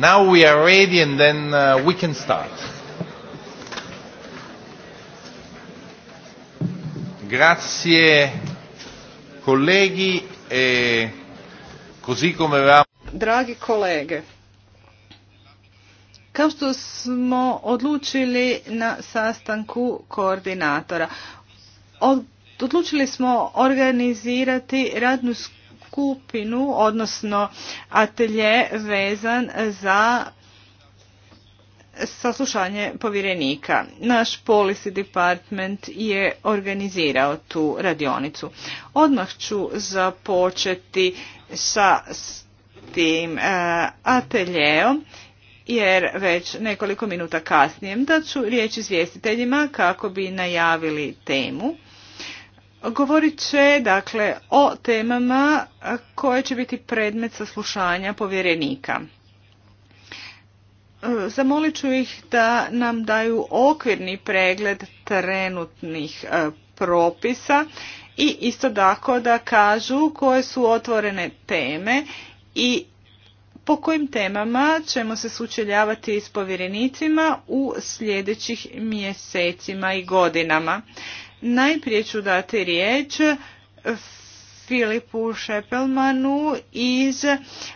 Now we are ready and then uh, we can start. Grazie colleghi e così come avevamo... Dragi kolege, kao što smo odlučili na sastanku koordinatora, odlučili smo organizirati radnu skupinu skupinu, odnosno atelje vezan za saslušanje povjerenika. Naš policy department je organizirao tu radionicu. Odmah ću započeti sa tim e, ateljeom jer već nekoliko minuta kasnije da ću riječ izvjestiteljima kako bi najavili temu. Govorit će dakle o temama koje će biti predmet saslušanja povjerenika. E, zamolit ću ih da nam daju okvirni pregled trenutnih e, propisa i isto tako da kažu koje su otvorene teme i po kojim temama ćemo se sučeljavati s povjerenicima u sljedećih mjesecima i godinama. Najprije ću dati riječ Filipu Šepelmanu iz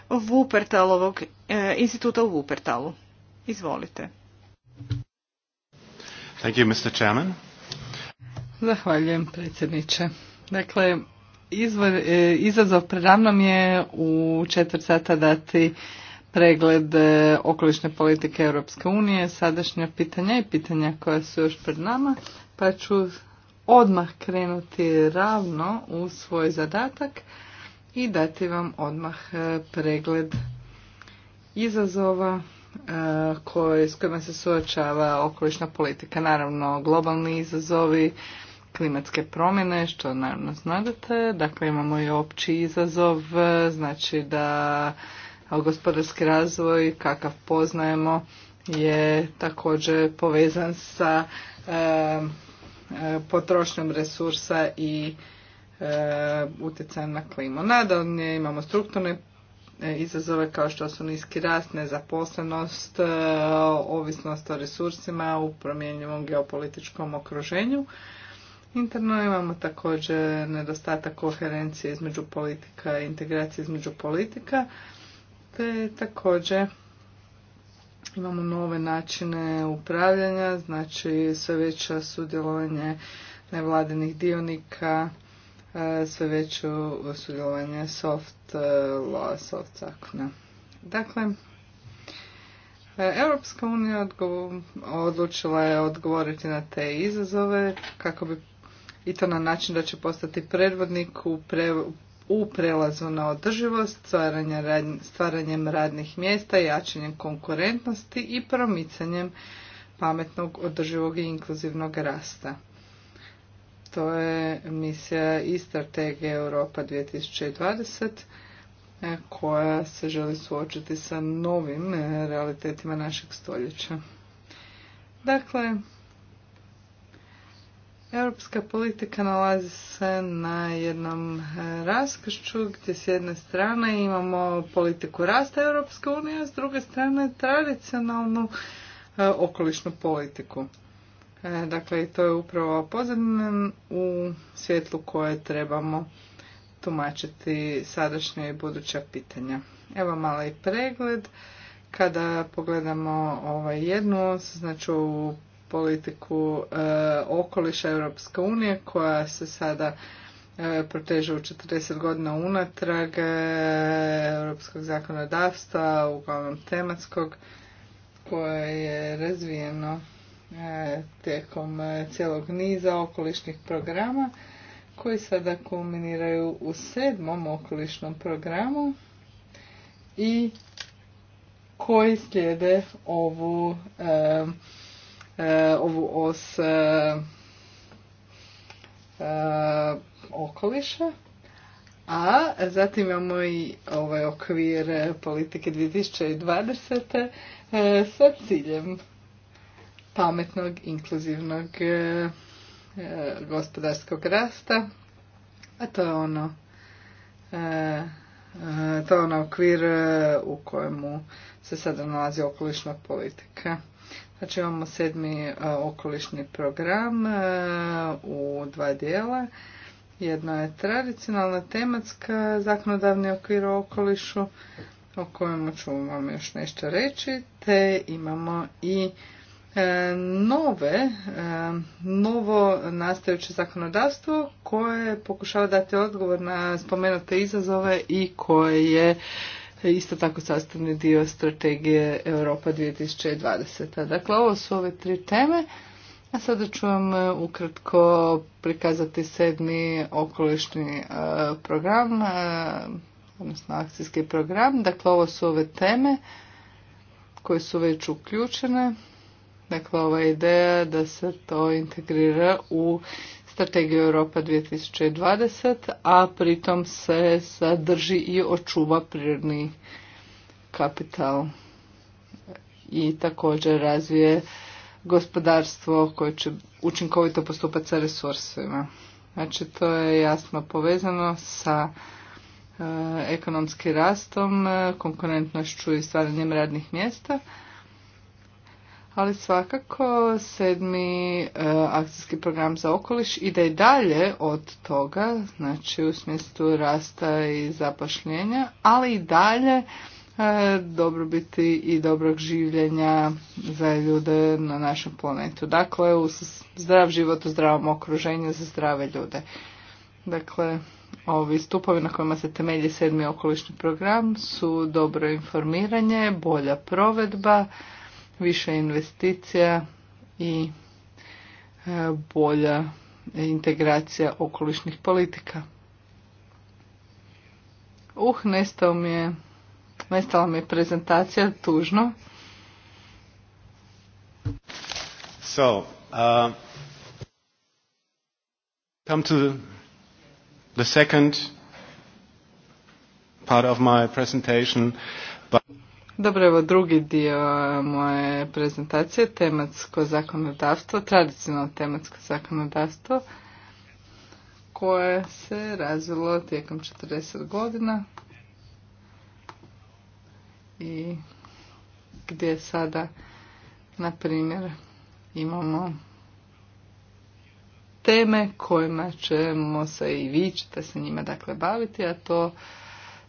Wuppertalovog e, instituta u Vupertalu. Izvolite. Thank you, Mr. Chairman. Zahvaljujem, predsjedniče. Dakle, e, izazov pred je u četvrt sata dati pregled e, okolišne politike Europske unije, sadašnja pitanja i pitanja koja su još pred nama, pa ću odmah krenuti ravno u svoj zadatak i dati vam odmah e, pregled izazova e, s kojima se suočava okolišna politika. Naravno, globalni izazovi, klimatske promjene, što naravno znadete. Dakle, imamo i opći izazov, e, znači da gospodarski razvoj kakav poznajemo je također povezan sa E, potrošnjom resursa i e, utjecajem na klimu. Nadalje imamo strukturne e, izazove kao što su niski rast, nezaposlenost, ovisnost o resursima u promjenjivom geopolitičkom okruženju. Interno imamo također nedostatak koherencije između politika, integracije između politika, te također Imamo nove načine upravljanja, znači sve veće sudjelovanje nevladinih dionika, e, sve veće sudjelovanje soft e, law, soft zakona. Dakle, e, Europska unija odlučila je odgovoriti na te izazove kako bi i to na način da će postati predvodnik u u prelazu na održivost, stvaranjem radnih mjesta, jačanjem konkurentnosti i promicanjem pametnog, održivog i inkluzivnog rasta. To je misija i strategija Europa 2020 e, koja se želi suočiti sa novim e, realitetima našeg stoljeća. Dakle, Europska politika nalazi se na jednom e, raskršću gdje s jedne strane imamo politiku rasta Europske unije, a s druge strane tradicionalnu e, okolišnu politiku. E, dakle, i to je upravo pozadnje u svjetlu koje trebamo tumačiti sadašnje i buduća pitanja. Evo mali pregled. Kada pogledamo ovaj jednu, znači u politiku eh, okoliša Europske unije koja se sada eh, proteže u 40 godina unatrag eh, europskog zakonodavstva, uglavnom tematskog, koje je razvijeno tijekom cijelog niza okolišnih programa koji sada kulminiraju u sedmom okolišnom programu i koji slijede ovu E, ovu os e, e, okoliša. A zatim imamo i ovaj okvir politike 2020. sa ciljem pametnog, inkluzivnog gospodarskog rasta. A to je ono to je onaj okvir u kojemu se sada nalazi okolišna politika. Znači imamo sedmi e, okolišni program e, u dva dijela. Jedno je tradicionalna tematska zakonodavni okvir o okolišu o kojem ću vam još nešto reći, te imamo i e, nove, novo nastajuće zakonodavstvo koje pokušava dati odgovor na spomenute izazove i koje je E, isto tako sastavni dio strategije Europa 2020. Dakle, ovo su ove tri teme. A sada ću vam e, ukratko prikazati sedmi okolišni e, program, odnosno akcijski program. Dakle, ovo su ove teme koje su već uključene. Dakle, ova ideja da se to integrira u strategiju Europa 2020, a pritom se zadrži i očuva prirodni kapital i također razvije gospodarstvo koje će učinkovito postupati sa resursima. Znači to je jasno povezano sa e, ekonomskim rastom, e, konkurentnošću i stvaranjem radnih mjesta, ali svakako sedmi e, akcijski program za okoliš ide i dalje od toga, znači u smislu rasta i zapošljenja, ali i dalje e, dobrobiti i dobrog življenja za ljude na našem planetu. Dakle, u zdrav život u zdravom okruženju za zdrave ljude. Dakle, ovi stupovi na kojima se temelji sedmi okolišni program su dobro informiranje, bolja provedba, više investicija i e, bolja integracija okolišnih politika. Uh, nestao mi je, nestala mi je prezentacija, tužno. So, uh, come to the second part of my presentation. Dobro, evo drugi dio moje prezentacije, tematsko zakonodavstvo, tradicionalno tematsko zakonodavstvo koje se razvilo tijekom 40 godina i gdje sada, na primjer, imamo teme kojima ćemo se i vi ćete se njima dakle baviti, a to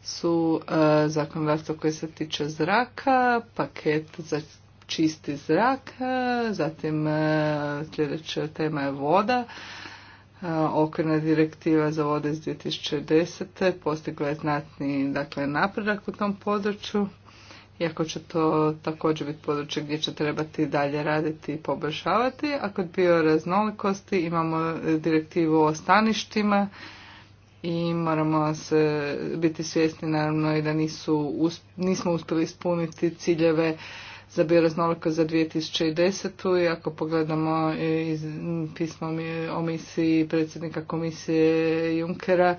su zakon e, zakonodavstvo koje se tiče zraka, paket za čisti zrak, e, zatim uh, sljedeća tema je voda, okvirna direktiva za vode iz 2010. postigla je znatni dakle, napredak u tom području, iako će to također biti područje gdje će trebati dalje raditi i poboljšavati. A kod bioraznolikosti imamo direktivu o staništima, i moramo se biti svjesni naravno i da nisu, nismo uspjeli ispuniti ciljeve za bioraznoliko za 2010. I ako pogledamo e, iz pismo o misiji predsjednika komisije Junkera,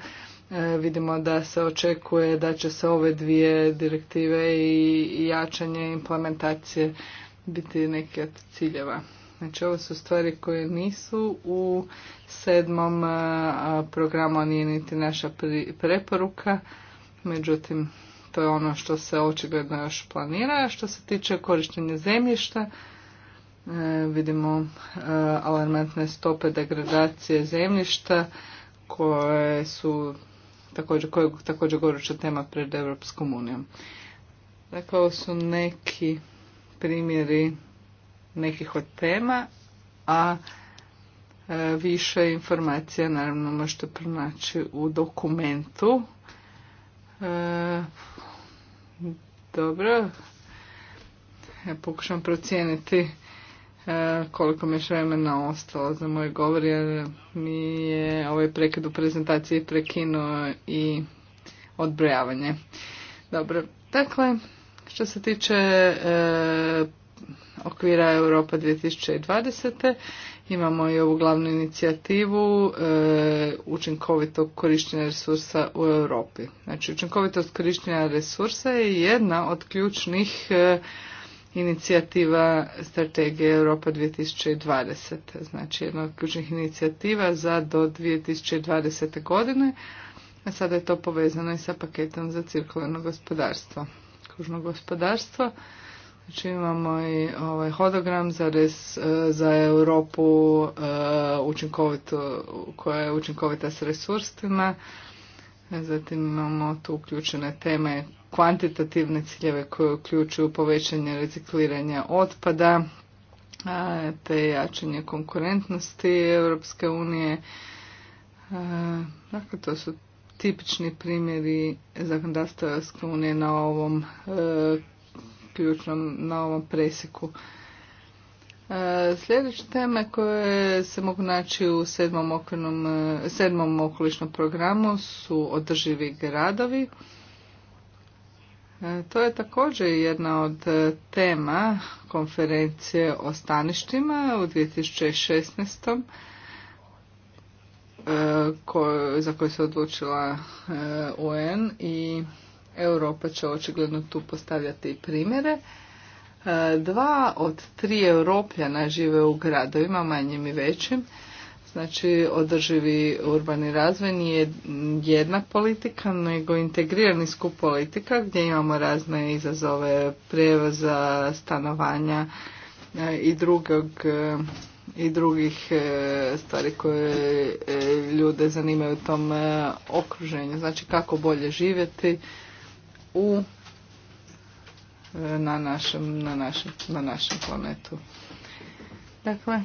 e, vidimo da se očekuje da će se ove dvije direktive i jačanje implementacije biti neki od ciljeva. Znači ovo su stvari koje nisu u sedmom programu, nije niti naša preporuka, međutim to je ono što se očigledno još planira. Što se tiče korištenja zemljišta, e, vidimo e, alarmantne stope degradacije zemljišta koje su također, također goruća tema pred Europskom unijom. Dakle, ovo su neki primjeri nekih od tema, a e, više informacija naravno možete pronaći u dokumentu. E, dobro. Ja pokušam procijeniti e, koliko mi je vremena ostalo za moj govor jer mi je ovaj prekid u prezentaciji prekinuo i odbrojavanje. Dobro, dakle, što se tiče okvira Europa 2020. Imamo i ovu glavnu inicijativu e, učinkovitog korištenja resursa u Europi. Znači, učinkovitost korištenja resursa je jedna od ključnih e, inicijativa strategije Europa 2020. Znači, jedna od ključnih inicijativa za do 2020. godine. A sada je to povezano i sa paketom za cirkularno gospodarstvo. Kružno gospodarstvo Znači imamo i ovaj hodogram za, e, za Europu e, koja je učinkovita s resursima. E, zatim imamo tu uključene teme kvantitativne ciljeve koje uključuju povećanje recikliranja otpada te jačanje konkurentnosti Europske unije. dakle, to su tipični primjeri zakonodavstva Europske unije na ovom ključno na ovom presiku. E, sljedeće teme koje se mogu naći u sedmom, okvirnom, e, sedmom okolišnom programu su održivi gradovi. E, to je također jedna od tema konferencije o staništima u 2016. za koju se odlučila UN i Europa će očigledno tu postavljati primjere. E, dva od tri europljana žive u gradovima, manjim i većim. Znači, održivi urbani razvoj nije jedna politika, nego integrirani skup politika gdje imamo razne izazove prijevoza, stanovanja e, i, drugog, e, i drugih stvari koje ljude zanimaju u tom okruženju. Znači, kako bolje živjeti, u e, na našem, na našem, na našem planetu. Dakle,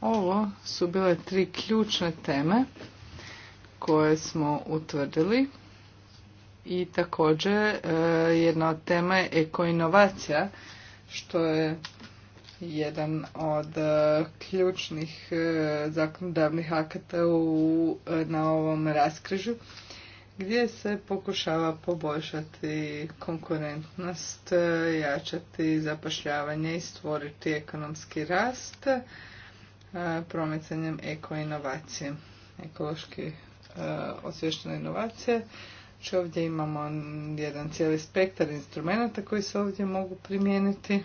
ovo su bile tri ključne teme koje smo utvrdili i također e, jedna od tema je ekoinovacija što je jedan od e, ključnih zakonodavnih akata u, na ovom raskrižu gdje se pokušava poboljšati konkurentnost, jačati zapošljavanje i stvoriti ekonomski rast e, promicanjem ekoinovacije, ekološki e, osvještene inovacije. Znači ovdje imamo jedan cijeli spektar instrumenta koji se ovdje mogu primijeniti.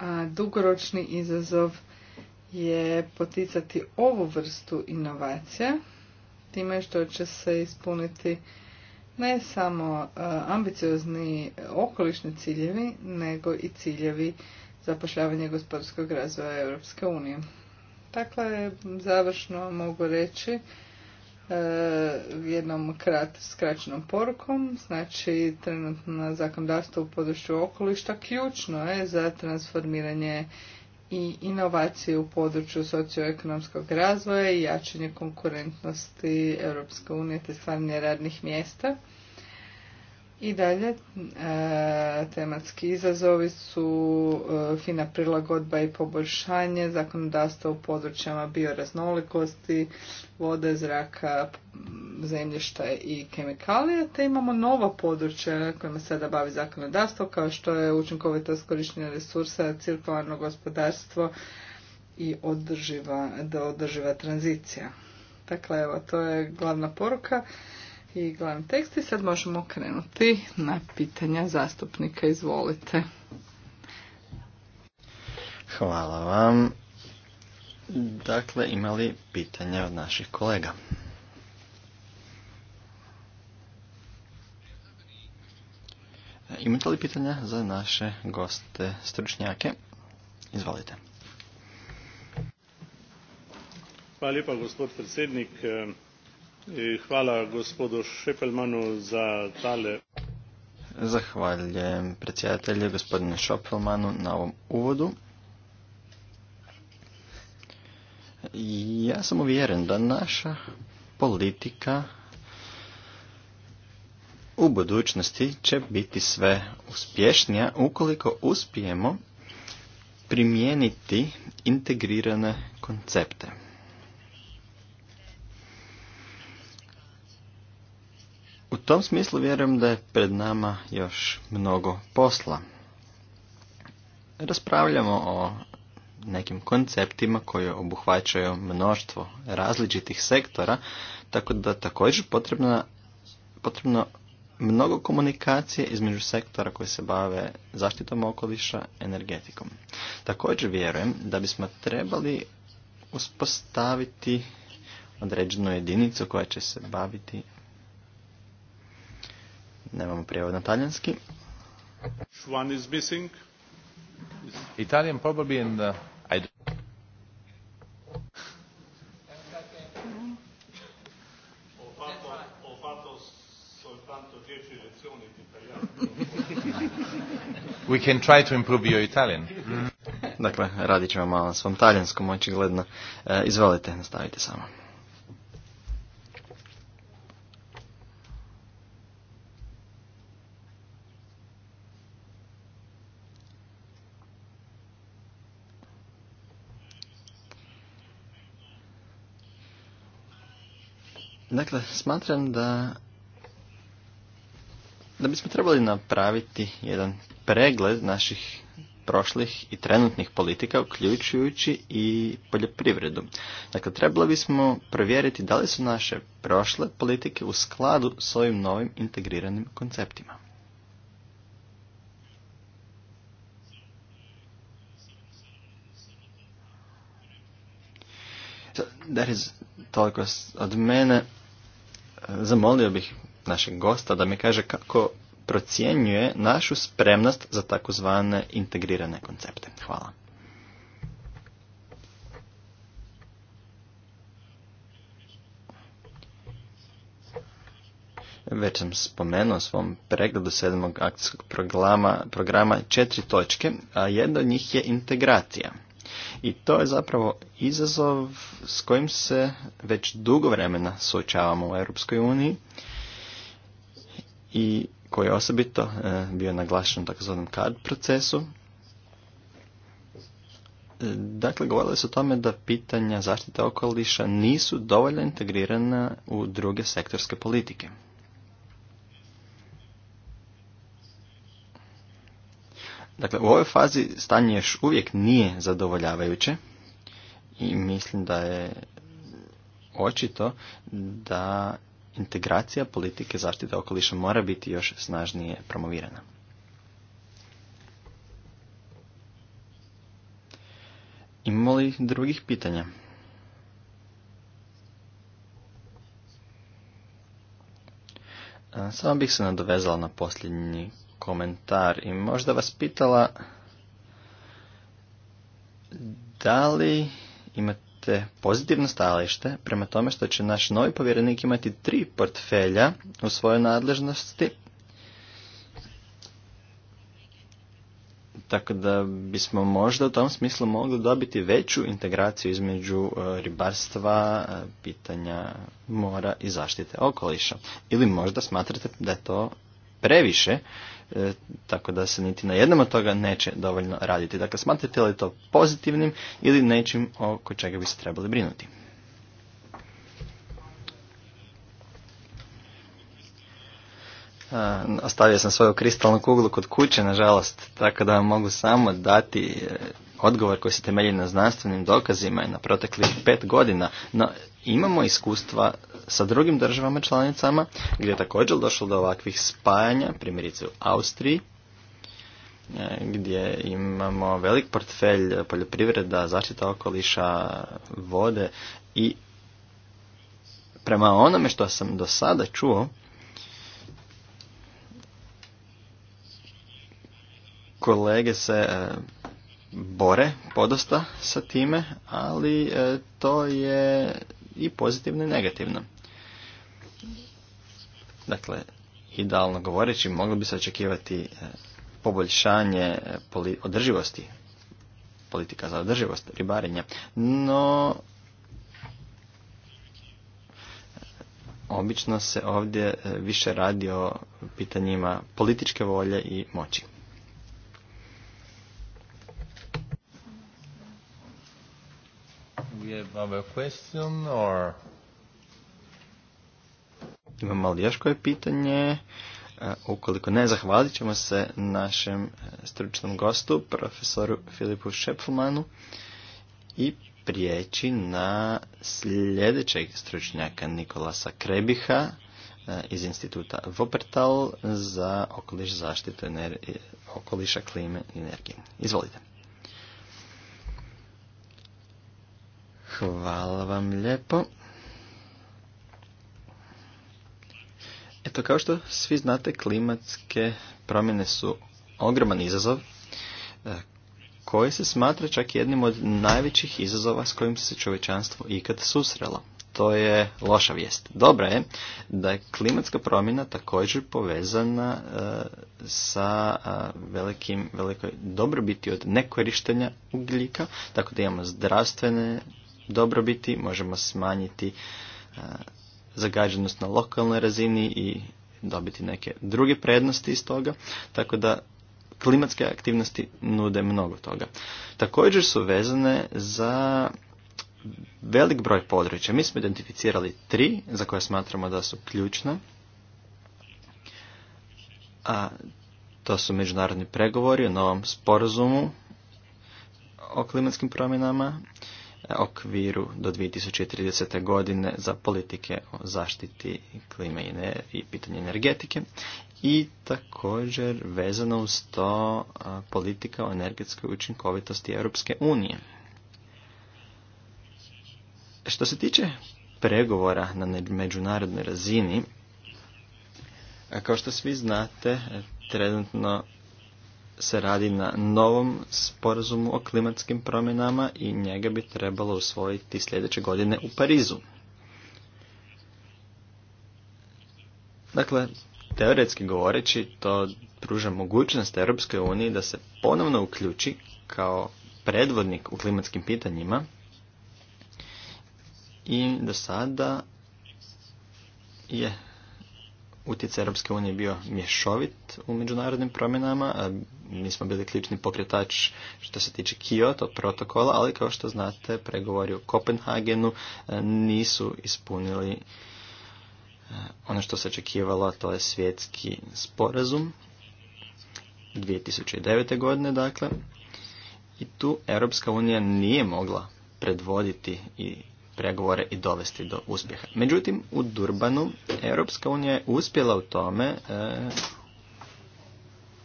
A dugoročni izazov je poticati ovu vrstu inovacija time što će se ispuniti ne samo e, ambiciozni okolišni ciljevi, nego i ciljevi zapošljavanja gospodarskog razvoja Europske unije. Dakle, završno mogu reći e, jednom krat, skraćenom porukom, znači trenutno zakonodavstvo u području okolišta ključno je za transformiranje i inovacije u području socioekonomskog razvoja i jačanje konkurentnosti Europske unije te stvaranje radnih mjesta. I dalje, e, tematski izazovi su e, fina prilagodba i poboljšanje zakonodavstva u područjama bioraznolikosti, vode, zraka, zemljišta i kemikalija, te imamo nova područja kojima se sada bavi zakonodavstvo, kao što je učinkovitost korištenja resursa, cirkularno gospodarstvo i održiva, održiva tranzicija. Dakle, evo, to je glavna poruka i glavni tekst i sad možemo krenuti na pitanja zastupnika. Izvolite. Hvala vam. Dakle, imali pitanja od naših kolega. Imate li pitanja za naše goste stručnjake? Izvolite. Hvala lijepa, gospod predsjednik hvala gospodu za tale. Zahvaljujem predsjedatelju gospodinu Šopelmanu na ovom uvodu. Ja sam uvjeren da naša politika u budućnosti će biti sve uspješnija ukoliko uspijemo primijeniti integrirane koncepte. U tom smislu vjerujem da je pred nama još mnogo posla. Raspravljamo o nekim konceptima koje obuhvaćaju mnoštvo različitih sektora, tako da također potrebno, potrebno mnogo komunikacije između sektora koji se bave zaštitom okoliša, energetikom. Također vjerujem da bismo trebali uspostaviti određenu jedinicu koja će se baviti Nemamo prijevod na talijanski. One is Italian probably in the... I don't... We can try to improve your Italian. Dakle, radit ćemo malo na svom talijanskom, očigledno. E, izvolite, nastavite samo. Dakle, smatram da da bismo trebali napraviti jedan pregled naših prošlih i trenutnih politika, uključujući i poljoprivredu. Dakle, trebali bismo provjeriti da li su naše prošle politike u skladu s ovim novim integriranim konceptima. That is toliko od mene zamolio bih našeg gosta da mi kaže kako procjenjuje našu spremnost za takozvane integrirane koncepte. Hvala. Već sam spomenuo u svom pregledu sedmog akcijskog programa, programa četiri točke, a jedna od njih je integracija. I to je zapravo izazov s kojim se već dugo vremena suočavamo u Europskoj uniji i koji je osobito e, bio naglašen u takozvanom CAD procesu. E, dakle, govorili su o tome da pitanja zaštite okoliša nisu dovoljno integrirana u druge sektorske politike. Dakle, u ovoj fazi stanje još uvijek nije zadovoljavajuće i mislim da je očito da integracija politike zaštite okoliša mora biti još snažnije promovirana. Imamo li drugih pitanja? Samo bih se nadovezala na posljednji komentar i možda vas pitala da li imate pozitivno stajalište prema tome što će naš novi povjerenik imati tri portfelja u svojoj nadležnosti tako da bismo možda u tom smislu mogli dobiti veću integraciju između e, ribarstva, e, pitanja mora i zaštite okoliša. Ili možda smatrate da je to previše E, tako da se niti na jednom od toga neće dovoljno raditi. Dakle, smatrate li to pozitivnim ili nečim oko čega bi se trebali brinuti? E, ostavio sam svoju kristalnu kuglu kod kuće, nažalost, tako da vam mogu samo dati e, odgovor koji se temelji na znanstvenim dokazima i na proteklih pet godina. No, imamo iskustva sa drugim državama članicama gdje je također došlo do ovakvih spajanja, primjerice u Austriji, e, gdje imamo velik portfelj poljoprivreda, zaštita okoliša, vode i prema onome što sam do sada čuo, kolege se e, bore podosta sa time, ali e, to je i pozitivno i negativno. Dakle, idealno govoreći, moglo bi se očekivati e, poboljšanje e, održivosti, politika za održivost ribarenja, no obično se ovdje e, više radi o pitanjima političke volje i moći. have Imamo još koje pitanje? E, ukoliko ne, zahvalit ćemo se našem e, stručnom gostu, profesoru Filipu Šepfumanu i prijeći na sljedećeg stručnjaka Nikolasa Krebiha e, iz instituta Vopertal za okoliš zaštitu okoliša, klime i energije. Izvolite. Hvala vam lijepo. Eto, kao što svi znate, klimatske promjene su ogroman izazov e, koji se smatra čak jednim od najvećih izazova s kojim se čovečanstvo ikad susrelo. To je loša vijest. Dobra je da je klimatska promjena također povezana e, sa e, velikim, dobrobiti od nekorištenja ugljika, tako da imamo zdravstvene dobrobiti, možemo smanjiti e, zagađenost na lokalnoj razini i dobiti neke druge prednosti iz toga, tako da klimatske aktivnosti nude mnogo toga. Također su vezane za velik broj područja. Mi smo identificirali tri za koje smatramo da su ključna. A to su međunarodni pregovori o novom sporazumu o klimatskim promjenama, okviru do 2030. godine za politike o zaštiti klime i, i pitanje energetike i također vezano uz to politika o energetskoj učinkovitosti Europske unije. Što se tiče pregovora na međunarodnoj razini, kao što svi znate, trenutno se radi na novom sporazumu o klimatskim promjenama i njega bi trebalo usvojiti sljedeće godine u Parizu. Dakle, teoretski govoreći, to pruža mogućnost Europskoj uniji da se ponovno uključi kao predvodnik u klimatskim pitanjima i do sada je utjecaj Europske unije bio mješovit u međunarodnim promjenama, a mi smo bili ključni pokretač što se tiče Kyoto protokola, ali kao što znate pregovori u Kopenhagenu e, nisu ispunili e, ono što se očekivalo, to je svjetski sporazum 2009. godine, dakle, i tu Europska unija nije mogla predvoditi i pregovore i dovesti do uspjeha. Međutim, u Durbanu Europska unija je uspjela u tome e,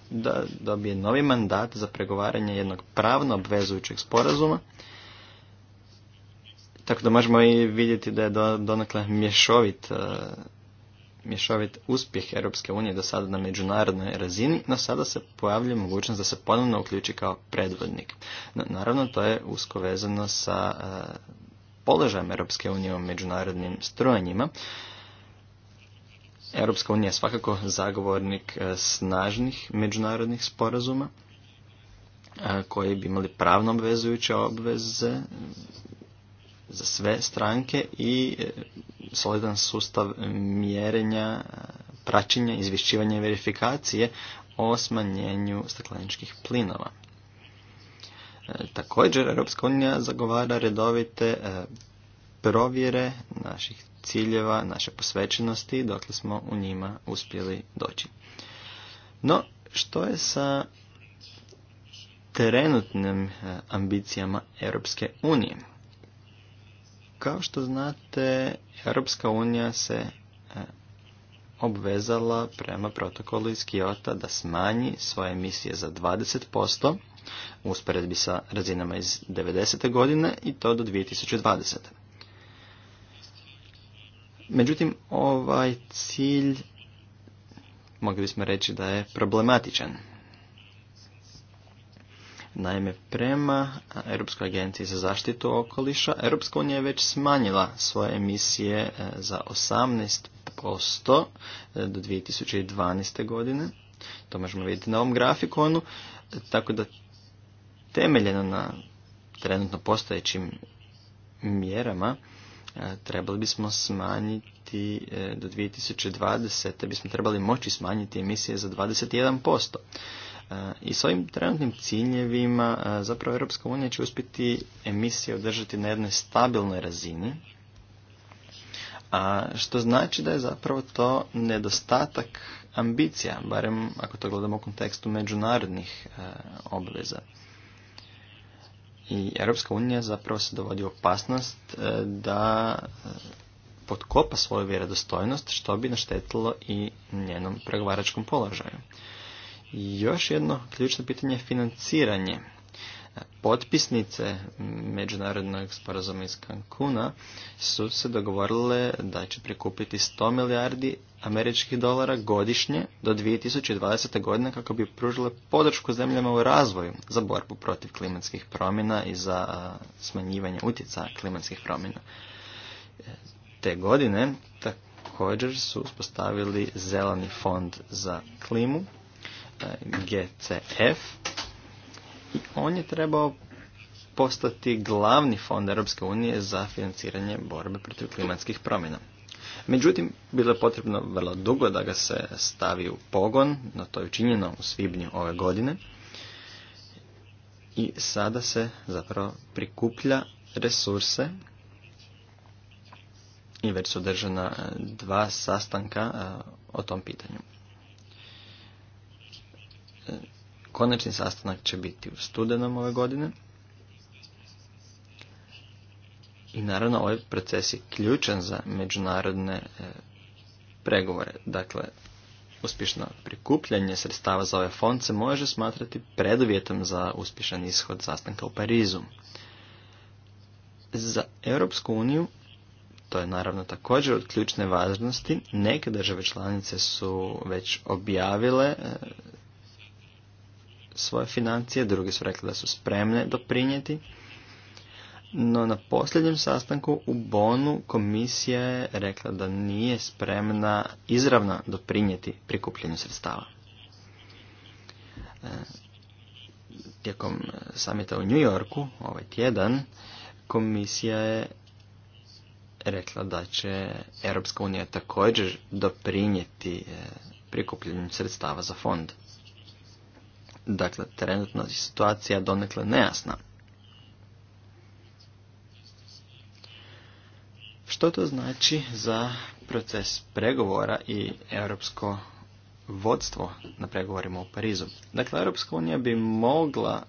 da dobije novi mandat za pregovaranje jednog pravno obvezujućeg sporazuma. Tako da možemo i vidjeti da je donekle mješovit, e, mješovit uspjeh Europske unije do sada na međunarodnoj razini, no sada se pojavljuje mogućnost da se ponovno uključi kao predvodnik. naravno, to je usko vezano sa e, položajem Europske unije u međunarodnim strojanjima, Europska unija je svakako zagovornik e, snažnih međunarodnih sporazuma e, koji bi imali pravno obvezujuće obveze za sve stranke i e, solidan sustav mjerenja, praćenja, izvješćivanja i verifikacije o smanjenju stakleničkih plinova. Također, Europska unija zagovara redovite provjere naših ciljeva, naše posvećenosti, dokle smo u njima uspjeli doći. No, što je sa trenutnim e, ambicijama Europske unije? Kao što znate, Europska unija se e, obvezala prema protokolu iz Kijota da smanji svoje emisije za 20% u usporedbi sa razinama iz 90. godine i to do 2020. Međutim, ovaj cilj mogli bismo reći da je problematičan. Naime, prema Europskoj agenciji za zaštitu okoliša, Europska unija je već smanjila svoje emisije e, za 18% e, do 2012. godine. To možemo vidjeti na ovom grafikonu. Tako da temeljeno na trenutno postojećim mjerama, E, trebali bismo smanjiti e, do 2020. bismo trebali moći smanjiti emisije za 21%. E, I s ovim trenutnim ciljevima zapravo Europska unija će uspjeti emisije održati na jednoj stabilnoj razini, a što znači da je zapravo to nedostatak ambicija, barem ako to gledamo u kontekstu međunarodnih obveza. I Europska unija zapravo se dovodi u opasnost e, da e, potkopa svoju vjerodostojnost što bi naštetilo i njenom pregovaračkom položaju. Još jedno ključno pitanje je financiranje potpisnice međunarodnog sporazuma iz Cancuna su se dogovorile da će prikupiti 100 milijardi američkih dolara godišnje do 2020. godine kako bi pružile podršku zemljama u razvoju za borbu protiv klimatskih promjena i za smanjivanje utjecaja klimatskih promjena. Te godine također su uspostavili zeleni fond za klimu GCF on je trebao postati glavni fond Europske unije za financiranje borbe protiv klimatskih promjena. Međutim, bilo je potrebno vrlo dugo da ga se stavi u pogon, no to je učinjeno u svibnju ove godine. I sada se zapravo prikuplja resurse i već su održana e, dva sastanka e, o tom pitanju. E, Konačni sastanak će biti u studenom ove godine. I naravno ovaj proces je ključan za međunarodne e, pregovore. Dakle, uspješno prikupljanje sredstava za ovaj fond se može smatrati preduvjetom za uspješan ishod sastanka u Parizu. Za Europsku uniju, to je naravno također od ključne važnosti, neke države članice su već objavile e, svoje financije, drugi su rekli da su spremne doprinijeti. No na posljednjem sastanku u Bonu komisija je rekla da nije spremna izravna doprinijeti prikupljenju sredstava. E, tijekom e, samita u New Yorku ovaj tjedan komisija je rekla da će Europska unija također doprinijeti e, prikupljenju sredstava za fond. Dakle, trenutno je situacija donekle nejasna. Što to znači za proces pregovora i europsko vodstvo na pregovorima u Parizu? Dakle, Europska unija bi mogla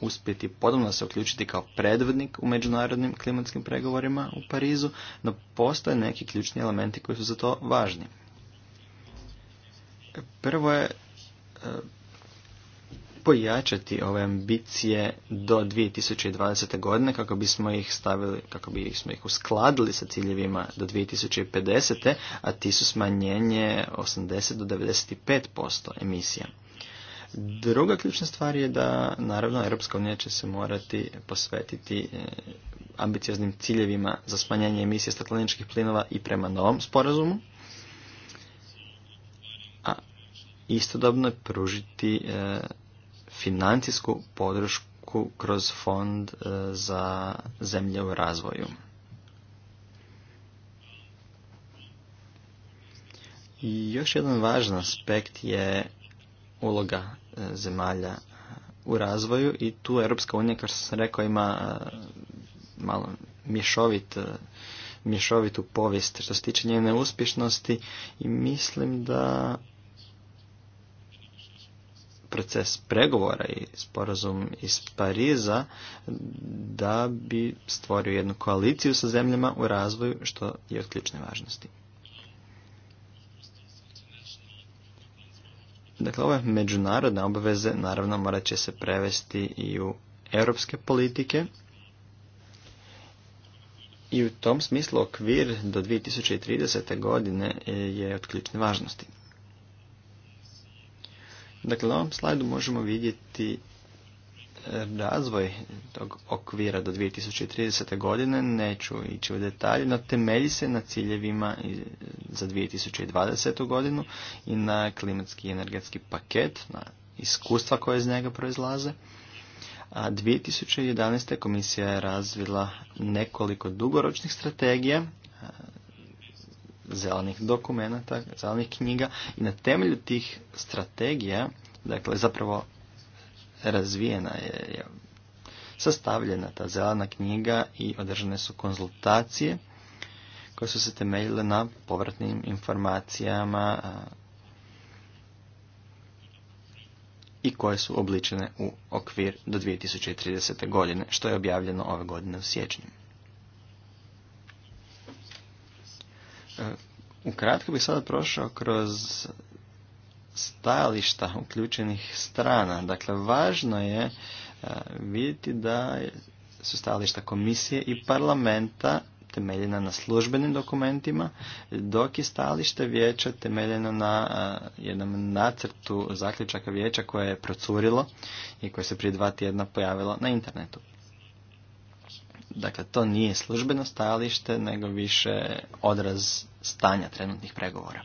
uspjeti podobno se uključiti kao predvodnik u međunarodnim klimatskim pregovorima u Parizu, no postoje neki ključni elementi koji su za to važni. Prvo je e, pojačati ove ambicije do 2020. godine kako bismo ih stavili, kako bismo ih uskladili sa ciljevima do 2050. a ti su smanjenje 80 do 95% emisija. Druga ključna stvar je da naravno Europska unija će se morati posvetiti e, ambicioznim ciljevima za smanjenje emisije stakleničkih plinova i prema novom sporazumu. A istodobno pružiti e, financijsku podršku kroz fond e, za zemlje u razvoju. I još jedan važan aspekt je uloga e, zemalja e, u razvoju i tu Europska unija, kao što sam rekao, ima malo mješovit, mješovitu povijest što se tiče njene uspješnosti i mislim da proces pregovora i sporazum iz Pariza da bi stvorio jednu koaliciju sa zemljama u razvoju što je od ključne važnosti. Dakle, ove međunarodne obaveze, naravno morat će se prevesti i u europske politike i u tom smislu okvir do 2030. godine je od ključne važnosti. Dakle, na ovom slajdu možemo vidjeti e, razvoj tog okvira do 2030. godine, neću ići u detalje, no temelji se na ciljevima e, za 2020. godinu i na klimatski i energetski paket, na iskustva koje iz njega proizlaze. A 2011. komisija je razvila nekoliko dugoročnih strategija zelenih dokumenata, zelenih knjiga i na temelju tih strategija, dakle zapravo razvijena je, je sastavljena ta zelena knjiga i održane su konzultacije koje su se temeljile na povratnim informacijama i koje su obličene u okvir do 2030. godine, što je objavljeno ove godine u siječnju. Ukratko bih sada prošao kroz stajališta uključenih strana. Dakle, važno je e, vidjeti da su stajališta komisije i parlamenta temeljena na službenim dokumentima, dok je stajalište vijeća temeljeno na e, jednom nacrtu zaključaka vijeća koje je procurilo i koje se prije dva tjedna pojavilo na internetu. Dakle, to nije službeno stajalište, nego više odraz stanja trenutnih pregovora.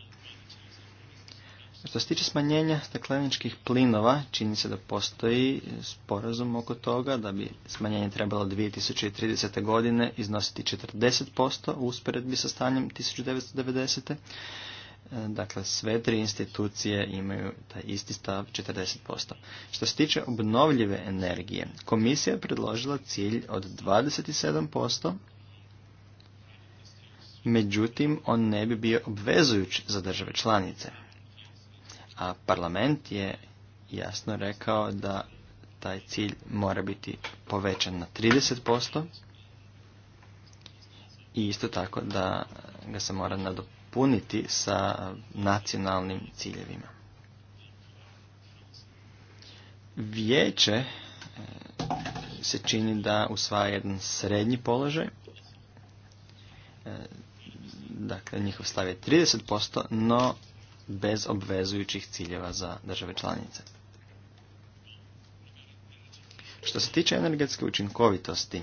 Što se tiče smanjenja stakleničkih plinova, čini se da postoji sporazum oko toga da bi smanjenje trebalo 2030. godine iznositi 40% u usporedbi sa stanjem 1990. Dakle, sve tri institucije imaju taj isti stav 40%. Što se tiče obnovljive energije, komisija je predložila cilj od 27%, međutim on ne bi bio obvezujuć za države članice. A parlament je jasno rekao da taj cilj mora biti povećan na 30% i isto tako da ga se mora nadopuniti puniti sa nacionalnim ciljevima. Vijeće e, se čini da usvaja jedan srednji položaj. E, dakle, njihov stav je 30%, no bez obvezujućih ciljeva za države članice. Što se tiče energetske učinkovitosti,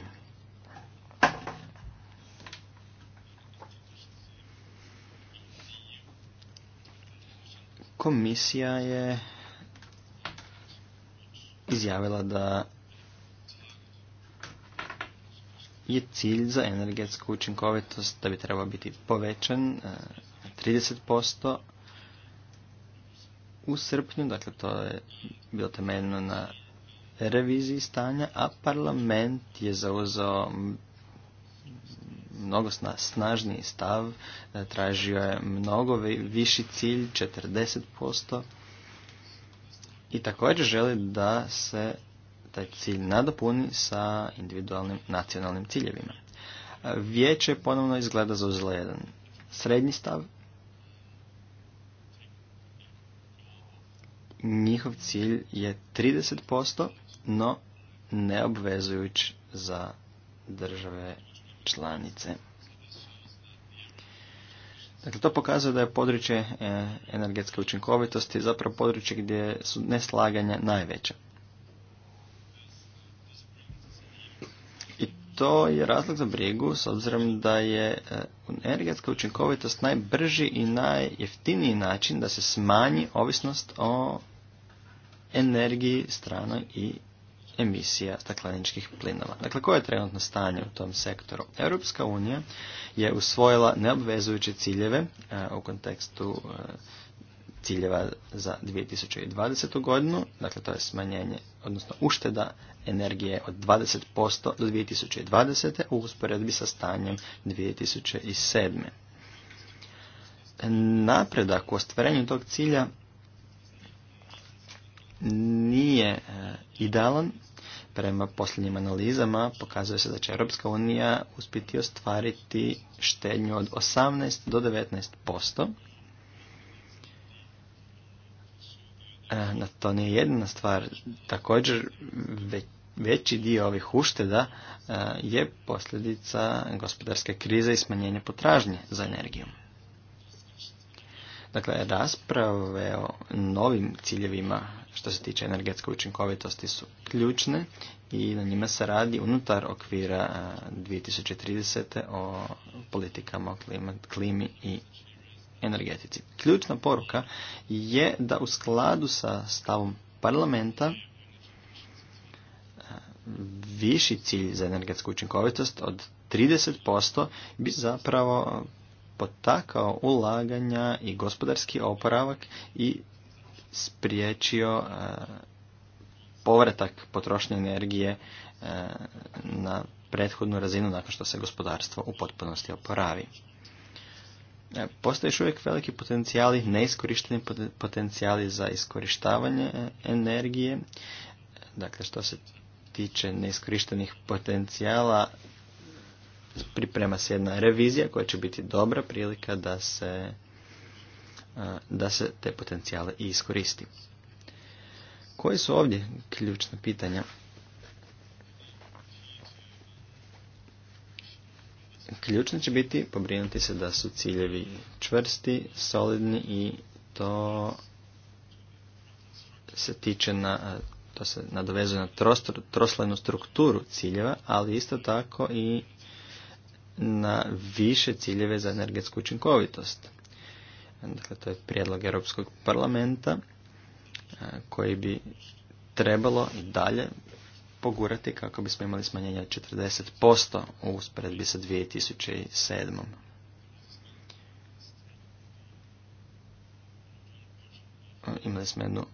komisija je izjavila da je cilj za energetsku učinkovitost da bi trebao biti povećan 30% e, u srpnju, dakle to je bilo temeljno na reviziji stanja, a parlament je zauzao mnogo snažniji stav, e, tražio je mnogo viši cilj, 40%. I također želi da se taj cilj nadopuni sa individualnim nacionalnim ciljevima. E, vijeće ponovno izgleda za jedan srednji stav. Njihov cilj je 30%, no neobvezujuć za države članice. Dakle, to pokazuje da je područje e, energetske učinkovitosti zapravo područje gdje su neslaganja najveća. I to je razlog za brigu s obzirom da je e, energetska učinkovitost najbrži i najjeftiniji način da se smanji ovisnost o energiji stranoj i emisija stakleničkih plinova. Dakle, koje je trenutno stanje u tom sektoru? Europska unija je usvojila neobvezujuće ciljeve eh, u kontekstu eh, ciljeva za 2020. godinu, dakle to je smanjenje, odnosno ušteda energije od 20% do 2020. u usporedbi sa stanjem 2007. Napredak u ostvarenju tog cilja nije e, idealan. Prema posljednjim analizama pokazuje se da će Europska unija uspjeti ostvariti štednju od 18 do 19%. E, na to nije jedna stvar. Također veći dio ovih ušteda e, je posljedica gospodarske krize i smanjenja potražnje za energijom. Dakle, rasprave o novim ciljevima što se tiče energetske učinkovitosti su ključne i na njima se radi unutar okvira 2030. o politikama o klimi i energetici. Ključna poruka je da u skladu sa stavom parlamenta viši cilj za energetsku učinkovitost od 30% bi zapravo potakao ulaganja i gospodarski oporavak i spriječio e, povratak potrošnje energije e, na prethodnu razinu nakon što se gospodarstvo u potpunosti oporavi. E, postoje još uvijek veliki potencijali, neiskorišteni potencijali za iskorištavanje energije. Dakle, što se tiče neiskorištenih potencijala, priprema se jedna revizija koja će biti dobra prilika da se da se te potencijale i iskoristi. Koje su ovdje ključna pitanja? Ključno će biti pobrinuti se da su ciljevi čvrsti, solidni i to se tiče na, to se nadovezuje na troslenu strukturu ciljeva, ali isto tako i na više ciljeve za energetsku učinkovitost. Dakle, to je prijedlog Europskog parlamenta e, koji bi trebalo dalje pogurati kako bismo imali smanjenje 40% u usporedbi sa 2007. E, imali smo jednu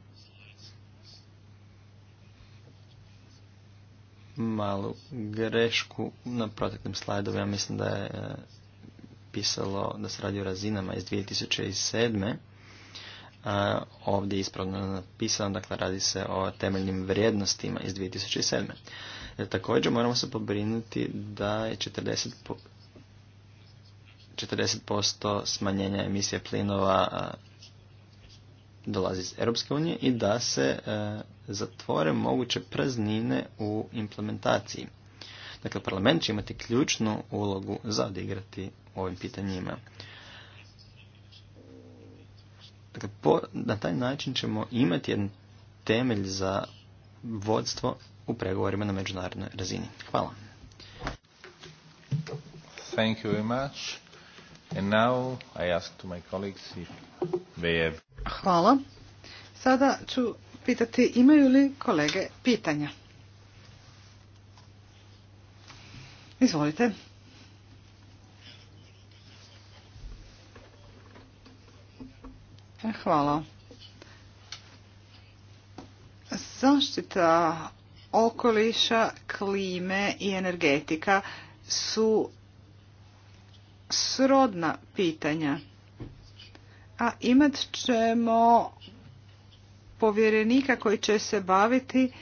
malu grešku na proteklim slajdovima. Ja mislim da je e, pisalo da se radi o razinama iz 2007. A, ovdje je ispravno napisano, dakle radi se o temeljnim vrijednostima iz 2007. Jer e, također moramo se pobrinuti da je 40 40% smanjenja emisije plinova dolazi iz Europske unije i da se e, zatvore moguće praznine u implementaciji. Dakle, parlament će imati ključnu ulogu za odigrati ovim pitanjima. Dakle, na taj način ćemo imati jedan temelj za vodstvo u pregovorima na međunarodnoj razini. Hvala. Thank you very much. And now I ask to my colleagues if they have... Hvala. Sada ću pitati imaju li kolege pitanja. Izvolite. Hvala. Zaštita okoliša, klime i energetika su srodna pitanja. A imat ćemo povjerenika koji će se baviti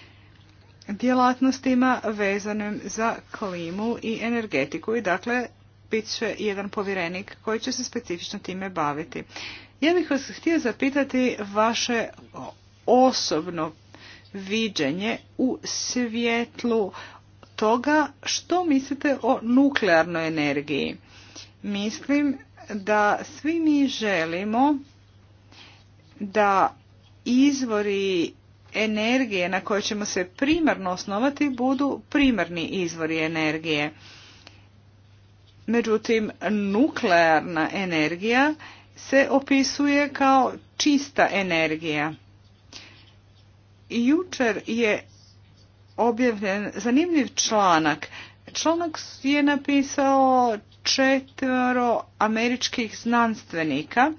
djelatnostima vezanim za klimu i energetiku i dakle bit će jedan povjerenik koji će se specifično time baviti. Ja bih vas htio zapitati vaše osobno viđenje u svjetlu toga što mislite o nuklearnoj energiji. Mislim da svi mi želimo da izvori energije na koje ćemo se primarno osnovati budu primarni izvori energije. Međutim, nuklearna energija se opisuje kao čista energija. Jučer je objavljen zanimljiv članak. Članak je napisao četvero američkih znanstvenika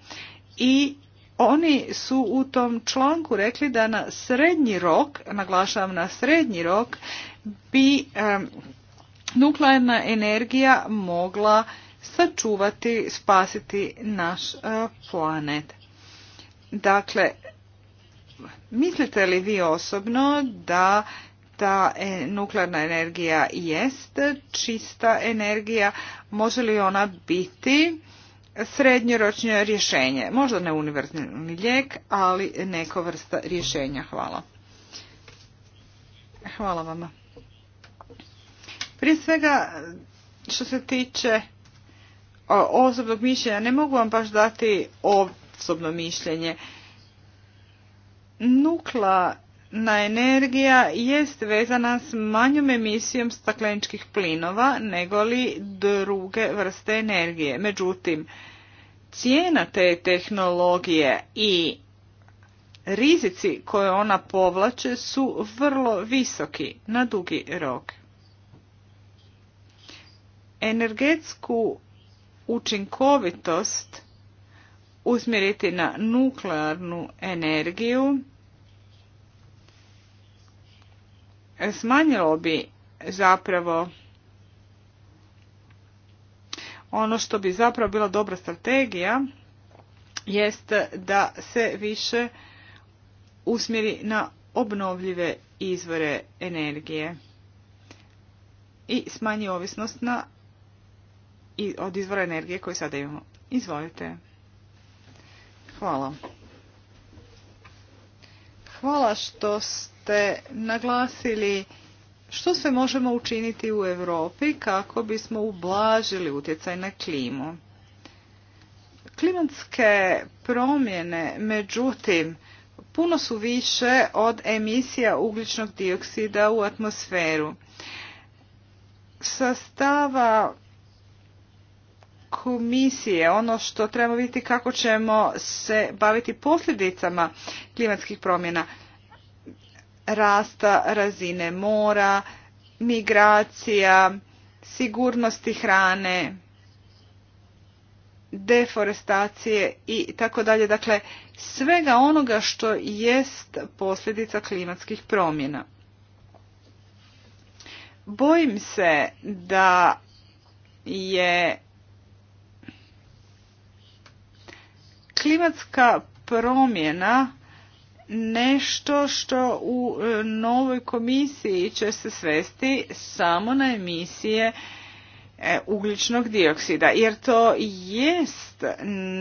i oni su u tom članku rekli da na srednji rok, naglašavam na srednji rok, bi nuklearna energija mogla sačuvati, spasiti naš e, planet. Dakle, mislite li vi osobno da ta e, nuklearna energija jest čista energija? Može li ona biti srednjoročno rješenje? Možda ne univerzalni lijek, ali neko vrsta rješenja. Hvala. Hvala vama. Prije svega, što se tiče osobnog mišljenja. Ne mogu vam baš dati osobno mišljenje. Nukla energija jest vezana s manjom emisijom stakleničkih plinova nego li druge vrste energije. Međutim, cijena te tehnologije i rizici koje ona povlače su vrlo visoki na dugi rok. Energetsku učinkovitost usmjeriti na nuklearnu energiju smanjilo bi zapravo ono što bi zapravo bila dobra strategija jest da se više usmjeri na obnovljive izvore energije i smanji ovisnost na od izvora energije koje sada imamo. Izvolite. Hvala. Hvala što ste naglasili što sve možemo učiniti u Europi kako bismo ublažili utjecaj na klimu. Klimatske promjene, međutim, puno su više od emisija ugljičnog dioksida u atmosferu. Sastava komisije, ono što trebamo vidjeti kako ćemo se baviti posljedicama klimatskih promjena, rasta razine mora, migracija, sigurnosti hrane, deforestacije i tako dalje. Dakle, svega onoga što jest posljedica klimatskih promjena. Bojim se da je klimatska promjena nešto što u e, novoj komisiji će se svesti samo na emisije e, ugljičnog dioksida, jer to jest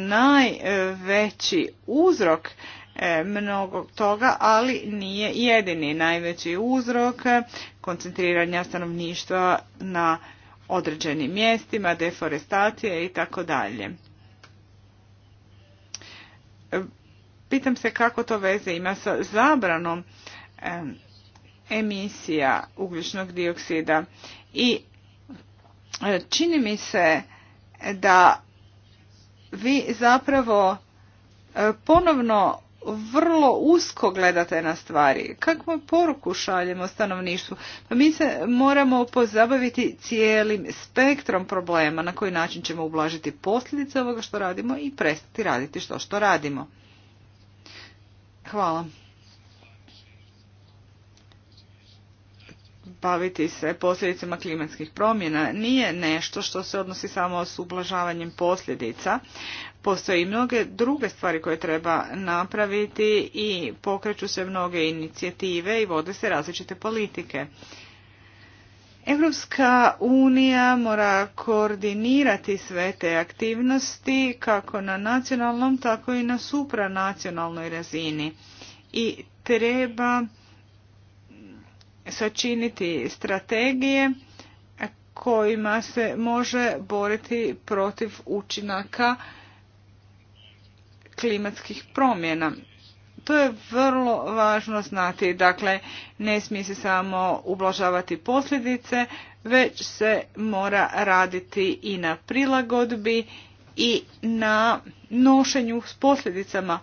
najveći uzrok e, mnogo toga, ali nije jedini najveći uzrok koncentriranja stanovništva na određenim mjestima, deforestacije i tako dalje. Pitam se kako to veze ima sa zabranom emisija ugljičnog dioksida i e, čini mi se da vi zapravo e, ponovno vrlo usko gledate na stvari. Kakvu poruku šaljemo stanovništvu? Pa mi se moramo pozabaviti cijelim spektrom problema na koji način ćemo ublažiti posljedice ovoga što radimo i prestati raditi što što radimo. Hvala. baviti se posljedicama klimatskih promjena nije nešto što se odnosi samo s ublažavanjem posljedica. Postoje i mnoge druge stvari koje treba napraviti i pokreću se mnoge inicijative i vode se različite politike. Europska unija mora koordinirati sve te aktivnosti kako na nacionalnom, tako i na supranacionalnoj razini i treba sačiniti strategije kojima se može boriti protiv učinaka klimatskih promjena. To je vrlo važno znati. Dakle, ne smije se samo ublažavati posljedice, već se mora raditi i na prilagodbi i na nošenju s posljedicama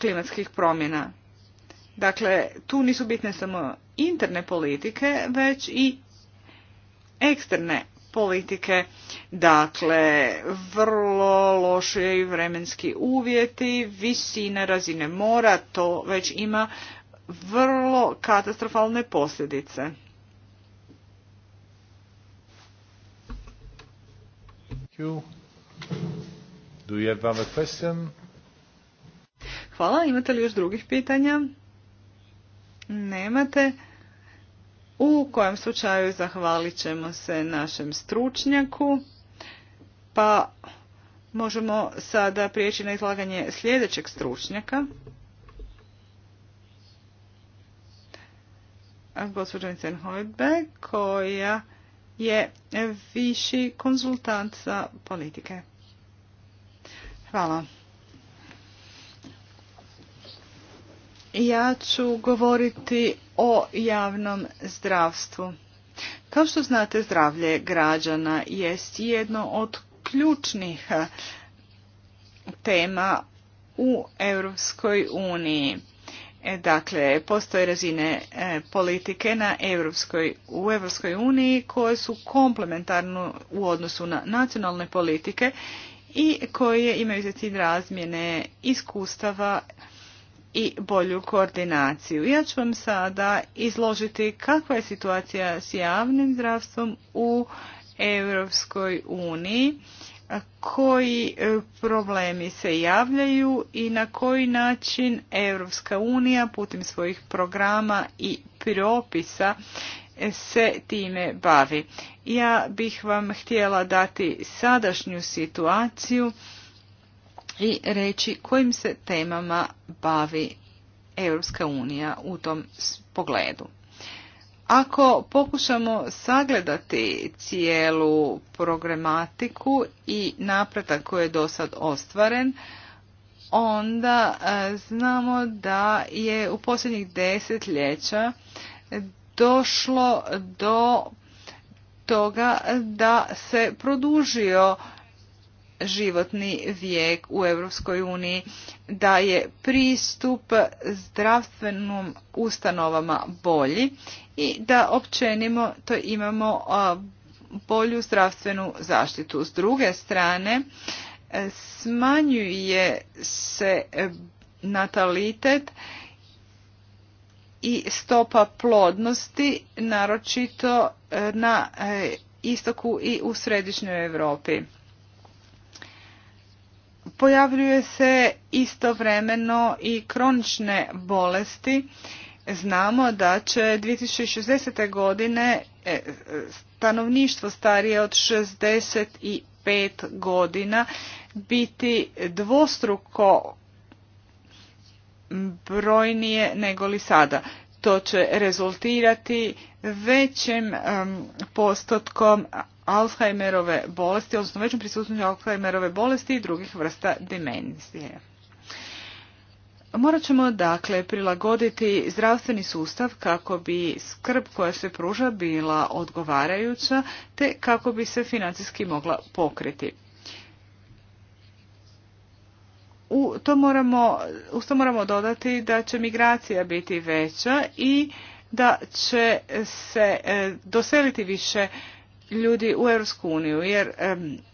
klimatskih promjena. Dakle, tu nisu bitne samo interne politike, već i eksterne politike. Dakle, vrlo loši vremenski uvjeti, visina razine mora, to već ima vrlo katastrofalne posljedice. Hvala, imate li još drugih pitanja? Nemate u kojem slučaju zahvalit ćemo se našem stručnjaku, pa možemo sada prijeći na izlaganje sljedećeg stručnjaka. gospođa Hojbe koja je viši konzultant za politike. Hvala. Ja ću govoriti o javnom zdravstvu. Kao što znate, zdravlje građana jest jedno od ključnih eh, tema u Europskoj uniji. E, dakle, postoje razine eh, politike na u Europskoj uniji koje su komplementarne u odnosu na nacionalne politike i koje imaju za cilj razmjene iskustava i bolju koordinaciju. Ja ću vam sada izložiti kakva je situacija s javnim zdravstvom u Europskoj uniji, koji e, problemi se javljaju i na koji način Europska unija putem svojih programa i propisa e, se time bavi. Ja bih vam htjela dati sadašnju situaciju i reći kojim se temama bavi Europska unija u tom pogledu. Ako pokušamo sagledati cijelu programatiku i napredak koji je do sad ostvaren, onda e, znamo da je u posljednjih desetljeća došlo do toga da se produžio životni vijek u Europskoj uniji, da je pristup zdravstvenim ustanovama bolji i da općenimo to imamo bolju zdravstvenu zaštitu. S druge strane, e, smanjuje se natalitet i stopa plodnosti, naročito e, na e, istoku i u središnjoj Europi pojavljuje se istovremeno i kronične bolesti. Znamo da će 2060. godine e, stanovništvo starije od 65 godina biti dvostruko brojnije nego li sada. To će rezultirati većim postotkom Alzheimerove bolesti, odnosno većom prisutnošću Alzheimerove bolesti i drugih vrsta demencije. Morat ćemo dakle prilagoditi zdravstveni sustav kako bi skrb koja se pruža bila odgovarajuća te kako bi se financijski mogla pokriti. U to moramo, uz to moramo dodati da će migracija biti veća i da će se e, doseliti više ljudi u Europsku uniju, jer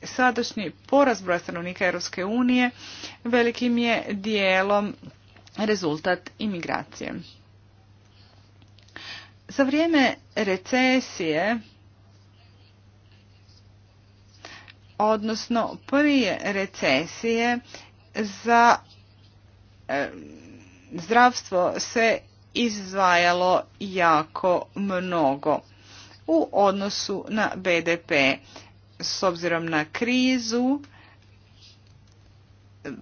sadašnji porast broja stanovnika Europske unije velikim je dijelom rezultat imigracije. Za vrijeme recesije, odnosno prije recesije, za zdravstvo se izdvajalo jako mnogo u odnosu na BDP. S obzirom na krizu,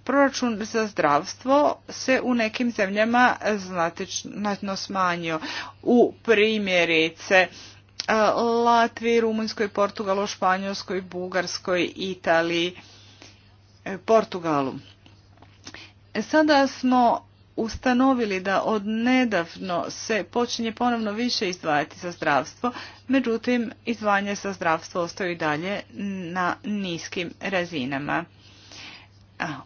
proračun za zdravstvo se u nekim zemljama znatno smanjio. U primjerice e, Latviji, Rumunjskoj, Portugalu, Španjolskoj, Bugarskoj, Italiji, e, Portugalu. Sada smo ustanovili da od nedavno se počinje ponovno više izdvajati za zdravstvo, međutim izdvajanje za zdravstvo ostaju i dalje na niskim razinama.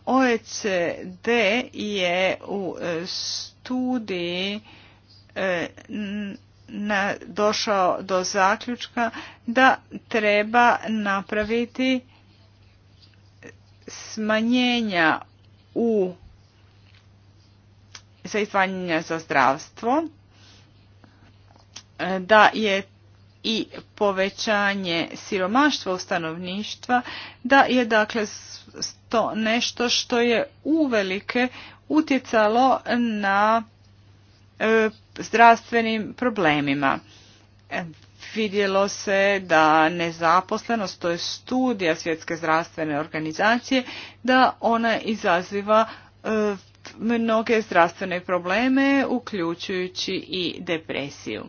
OECD je u e, studiji e, došao do zaključka da treba napraviti smanjenja u za izdvajanje za zdravstvo, e, da je i povećanje siromaštva u stanovništva, da je dakle to nešto što je uvelike utjecalo na e, zdravstvenim problemima. E, vidjelo se da nezaposlenost, to je studija Svjetske zdravstvene organizacije, da ona izaziva mnoge zdravstvene probleme, uključujući i depresiju.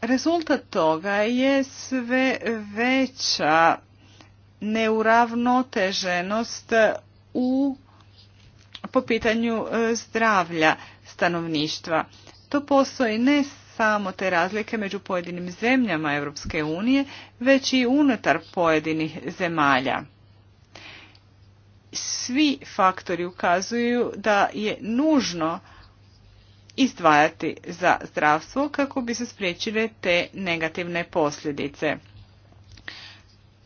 Rezultat toga je sve veća neuravnoteženost u po pitanju e, zdravlja stanovništva. To postoji ne samo te razlike među pojedinim zemljama Europske unije, već i unutar pojedinih zemalja svi faktori ukazuju da je nužno izdvajati za zdravstvo kako bi se spriječile te negativne posljedice.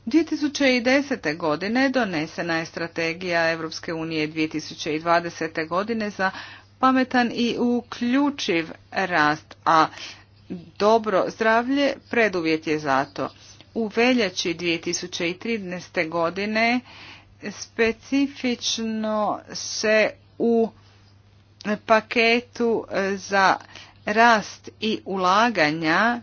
2010. godine donesena je strategija Europske unije 2020. godine za pametan i uključiv rast, a dobro zdravlje preduvjet je zato. U veljači 2013. godine specifično se u paketu e, za rast i ulaganja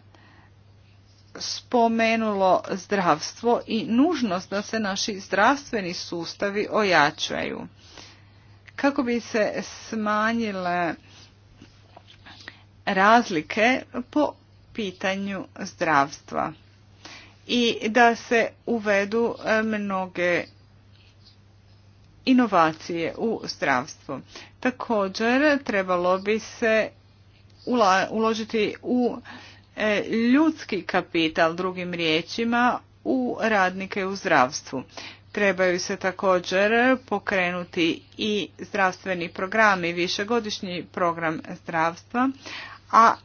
spomenulo zdravstvo i nužnost da se naši zdravstveni sustavi ojačaju. Kako bi se smanjile razlike po pitanju zdravstva i da se uvedu e, mnoge inovacije u zdravstvu. Također trebalo bi se uložiti u e, ljudski kapital, drugim riječima, u radnike u zdravstvu. Trebaju se također pokrenuti i zdravstveni programi, višegodišnji program zdravstva, a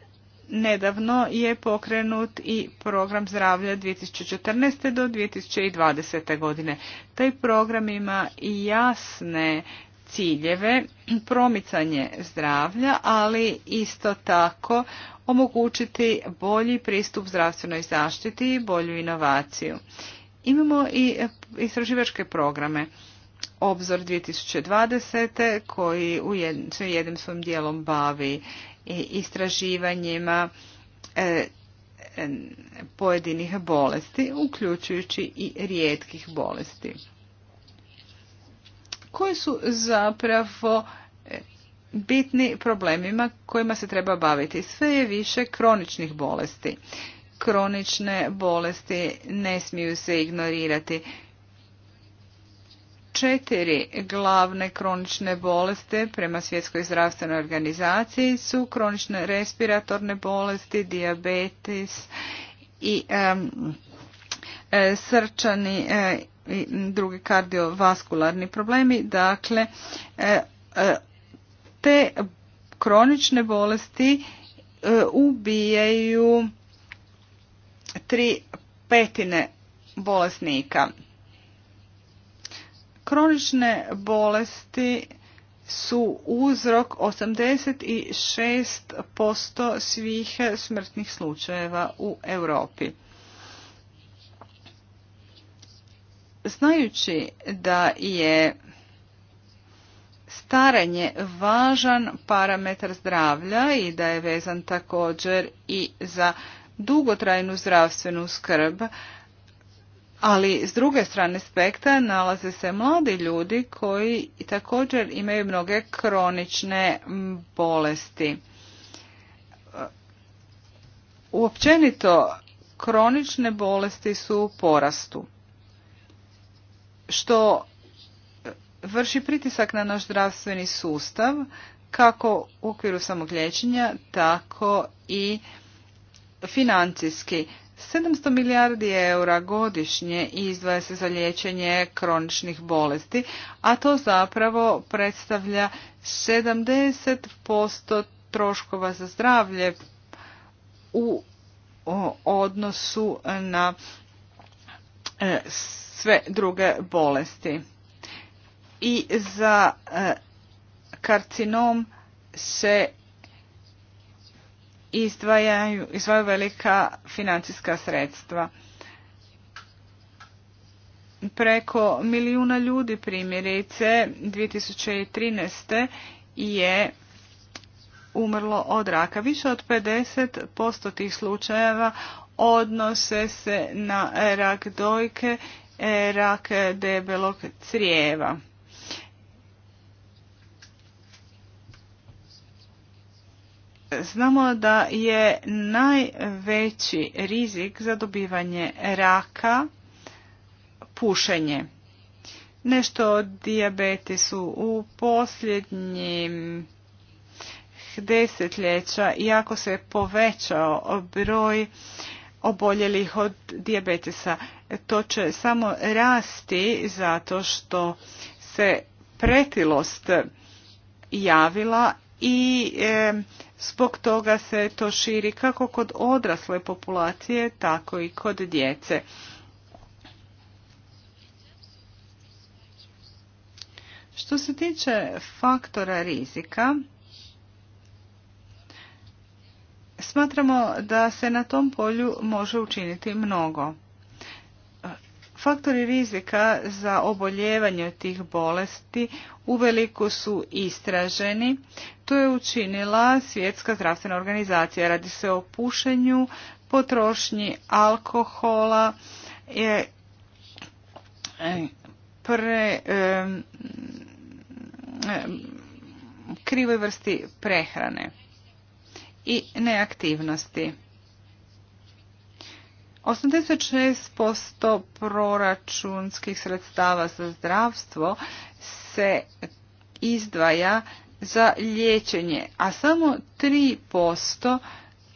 nedavno je pokrenut i program zdravlja 2014. do 2020. godine. Taj program ima jasne ciljeve, promicanje zdravlja, ali isto tako omogućiti bolji pristup zdravstvenoj zaštiti i bolju inovaciju. Imamo i istraživačke programe. Obzor 2020. koji se jednim svojim dijelom bavi istraživanjima e, e, pojedinih bolesti, uključujući i rijetkih bolesti. Koji su zapravo e, bitni problemima kojima se treba baviti? Sve je više kroničnih bolesti. Kronične bolesti ne smiju se ignorirati četiri glavne kronične bolesti prema Svjetskoj zdravstvenoj organizaciji su kronične respiratorne bolesti, diabetes i e, srčani e, i drugi kardiovaskularni problemi. Dakle, e, te kronične bolesti ubijaju tri petine bolesnika. Kronične bolesti su uzrok 86% svih smrtnih slučajeva u Europi. Znajući da je staranje važan parametar zdravlja i da je vezan također i za dugotrajnu zdravstvenu skrb, ali s druge strane spekta nalaze se mladi ljudi koji također imaju mnoge kronične bolesti. Uopćenito kronične bolesti su u porastu. Što e, vrši pritisak na naš zdravstveni sustav kako u okviru samog liječenja tako i financijski 700 milijardi eura godišnje izdvaja se za liječenje kroničnih bolesti, a to zapravo predstavlja 70% troškova za zdravlje u odnosu na e, sve druge bolesti. I za e, karcinom se izdvajaju, izdvajaju velika financijska sredstva. Preko milijuna ljudi primjerice 2013. je umrlo od raka. Više od 50% tih slučajeva odnose se na rak dojke, e, rak debelog crijeva. Znamo da je najveći rizik za dobivanje raka pušenje. Nešto o dijabetesu u posljednjim desetljeća jako se povećao broj oboljelih od dijabetesa. To će samo rasti zato što se pretilost javila i e, zbog toga se to širi kako kod odrasle populacije, tako i kod djece. Što se tiče faktora rizika, smatramo da se na tom polju može učiniti mnogo. Faktori rizika za oboljevanje od tih bolesti uveliko su istraženi. To je učinila Svjetska zdravstvena organizacija. Radi se o pušenju, potrošnji alkohola, je e, e, e, krivoj vrsti prehrane i neaktivnosti. 86% proračunskih sredstava za zdravstvo se izdvaja za liječenje, a samo 3%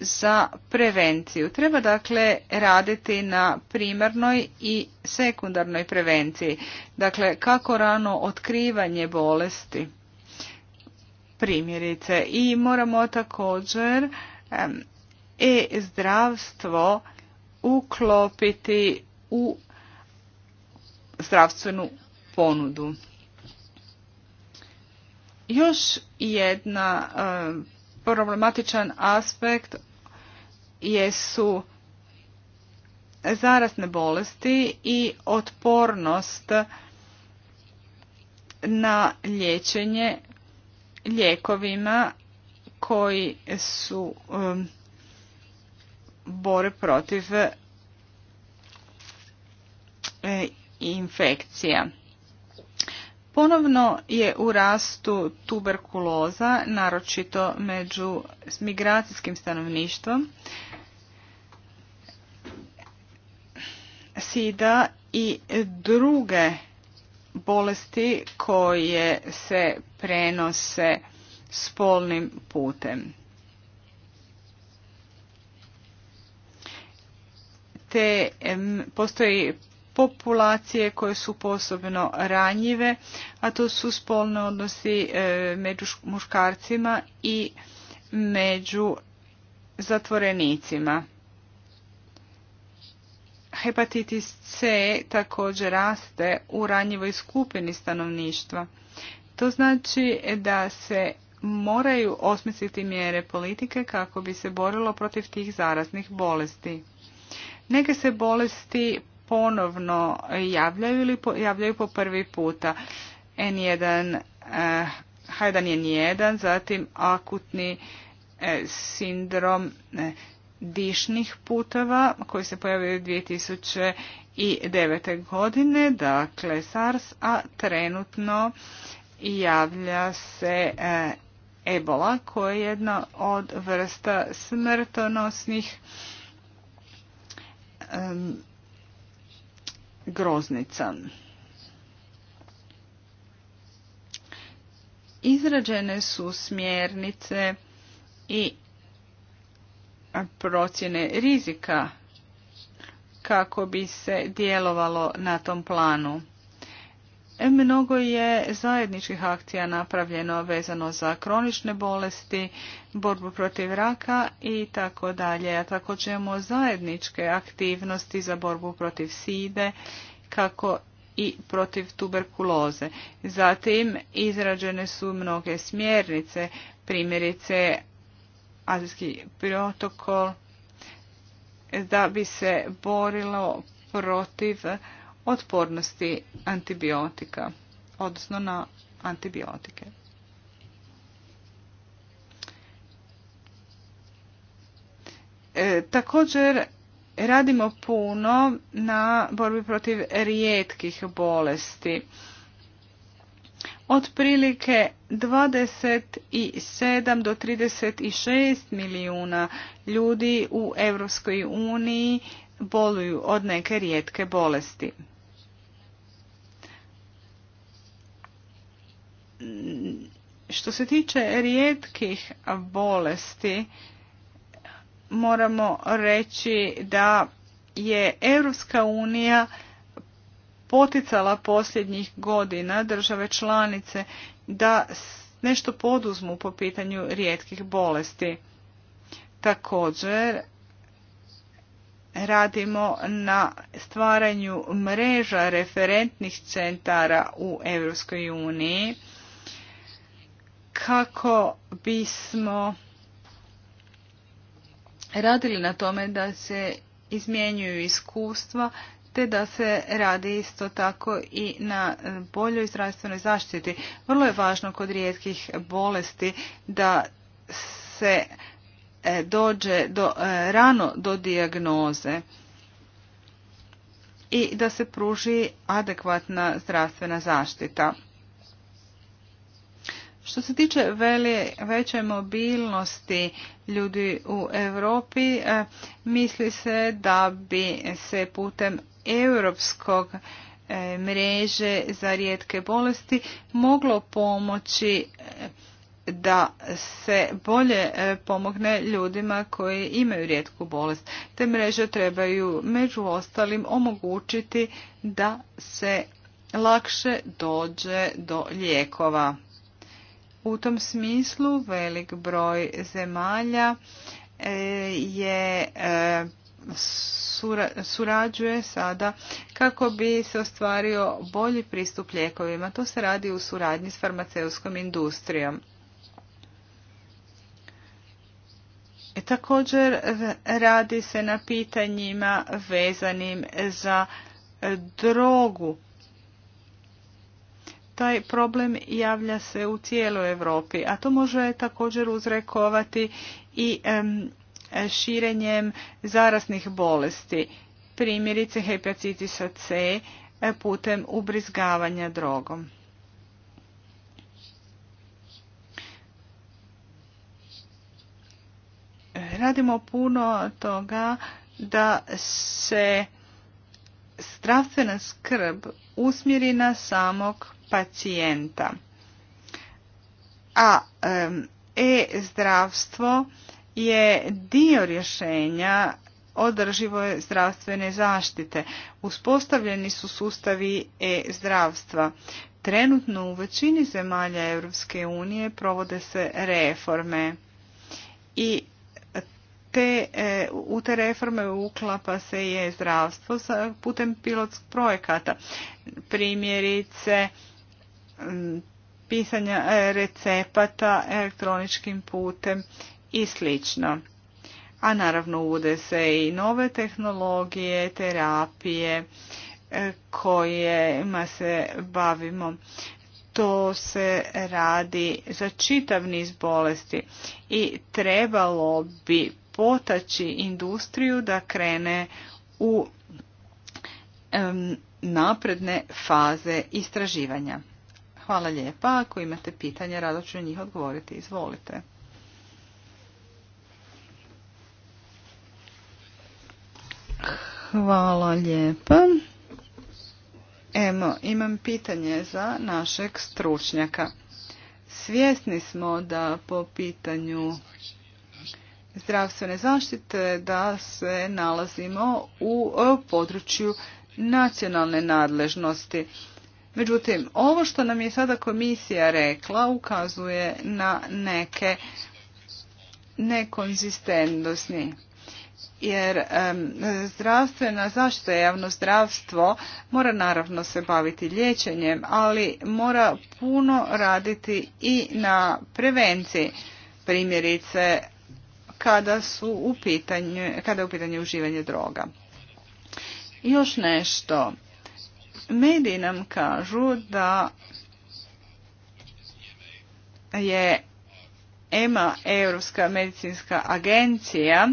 za prevenciju. Treba dakle raditi na primarnoj i sekundarnoj prevenciji. Dakle, kako rano otkrivanje bolesti primjerice. I moramo također e-zdravstvo uklopiti u zdravstvenu ponudu. Još jedna e, problematičan aspekt jesu zarazne bolesti i otpornost na liječenje lijekovima koji su e, bore protiv e, infekcija. Ponovno je u rastu tuberkuloza, naročito među migracijskim stanovništvom, sida i druge bolesti koje se prenose spolnim putem. te postoji populacije koje su posebno ranjive, a to su spolne odnosi e, među muškarcima i među zatvorenicima. Hepatitis C također raste u ranjivoj skupini stanovništva. To znači da se moraju osmisliti mjere politike kako bi se borilo protiv tih zaraznih bolesti. Neke se bolesti ponovno javljaju ili javljaju po prvi puta. N1, eh, h n 1 zatim akutni eh, sindrom eh, dišnih puteva koji se pojavio 2009. godine, dakle SARS, a trenutno javlja se eh, ebola koja je jedna od vrsta smrtonosnih groznica. Izrađene su smjernice i procjene rizika kako bi se djelovalo na tom planu. Mnogo je zajedničkih akcija napravljeno vezano za kronične bolesti, borbu protiv raka i tako dalje. A također ćemo zajedničke aktivnosti za borbu protiv side kako i protiv tuberkuloze. Zatim izrađene su mnoge smjernice, primjerice azijski protokol da bi se borilo protiv otpornosti antibiotika, odnosno na antibiotike. E, također radimo puno na borbi protiv rijetkih bolesti. Otprilike 27 do 36 milijuna ljudi u Europskoj uniji boluju od neke rijetke bolesti. što se tiče rijetkih bolesti, moramo reći da je Europska unija poticala posljednjih godina države članice da nešto poduzmu po pitanju rijetkih bolesti. Također radimo na stvaranju mreža referentnih centara u Europskoj uniji kako bismo radili na tome da se izmjenjuju iskustva te da se radi isto tako i na boljoj zdravstvenoj zaštiti. Vrlo je važno kod rijetkih bolesti da se e, dođe do, e, rano do dijagnoze i da se pruži adekvatna zdravstvena zaštita. Što se tiče veće mobilnosti ljudi u Europi, e, misli se da bi se putem europskog e, mreže za rijetke bolesti moglo pomoći e, da se bolje pomogne ljudima koji imaju rijetku bolest. Te mreže trebaju među ostalim omogućiti da se lakše dođe do lijekova. U tom smislu velik broj zemalja e, je e, surađuje sada kako bi se ostvario bolji pristup lijekovima. To se radi u suradnji s farmaceutskom industrijom. E, također radi se na pitanjima vezanim za drogu taj problem javlja se u cijeloj Europi, a to može također uzrekovati i širenjem zarasnih bolesti, primjerice hepatitisa C e, putem ubrizgavanja drogom. Radimo puno toga da se zdravstvena skrb usmjeri na samog pacijenta. A e-zdravstvo je dio rješenja održivo zdravstvene zaštite. Uspostavljeni su sustavi e-zdravstva. Trenutno u većini zemalja Europske unije provode se reforme i te, e, u te reforme uklapa se je zdravstvo putem pilot projekata. Primjerice, pisanja e, recepata elektroničkim putem i slično. A naravno uvode se i nove tehnologije, terapije e, kojima se bavimo. To se radi za čitav niz bolesti i trebalo bi potaći industriju da krene u napredne faze istraživanja. Hvala lijepa. Ako imate pitanje, rado ću njih odgovoriti. Izvolite. Hvala lijepa. Emo, imam pitanje za našeg stručnjaka. Svjesni smo da po pitanju zdravstvene zaštite da se nalazimo u području nacionalne nadležnosti. Međutim, ovo što nam je sada komisija rekla ukazuje na neke nekonzistentnosti. Jer um, zdravstvena zaštita javno zdravstvo mora naravno se baviti liječenjem, ali mora puno raditi i na prevenciji. Primjerice kada su kada je u pitanju uživanje droga. Još nešto. Mediji nam kažu da je EMA, Europska medicinska agencija,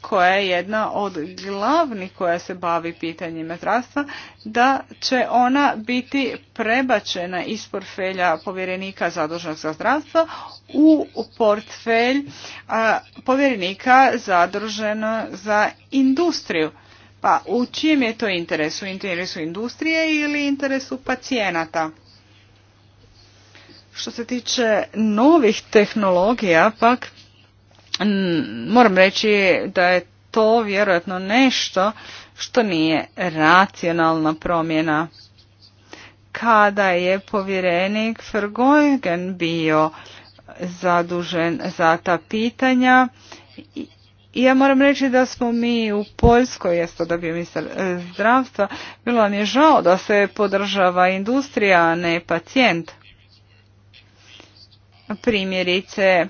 koja je jedna od glavnih koja se bavi pitanjima zdravstva, da će ona biti prebačena iz portfelja povjerenika zaduženog za zdravstvo u portfelj povjerenika zaduženo za industriju. Pa u čijem je to interesu? U interesu industrije ili interesu pacijenata? Što se tiče novih tehnologija, pak moram reći da je to vjerojatno nešto što nije racionalna promjena. Kada je povjerenik Fergojgen bio zadužen za ta pitanja, ja moram reći da smo mi u Poljskoj, jesto da bi ministar e, zdravstva, bilo nam je žao da se podržava industrija, a ne pacijent. Primjerice, e,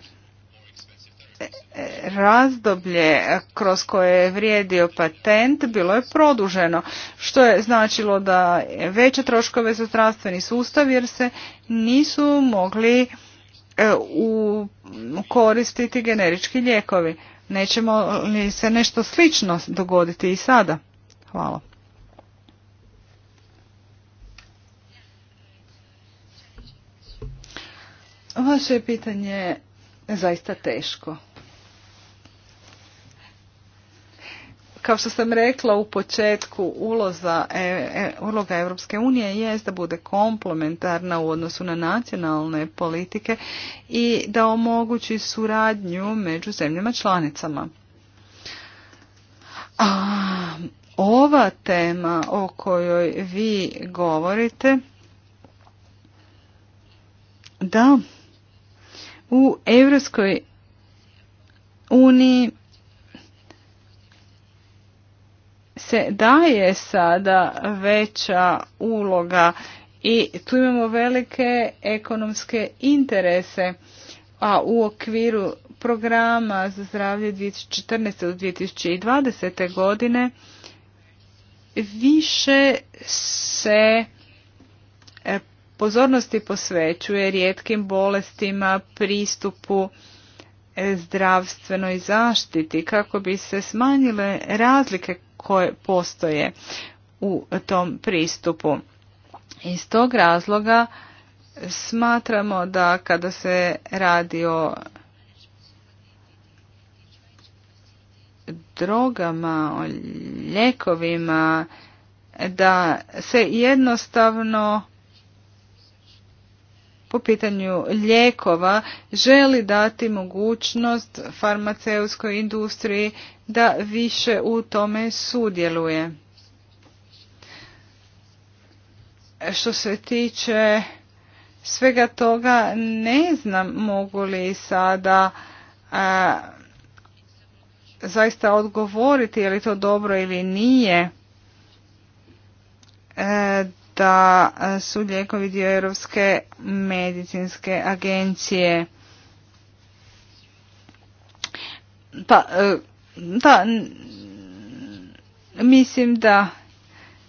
razdoblje kroz koje je vrijedio patent bilo je produženo, što je značilo da veće troškove za zdravstveni sustav jer se nisu mogli e, u koristiti generički lijekovi. Nećemo li se nešto slično dogoditi i sada? Hvala. Vaše pitanje je zaista teško. Kao što sam rekla u početku, uloza, e, e, uloga Europske unije je da bude komplementarna u odnosu na nacionalne politike i da omogući suradnju među zemljama članicama. A, ova tema o kojoj vi govorite, da u Europskoj uniji se daje sada veća uloga i tu imamo velike ekonomske interese, a u okviru programa za zdravlje 2014. do 2020. godine više se e, pozornosti posvećuje rijetkim bolestima, pristupu e, zdravstvenoj zaštiti kako bi se smanjile razlike koje postoje u tom pristupu. Iz tog razloga smatramo da kada se radi o drogama, o ljekovima, da se jednostavno po pitanju lijekova želi dati mogućnost farmaceutskoj industriji da više u tome sudjeluje. Što se tiče svega toga ne znam mogu li sada zaista odgovoriti je li to dobro ili nije e, da su lijekovi dio Europske medicinske agencije. Pa, e, da, mislim da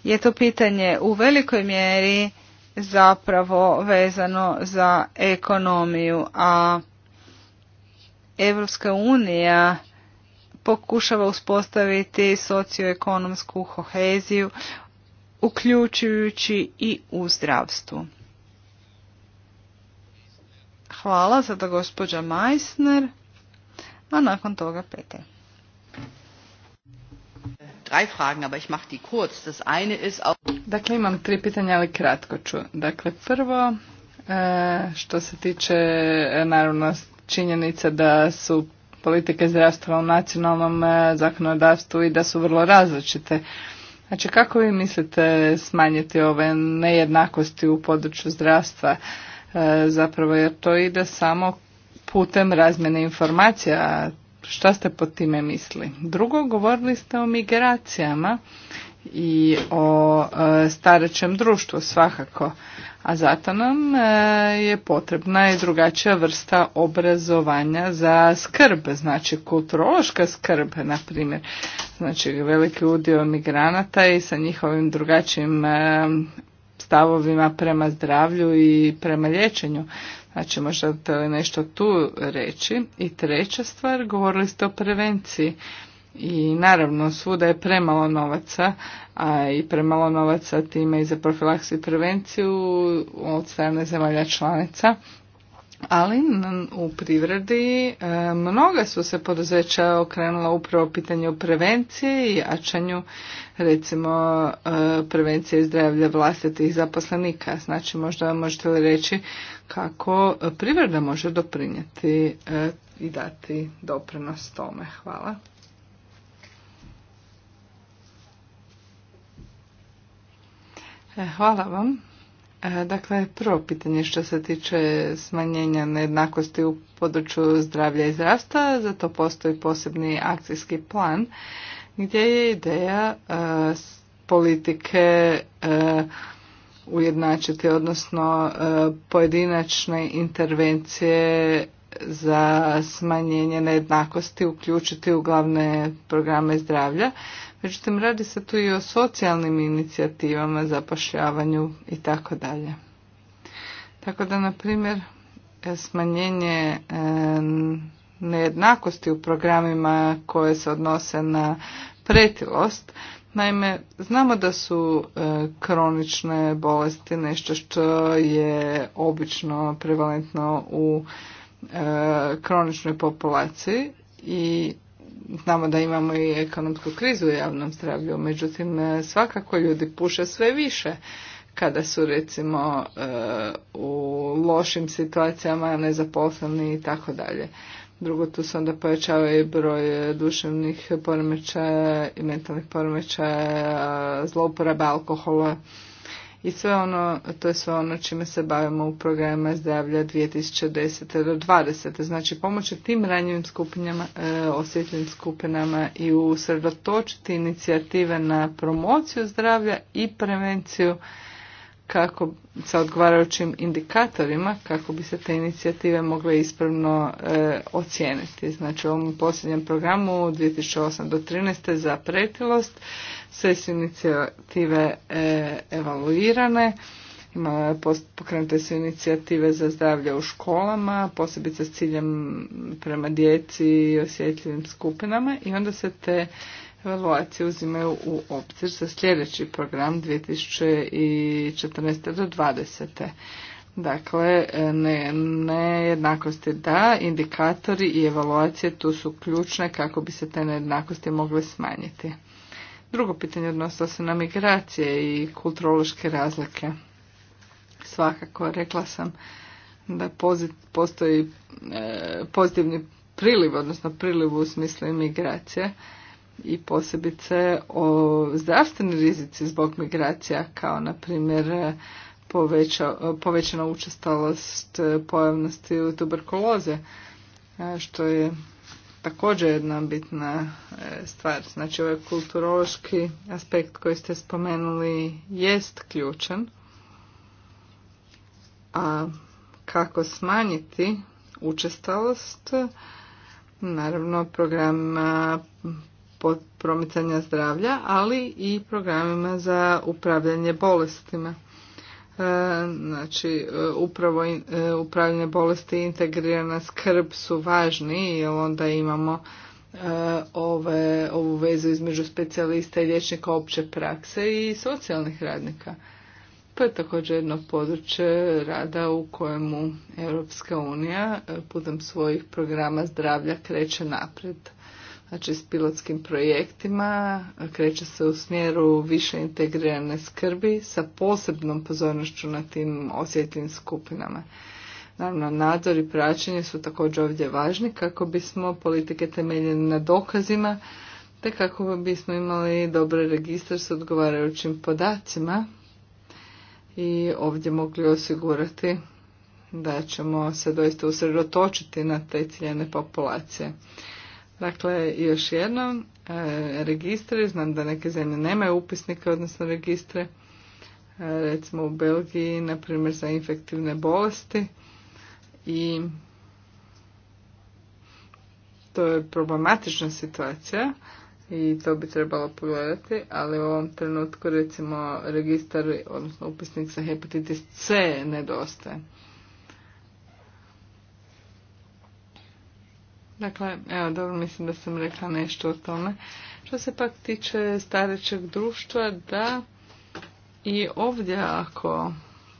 je to pitanje u velikoj mjeri zapravo vezano za ekonomiju, a Evropska unija pokušava uspostaviti socioekonomsku koheziju, uključujući i u zdravstvu. Hvala, sada gospođa Majsner, a nakon toga Peter drei Fragen, aber ich die Dakle, imam tri pitanja, ali kratko ću. Dakle, prvo, e, što se tiče, e, naravno, činjenica da su politike zdravstva u nacionalnom e, zakonodavstvu i da su vrlo različite. Znači, kako vi mislite smanjiti ove nejednakosti u području zdravstva? Zapravo, jer to ide samo putem razmjene informacija, Šta ste pod time mislili? Drugo, govorili ste o migracijama i o e, starećem društvu svakako, a zato nam e, je potrebna i drugačija vrsta obrazovanja za skrb, znači kulturološka skrb, na primjer. Znači veliki udio migranata i sa njihovim drugačijim e, stavovima prema zdravlju i prema liječenju. Znači, možda li nešto tu reći. I treća stvar, govorili ste o prevenciji. I naravno, svuda je premalo novaca, a i premalo novaca time i za profilaksu i prevenciju od strane zemalja članica. Ali u privredi e, mnoga su se poduzeća okrenula upravo pitanju prevencije i jačanju recimo e, prevencije zdravlja vlastitih zaposlenika. Znači možda možete li reći kako privreda može doprinijeti e, i dati doprinos tome. Hvala. E, hvala vam. E, dakle, prvo pitanje što se tiče smanjenja nejednakosti u području zdravlja i zdravstva, za to postoji posebni akcijski plan gdje je ideja politike ujednačiti, odnosno e, pojedinačne intervencije za smanjenje nejednakosti uključiti u glavne programe zdravlja. Međutim, radi se tu i o socijalnim inicijativama, zapošljavanju i tako dalje. Tako da, na primjer, e, smanjenje e, nejednakosti u programima koje se odnose na pretilost Naime, znamo da su e, kronične bolesti nešto što je obično prevalentno u e, kroničnoj populaciji i znamo da imamo i ekonomsku krizu u javnom zdravlju, međutim e, svakako ljudi puše sve više kada su recimo u lošim situacijama nezaposleni i tako dalje. Drugo, tu se onda povećava i broj duševnih poremećaja i mentalnih poremećaja, zlouporaba alkohola i sve ono, to je sve ono čime se bavimo u programima zdravlja 2010. do 2020. Znači pomoći tim ranjivim skupinama, e, osjetljivim skupinama i usredotočiti inicijative na promociju zdravlja i prevenciju kako sa odgovarajućim indikatorima kako bi se te inicijative mogle ispravno e, ocijeniti. Znači u ovom posljednjem programu 2008 do 2013 za pretilost sve su inicijative e, evaluirane. Ima, pokrenute su inicijative za zdravlje u školama, posebice s ciljem prema djeci i osjetljivim skupinama i onda se te evaluacije uzimaju u obzir za sljedeći program 2014. do 2020. Dakle, nejednakosti da, indikatori i evaluacije tu su ključne kako bi se te nejednakosti mogle smanjiti. Drugo pitanje odnosilo se na migracije i kulturološke razlike. Svakako, rekla sam da postoji e, pozitivni priliv, odnosno priliv u smislu imigracije i posebice o zdravstveni rizici zbog migracija kao na primjer povećana učestalost pojavnosti u tuberkuloze e, što je također jedna bitna e, stvar. Znači ovaj kulturološki aspekt koji ste spomenuli jest ključan. A kako smanjiti učestalost? Naravno program promicanja zdravlja, ali i programima za upravljanje bolestima. E, znači, e, upravo e, upravljanje bolesti i integrirana skrb su važni, jer onda imamo ove, ovu vezu između specijalista i liječnika opće prakse i socijalnih radnika. To je također jedno područje rada u kojemu Europska unija putem svojih programa zdravlja kreće naprijed. Znači s pilotskim projektima kreće se u smjeru više integrirane skrbi sa posebnom pozornošću na tim osjetljivim skupinama. Naravno, nadzor i praćenje su također ovdje važni kako bismo politike temeljene na dokazima te kako bismo imali dobar registar s odgovarajućim podacima i ovdje mogli osigurati da ćemo se doista usredotočiti na te ciljene populacije. Dakle, još jednom, e, registri, znam da neke zemlje nemaju upisnike, odnosno registre, e, recimo u Belgiji, na primjer, za infektivne bolesti i to je problematična situacija i to bi trebalo pogledati, ali u ovom trenutku recimo registar, odnosno upisnik za hepatitis C nedostaje. Dakle, evo, dobro mislim da sam rekla nešto o tome. Što se pak tiče starećeg društva, da i ovdje ako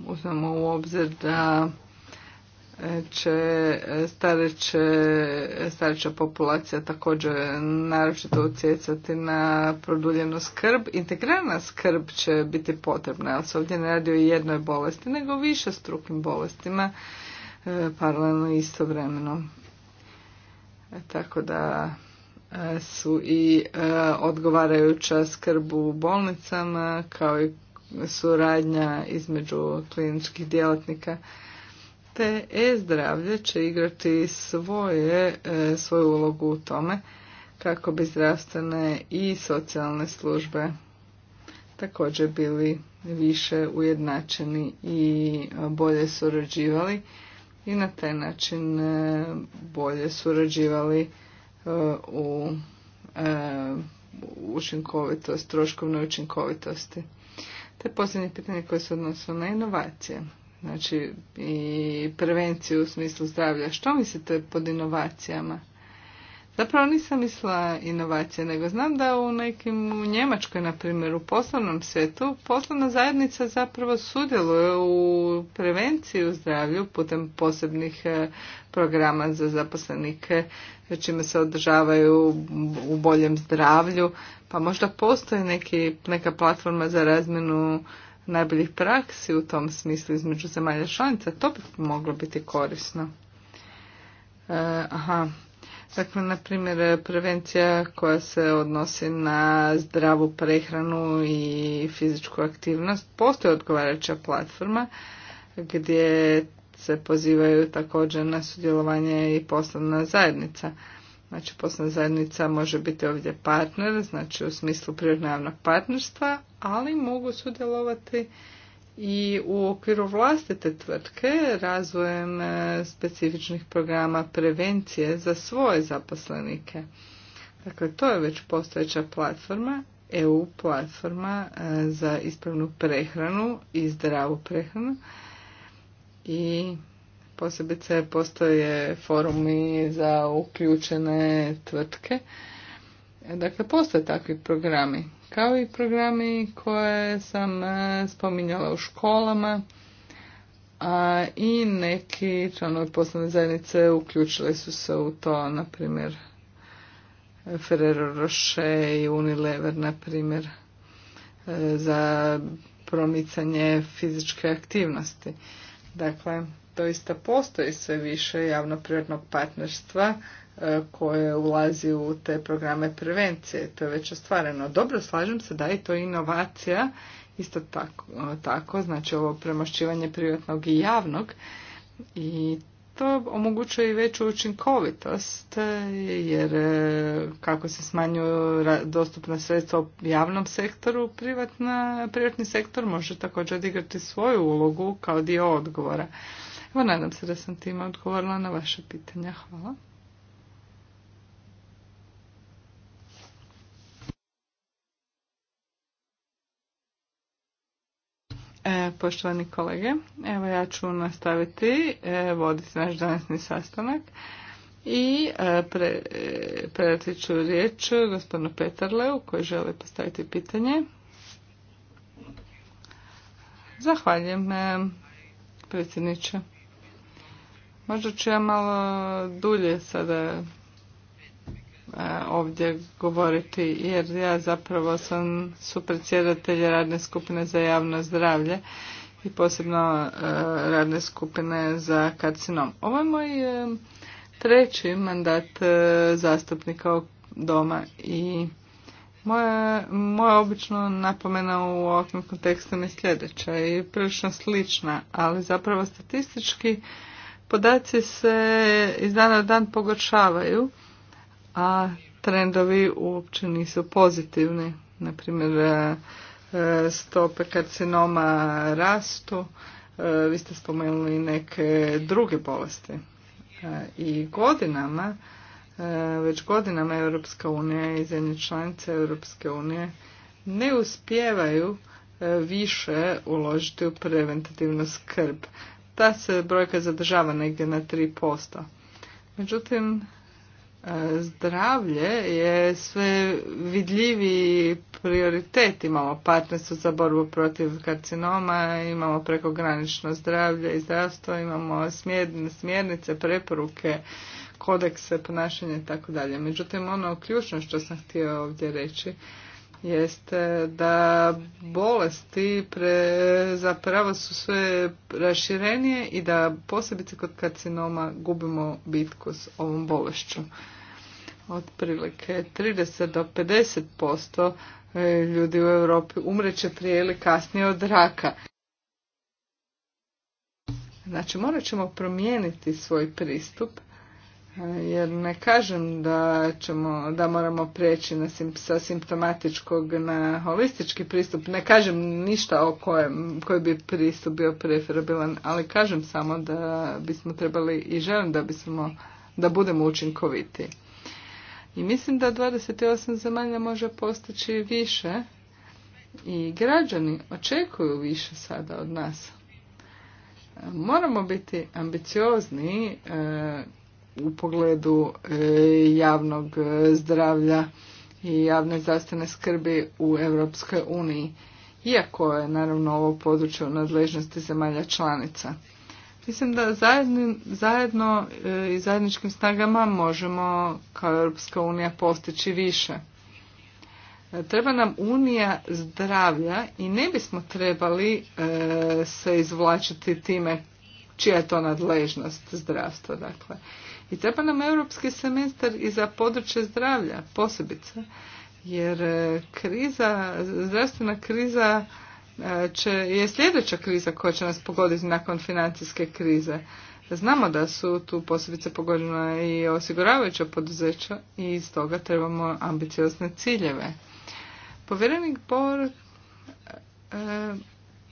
uzmemo u obzir da e, će stareće, stareća populacija također naročito utjecati na produljenu skrb. Integralna skrb će biti potrebna, ali se ovdje ne radi o jednoj bolesti, nego više strukim bolestima e, paralelno istovremeno tako da e, su i e, odgovarajuća skrb u bolnicama kao i suradnja između kliničkih djelatnika te e-zdravlje će igrati svoje, e, svoju ulogu u tome kako bi zdravstvene i socijalne službe također bili više ujednačeni i bolje surađivali i na taj način e, bolje surađivali e, u e, učinkovitost, troškovnoj učinkovitosti. Te posljednje pitanje koje se odnosu na inovacije, znači i prevenciju u smislu zdravlja. Što mislite pod inovacijama? Zapravo nisam mislila inovacije, nego znam da u nekim u Njemačkoj, na primjer, u poslovnom svijetu, poslovna zajednica zapravo sudjeluje u prevenciji u zdravlju putem posebnih e, programa za zaposlenike, čime se održavaju u boljem zdravlju, pa možda postoji neki, neka platforma za razmjenu najboljih praksi u tom smislu između zemalja članica, to bi moglo biti korisno. E, aha, Dakle, na primjer, prevencija koja se odnosi na zdravu prehranu i fizičku aktivnost. Postoje odgovarajuća platforma gdje se pozivaju također na sudjelovanje i poslovna zajednica. Znači, poslovna zajednica može biti ovdje partner, znači u smislu prirodno partnerstva, ali mogu sudjelovati i u okviru vlastite tvrtke razvojem e, specifičnih programa prevencije za svoje zaposlenike. Dakle, to je već postojeća platforma, EU platforma e, za ispravnu prehranu i zdravu prehranu i posebice postoje forumi za uključene tvrtke. Dakle, postoje takvi programi kao i programi koje sam e, spominjala u školama a i neki članovi poslovne zajednice uključili su se u to, na primjer Ferrero Rocher i Unilever, na primjer, e, za promicanje fizičke aktivnosti. Dakle, doista postoji sve više javno-prirodnog partnerstva koje ulazi u te programe prevencije. To je već ostvareno. Dobro, slažem se da je to inovacija, isto tako, tako znači ovo premošćivanje privatnog i javnog i to omogućuje i veću učinkovitost jer e, kako se smanjuju dostupna sredstva u javnom sektoru, privatna, privatni sektor može također odigrati svoju ulogu kao dio odgovora. Evo nadam se da sam time odgovorila na vaše pitanja. Hvala. E, poštovani kolege, evo ja ću nastaviti e, voditi naš danasni sastanak i e, pre, e, predati ću riječ gospodinu Petarleu koji želi postaviti pitanje. Zahvaljujem e, predsjedniče. Možda ću ja malo dulje sada E, ovdje govoriti jer ja zapravo sam supredsjedatelj radne skupine za javno zdravlje i posebno e, radne skupine za karcinom. Ovo je moj e, treći mandat zastupnika doma i moja, obično napomena u ovakvim kontekstom je sljedeća i prilično slična, ali zapravo statistički podaci se iz dana u dan pogoršavaju a trendovi uopće nisu pozitivni. Naprimjer, e, e, stope karcinoma rastu, e, vi ste spomenuli neke druge bolesti. I godinama, već godinama Europska unija i zemlje članice Europske unije ne uspijevaju više uložiti u preventativnu skrb. Ta se brojka zadržava negdje na 3%. Međutim, zdravlje je sve vidljiviji prioritet. Imamo partnerstvo za borbu protiv karcinoma, imamo prekogranično zdravlje i zdravstvo, imamo smjernice, preporuke, kodekse ponašanja i tako dalje. Međutim, ono ključno što sam htio ovdje reći jeste da bolesti pre, zapravo su sve raširenije i da posebice kod karcinoma gubimo bitku s ovom bolešću otprilike 30 do 50% e, ljudi u Europi umreće prije ili kasnije od raka. Znači morat ćemo promijeniti svoj pristup e, jer ne kažem da, ćemo, da moramo prijeći na sim, sa simptomatičkog na holistički pristup. Ne kažem ništa o kojem, koji bi pristup bio preferabilan, ali kažem samo da bismo trebali i želim da bismo da budemo učinkoviti. I mislim da 28 zemalja može postići više i građani očekuju više sada od nas. Moramo biti ambiciozni e, u pogledu e, javnog zdravlja i javne zastane skrbi u Europskoj uniji, iako je naravno ovo područje u nadležnosti zemalja članica. Mislim da zajedno, zajedno i zajedničkim snagama možemo kao Europska unija postići više. E, treba nam unija zdravlja i ne bismo trebali e, se izvlačiti time čija je to nadležnost zdravstva. Dakle. I treba nam europski semestar i za područje zdravlja posebice. Jer e, kriza, zdravstvena kriza će, je sljedeća kriza koja će nas pogoditi nakon financijske krize. Znamo da su tu posebice pogođena i osiguravajuća poduzeća i iz toga trebamo ambiciozne ciljeve. Povjerenik Bor e,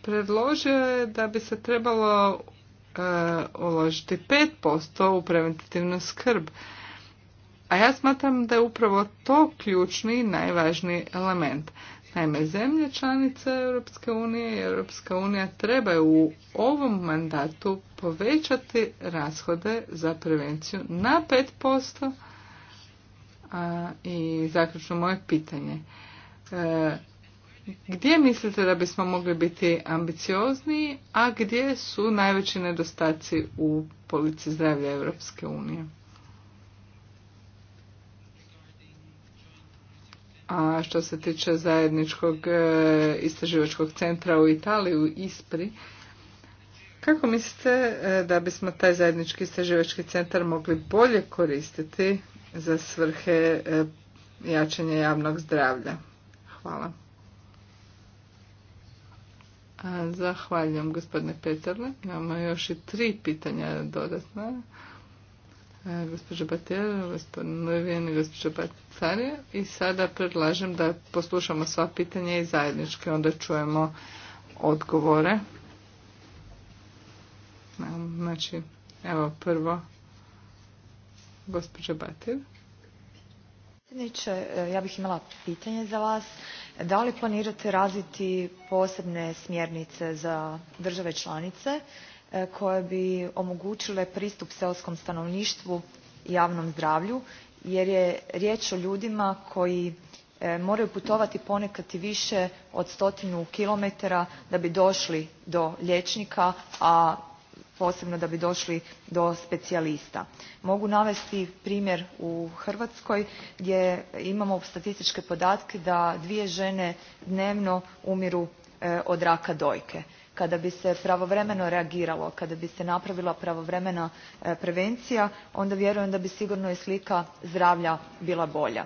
predložio je da bi se trebalo e, uložiti 5% u preventivnu skrb. A ja smatram da je upravo to ključni i najvažniji element. Naime, zemlje članice Europske unije i Europska unija trebaju u ovom mandatu povećati rashode za prevenciju na 5%. A, I zaključno moje pitanje. E, gdje mislite da bismo mogli biti ambiciozniji, a gdje su najveći nedostaci u politici zdravlja Europske unije? A što se tiče zajedničkog e, istraživačkog centra u Italiji, u Ispri, kako mislite e, da bismo taj zajednički istraživački centar mogli bolje koristiti za svrhe e, jačanja javnog zdravlja? Hvala. Zahvaljujem gospodine Petarle. Imamo još i tri pitanja dodatna gospođa Batir, i gospođa Batarija. I sada predlažem da poslušamo sva pitanja i zajednički onda čujemo odgovore. Znači, evo prvo, gospođa Batir. Ja bih imala pitanje za vas. Da li planirate razviti posebne smjernice za države članice E, koje bi omogućile pristup seoskom stanovništvu i javnom zdravlju jer je riječ o ljudima koji e, moraju putovati ponekad i više od stotinu kilometara da bi došli do liječnika a posebno da bi došli do specijalista. Mogu navesti primjer u Hrvatskoj gdje imamo statističke podatke da dvije žene dnevno umiru e, od raka dojke kada bi se pravovremeno reagiralo kada bi se napravila pravovremena e, prevencija onda vjerujem da bi sigurno i slika zdravlja bila bolja.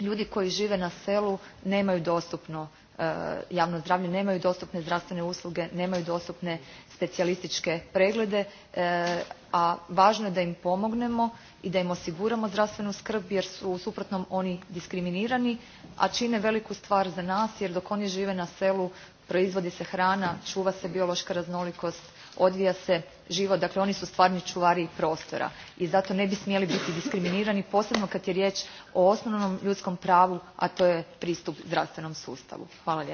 ljudi koji žive na selu nemaju dostupno e, javno zdravlje nemaju dostupne zdravstvene usluge nemaju dostupne specijalističke preglede e, a važno je da im pomognemo i da im osiguramo zdravstvenu skrb jer su u suprotnom oni diskriminirani a čine veliku stvar za nas jer dok oni žive na selu proizvodi se hrana čuva se biološka raznolikost odvija se život dakle oni su stvarni čuvari prostora i zato ne bi smjeli biti diskriminirani posebno kad je riječ o osnovnom ljudskom pravu a to je pristup zdravstvenom sustavu. hvala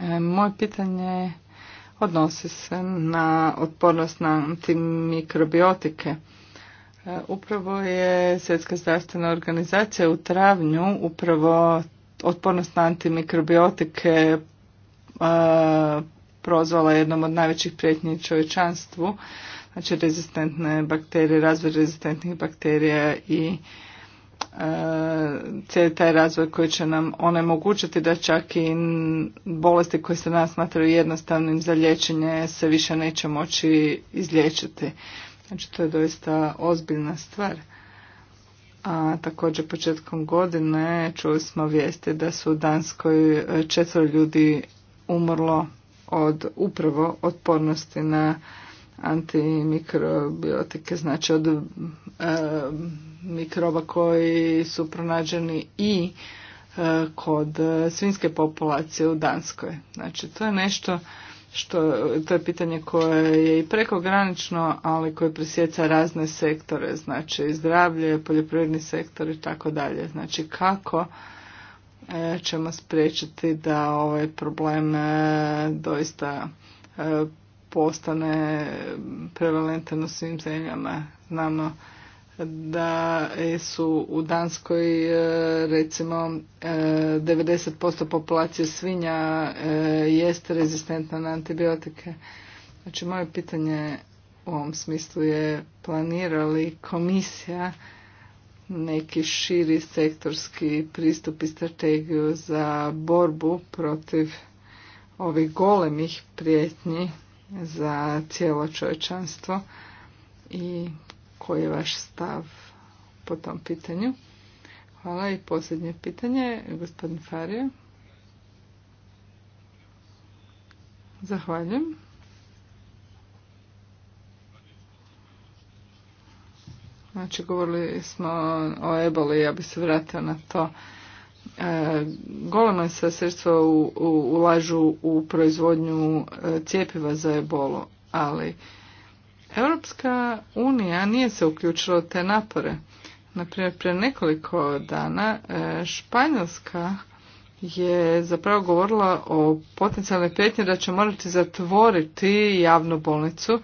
E, moje pitanje odnosi se na otpornost na antimikrobiotike. E, upravo je Svjetska zdravstvena organizacija u travnju upravo otpornost na antimikrobiotike e, prozvala jednom od najvećih prijetnji čovječanstvu, znači rezistentne bakterije, razvoj rezistentnih bakterija i E, cijeli taj razvoj koji će nam onemogućiti da čak i bolesti koje se nas smatraju jednostavnim za liječenje se više neće moći izliječiti. Znači to je doista ozbiljna stvar. A također početkom godine čuli smo vijesti da su u Danskoj e, četvr ljudi umrlo od upravo otpornosti na antimikrobiotike. znači od e, mikroba koji su pronađeni i e, kod svinske populacije u Danskoj. Znači to je nešto što, to je pitanje koje je i prekogranično, ali koje prisjeca razne sektore, znači zdravlje, poljoprivredni sektor i tako dalje. Znači kako e, ćemo spriječiti da ovaj problem doista postane prevalentan u svim zemljama. Znamo da su u Danskoj e, recimo 90% e, populacije svinja e, jeste rezistentna na antibiotike. Znači moje pitanje u ovom smislu je planira li komisija neki širi sektorski pristup i strategiju za borbu protiv ovih golemih prijetnji za cijelo čovječanstvo i koji je vaš stav po tom pitanju. Hvala i posljednje pitanje, gospodin Farija. Zahvaljujem. Znači, govorili smo o eboli, ja bi se vratila na to. E, golema se sredstva u, ulažu u proizvodnju e, cijepiva za ebolu, ali Europska unija nije se uključila u te napore. Naprimjer, pre nekoliko dana e, Španjolska je zapravo govorila o potencijalnoj petnji da će morati zatvoriti javnu bolnicu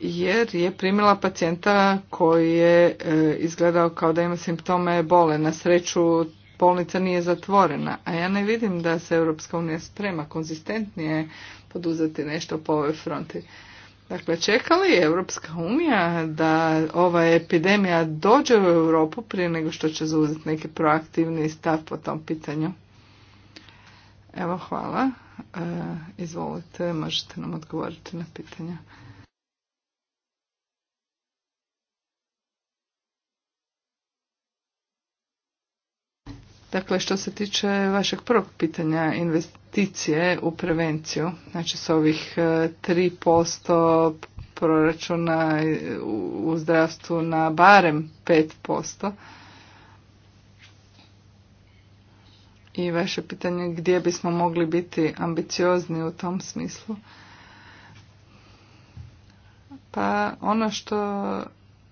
jer je primila pacijenta koji je izgledao kao da ima simptome bole. Na sreću bolnica nije zatvorena, a ja ne vidim da se Europska unija sprema konzistentnije poduzeti nešto po ovoj fronti. Dakle, čeka li Europska unija da ova epidemija dođe u Europu prije nego što će zauzeti neki proaktivni stav po tom pitanju? Evo, hvala. E, izvolite, možete nam odgovoriti na pitanja. Dakle, što se tiče vašeg prvog pitanja investicije u prevenciju, znači s ovih 3% e, proračuna e, u zdravstvu na barem 5%, i vaše pitanje gdje bismo mogli biti ambiciozni u tom smislu. Pa ono što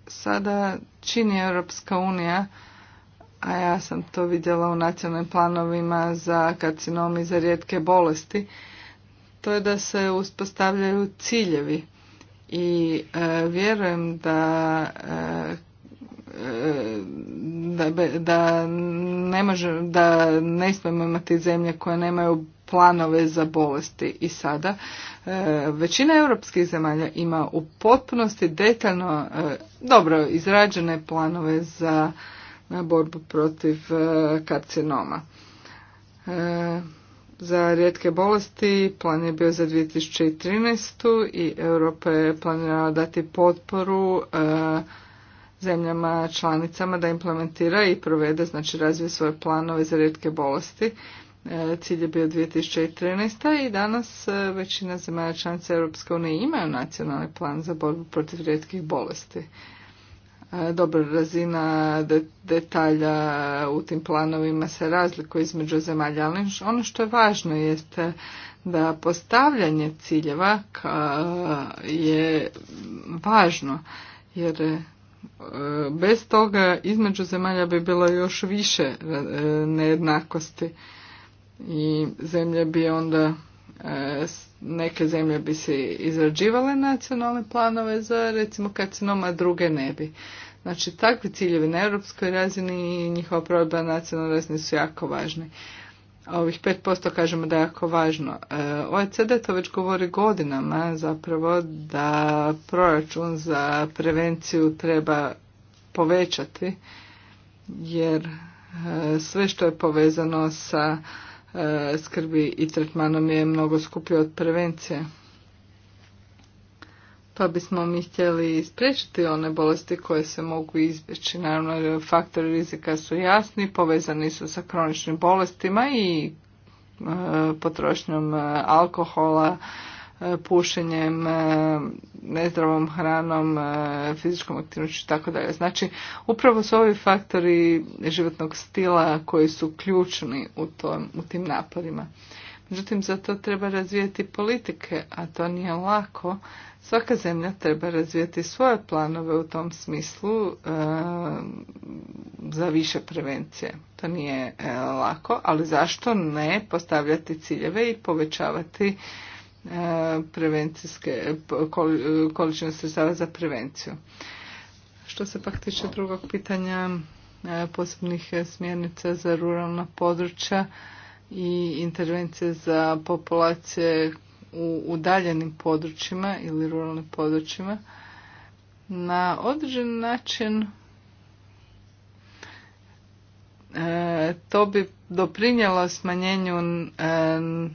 sada čini Europska unija a ja sam to vidjela u nacionalnim planovima za karcinom i za rijetke bolesti, to je da se uspostavljaju ciljevi i e, vjerujem da e, e, da, da ne može, da ne smijemo imati zemlje koje nemaju planove za bolesti i sada. Većina europskih zemalja ima u potpunosti detaljno dobro izrađene planove za na borbu protiv e, karcinoma. E, za rijetke bolesti plan je bio za 2013. i Europa je planirala dati potporu e, zemljama članicama da implementira i provede, znači razvije svoje planove za rijetke bolesti. Cilj je bio 2013. i danas većina zemalja članica Europske unije imaju nacionalni plan za borbu protiv rijetkih bolesti. E, dobra razina detalja u tim planovima se razlikuje između zemalja, ali ono što je važno jeste da postavljanje ciljeva je važno, jer e, bez toga između zemalja bi bilo još više e, nejednakosti i zemlje bi onda E, neke zemlje bi se izrađivale nacionalne planove za recimo karcinom, a druge ne bi. Znači takvi ciljevi na europskoj razini i njihova provedba nacionalne nacionalnoj su jako važni. A ovih 5% kažemo da je jako važno. E, OECD to već govori godinama zapravo da proračun za prevenciju treba povećati jer e, sve što je povezano sa E, skrbi i tretmanom je mnogo skuplje od prevencije. Pa bismo mi htjeli ispriječiti one bolesti koje se mogu izbjeći. Naravno, faktori rizika su jasni, povezani su sa kroničnim bolestima i e, potrošnjom e, alkohola, pušenjem, e, nezdravom hranom, e, fizičkom aktivnošću i tako dalje. Znači, upravo su ovi faktori životnog stila koji su ključni u, tom, u tim naporima. Međutim, za to treba razvijeti politike, a to nije lako. Svaka zemlja treba razvijeti svoje planove u tom smislu e, za više prevencije. To nije lako, ali zašto ne postavljati ciljeve i povećavati prevencijske količine sredstava za prevenciju. Što se pak tiče drugog pitanja e, posebnih smjernica za ruralna područja i intervencije za populacije u udaljenim područjima ili ruralnim područjima, na određen način e, to bi doprinjelo smanjenju e,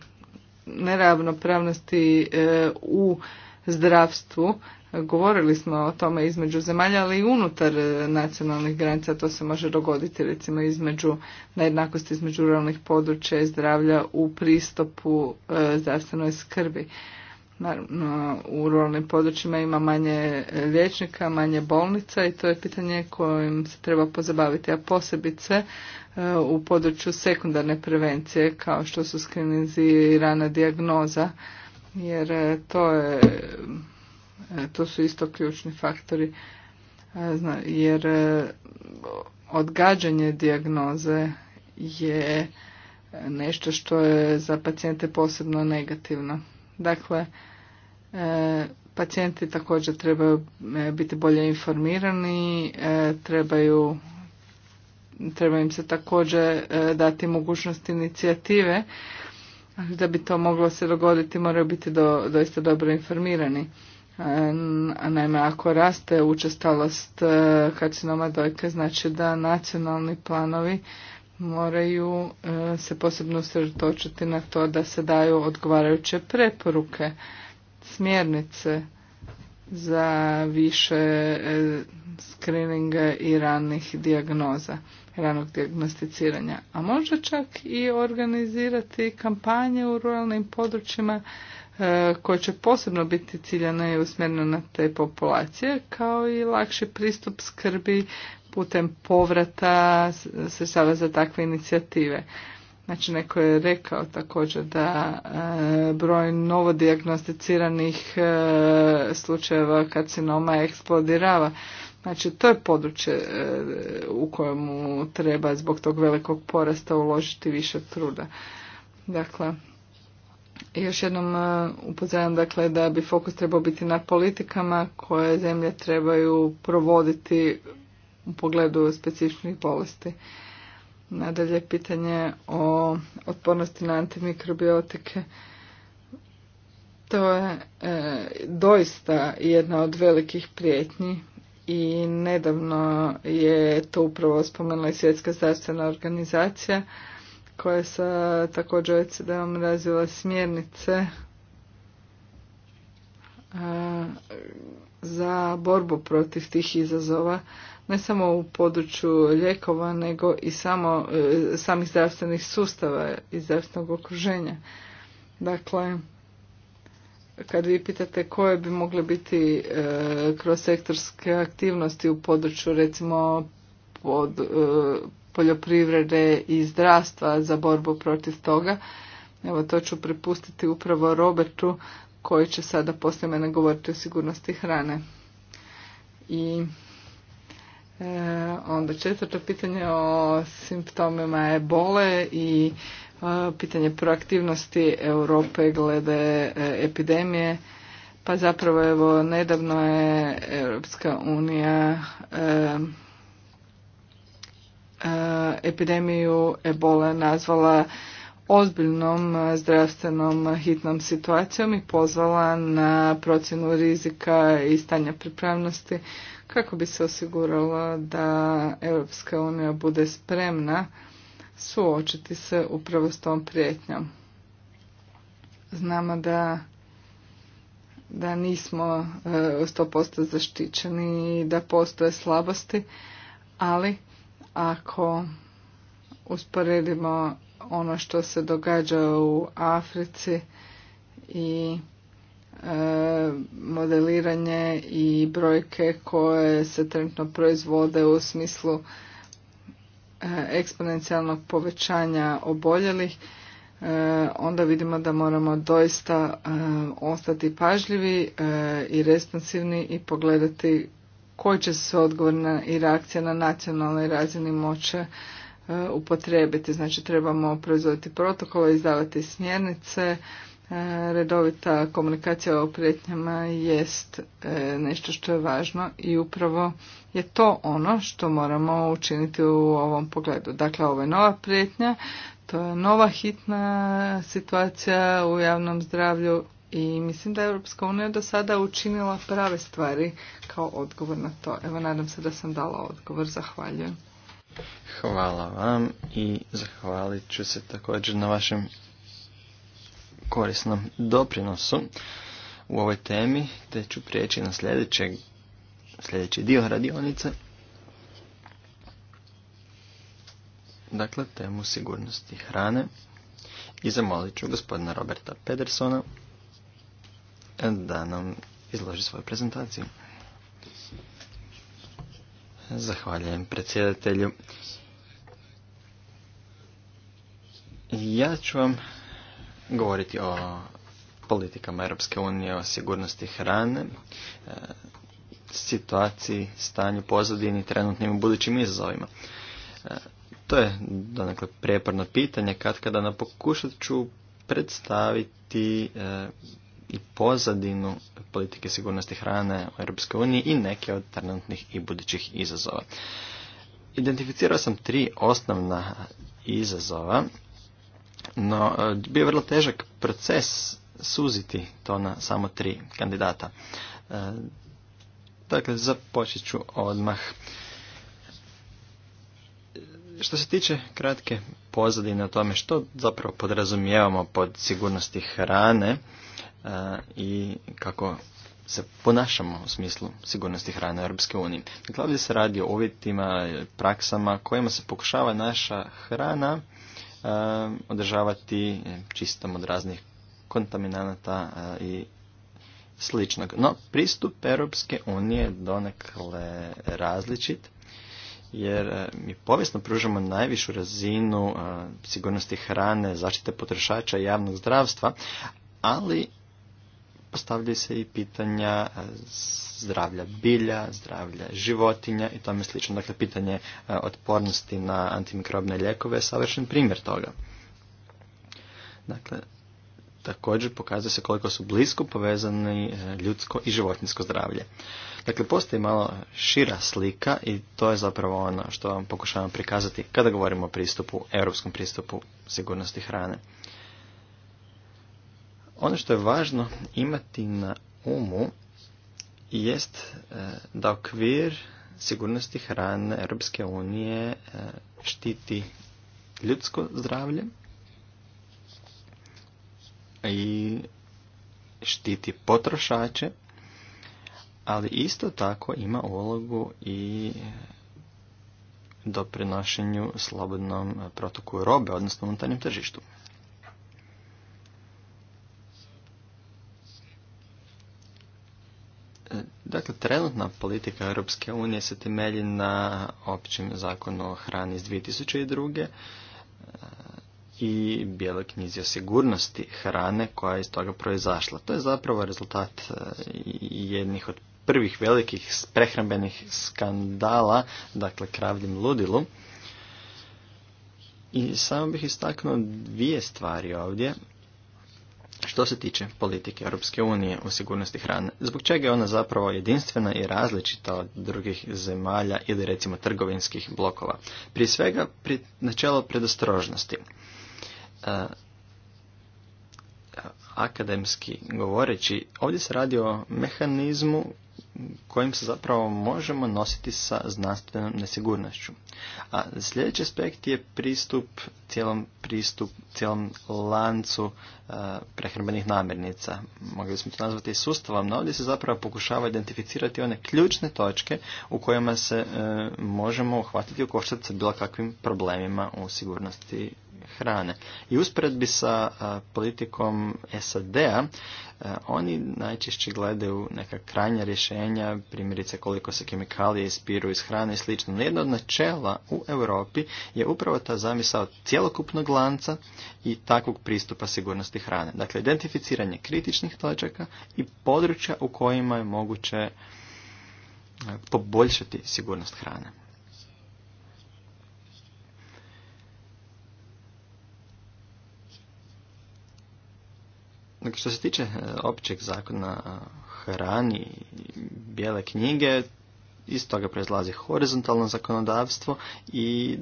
neravnopravnosti e, u zdravstvu. Govorili smo o tome između zemalja, ali i unutar e, nacionalnih granica to se može dogoditi, recimo između nejednakosti između ruralnih područja i zdravlja u pristupu e, zdravstvenoj skrbi. Naravno, u ruralnim područjima ima manje liječnika, manje bolnica i to je pitanje kojim se treba pozabaviti, a posebice E, u području sekundarne prevencije kao što su skrinizi i rana dijagnoza jer e, to je e, to su isto ključni faktori jer odgađanje dijagnoze je nešto što je za pacijente posebno negativno. Dakle, pacijenti također trebaju biti bolje informirani, trebaju treba im se također e, dati mogućnost inicijative, da bi to moglo se dogoditi moraju biti doista dobro informirani. E, naime, ako raste učestalost e, karcinoma dojke, znači da nacionalni planovi moraju se posebno usredotočiti na to da se daju odgovarajuće preporuke, smjernice za više skrininga i ranih dijagnoza ranog dijagnosticiranja, a možda čak i organizirati kampanje u ruralnim područjima e, koje će posebno biti ciljane i usmjerene na te populacije, kao i lakši pristup skrbi putem povrata sredstava za takve inicijative. Znači, neko je rekao također da e, broj novo e, slučajeva karcinoma eksplodirava. Znači, to je područje e, u kojemu treba zbog tog velikog porasta uložiti više truda. Dakle, još jednom e, upozoram dakle, da bi fokus trebao biti na politikama koje zemlje trebaju provoditi u pogledu specifičnih bolesti. Nadalje, pitanje o otpornosti na antimikrobiotike. to je e, doista jedna od velikih prijetnji i nedavno je to upravo spomenula i Svjetska zdravstvena organizacija koja je sa također OECD-om razvila smjernice za borbu protiv tih izazova ne samo u području ljekova nego i samo e, samih zdravstvenih sustava i zdravstvenog okruženja. Dakle, kad vi pitate koje bi mogle biti e, kroz sektorske aktivnosti u području recimo pod, e, poljoprivrede i zdravstva za borbu protiv toga, evo to ću prepustiti upravo Robertu koji će sada poslije mene govoriti o sigurnosti hrane. I e, onda četvrto pitanje o simptomima ebole i pitanje proaktivnosti Europe glede e, epidemije. Pa zapravo evo nedavno je Europska unija e, e, epidemiju ebole nazvala ozbiljnom zdravstvenom hitnom situacijom i pozvala na procjenu rizika i stanja pripravnosti kako bi se osiguralo da Europska unija bude spremna suočiti se upravo s tom prijetnjom. Znamo da da nismo e, sto 100% zaštićeni i da postoje slabosti, ali ako usporedimo ono što se događa u Africi i e, modeliranje i brojke koje se trenutno proizvode u smislu E, eksponencijalnog povećanja oboljelih, e, onda vidimo da moramo doista e, ostati pažljivi i responsivni i pogledati koji će se odgovorna i reakcija na nacionalnoj razini moće upotrijebiti. Znači trebamo proizvoditi protokole, izdavati smjernice, E, redovita komunikacija o prijetnjama jest e, nešto što je važno i upravo je to ono što moramo učiniti u ovom pogledu. Dakle, ovo je nova prijetnja, to je nova hitna situacija u javnom zdravlju i mislim da je Europska unija do sada učinila prave stvari kao odgovor na to. Evo, nadam se da sam dala odgovor. Zahvaljujem. Hvala vam i zahvalit ću se također na vašem korisnom doprinosu u ovoj temi, te ću prijeći na sljedeći dio radionice. Dakle, temu sigurnosti hrane i zamolit ću gospodina Roberta Pedersona da nam izloži svoju prezentaciju. Zahvaljujem predsjedatelju. Ja ću vam govoriti o politikama Europske unije, o sigurnosti hrane, e, situaciji, stanju, pozadini, trenutnim i budućim izazovima. E, to je donekle prijeporno pitanje kad kada na pokušat ću predstaviti e, i pozadinu politike sigurnosti hrane u Europskoj uniji i neke od trenutnih i budućih izazova. Identificirao sam tri osnovna izazova no, e, bio je vrlo težak proces suziti to na samo tri kandidata. E, dakle, započet ću odmah. Što se tiče kratke pozadine o tome što zapravo podrazumijevamo pod sigurnosti hrane e, i kako se ponašamo u smislu sigurnosti hrane u Europske unije. Dakle, ovdje se radi o uvjetima, praksama kojima se pokušava naša hrana Eh, održavati eh, čistom od raznih kontaminanata eh, i sličnog. No, pristup Europske unije donekle različit, jer mi povijesno pružamo najvišu razinu sigurnosti hrane, zaštite potrošača i javnog zdravstva, ali postavljaju se i pitanja e, zdravlja bilja, zdravlja životinja i tome slično. Dakle, pitanje e, otpornosti na antimikrobne lijekove je savršen primjer toga. Dakle, također pokazuje se koliko su blisko povezani e, ljudsko i životinsko zdravlje. Dakle, postoji malo šira slika i to je zapravo ono što vam pokušavam prikazati kada govorimo o pristupu, europskom pristupu sigurnosti hrane. Ono što je važno imati na umu jest e, da okvir sigurnosti hrane Europske unije e, štiti ljudsko zdravlje i štiti potrošače, ali isto tako ima ulogu i doprinošenju slobodnom protoku robe, odnosno unutarnjem tržištu. Dakle, trenutna politika Europske unije se temelji na općem zakonu o hrani iz 2002. E, i bijeloj knjizi o sigurnosti hrane koja je iz toga proizašla. To je zapravo rezultat e, jednih od prvih velikih prehrambenih skandala, dakle kravljim ludilu. I samo bih istaknuo dvije stvari ovdje što se tiče politike Europske unije u sigurnosti hrane. Zbog čega je ona zapravo jedinstvena i različita od drugih zemalja ili recimo trgovinskih blokova? Prije svega pri načelo predostrožnosti. E, akademski govoreći, ovdje se radi o mehanizmu kojim se zapravo možemo nositi sa znanstvenom nesigurnošću. A sljedeći aspekt je pristup cijelom pristup, cijelom lancu e, prehrambenih namirnica. Mogli smo to nazvati sustavom, no ovdje se zapravo pokušava identificirati one ključne točke u kojima se e, možemo uhvatiti u koštac sa bilo kakvim problemima u sigurnosti hrane. I usporedbi sa politikom SAD-a, oni najčešće gledaju neka krajnja rješenja, primjerice koliko se kemikalije ispiru iz hrane i sl. Jedno od načela u Europi je upravo ta zamisao cjelokupnog lanca i takvog pristupa sigurnosti hrane. Dakle, identificiranje kritičnih točaka i područja u kojima je moguće poboljšati sigurnost hrane. Dakle, što se tiče e, općeg zakona hrani i bijele knjige, iz toga proizlazi horizontalno zakonodavstvo i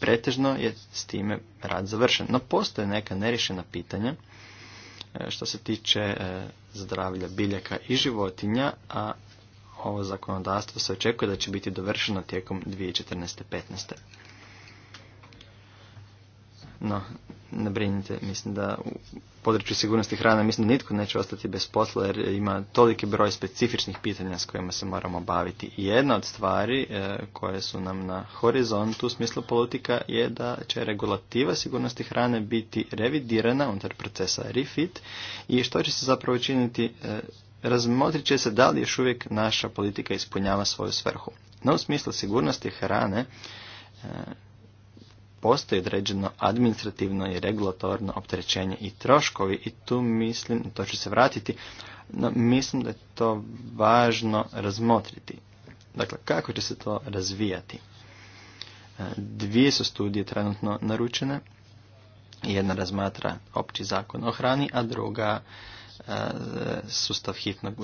pretežno je s time rad završen. No postoje neka nerišena pitanja e, što se tiče e, zdravlja biljaka i životinja, a ovo zakonodavstvo se očekuje da će biti dovršeno tijekom 2014. 15. No, ne brinite, mislim da u području sigurnosti hrane mislim da nitko neće ostati bez posla jer ima toliki broj specifičnih pitanja s kojima se moramo baviti. jedna od stvari e, koje su nam na horizontu u smislu politika je da će regulativa sigurnosti hrane biti revidirana unutar procesa refit i što će se zapravo činiti e, razmotrit će se da li još uvijek naša politika ispunjava svoju svrhu. No u smislu sigurnosti hrane e, postoji određeno administrativno i regulatorno opterećenje i troškovi i tu mislim, to ću se vratiti, no mislim da je to važno razmotriti. Dakle, kako će se to razvijati? E, dvije su studije trenutno naručene. Jedna razmatra opći zakon o hrani, a druga e, sustav hitnog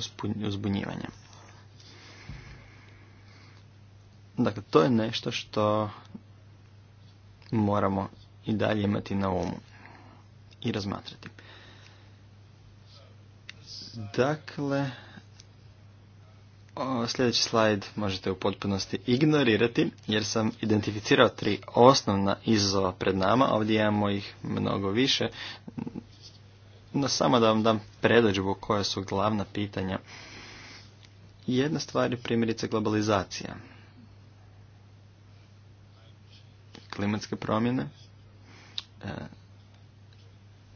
uzbunjivanja. Dakle, to je nešto što moramo i dalje imati na umu i razmatrati. Dakle, sljedeći slajd možete u potpunosti ignorirati jer sam identificirao tri osnovna izazova pred nama. Ovdje imamo ih mnogo više. No samo da vam dam predođbu koja su glavna pitanja. Jedna stvar je primjerice globalizacija. klimatske promjene, e,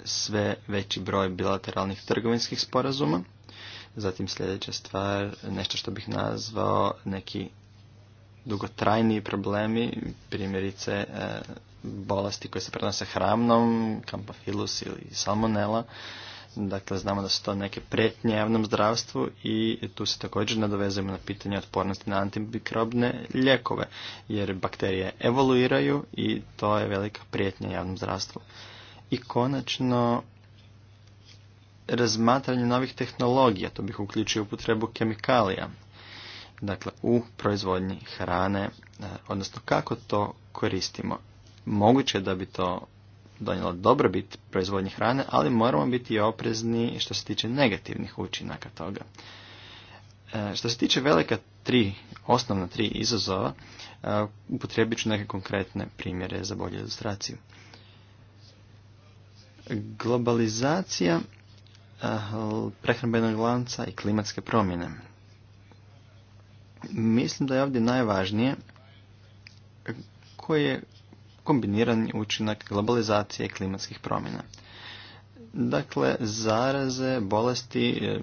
sve veći broj bilateralnih trgovinskih sporazuma, zatim sljedeća stvar, nešto što bih nazvao neki dugotrajniji problemi, primjerice e, bolesti koje se prenose hramnom, kampafilus ili salmonela, Dakle, znamo da su to neke pretnje javnom zdravstvu i tu se također nadovezujemo na pitanje otpornosti na antimikrobne ljekove, jer bakterije evoluiraju i to je velika prijetnja javnom zdravstvu. I konačno, razmatranje novih tehnologija, to bih uključio upotrebu kemikalija, dakle u proizvodnji hrane, e, odnosno kako to koristimo. Moguće da bi to donijela dobrobit proizvodnje hrane, ali moramo biti oprezni što se tiče negativnih učinaka toga. E, što se tiče velika tri, osnovna tri izazova, e, upotrijebit ću neke konkretne primjere za bolju ilustraciju. Globalizacija e, prehrambenog lanca i klimatske promjene. Mislim da je ovdje najvažnije koje kombinirani učinak globalizacije klimatskih promjena. Dakle, zaraze, bolesti, e,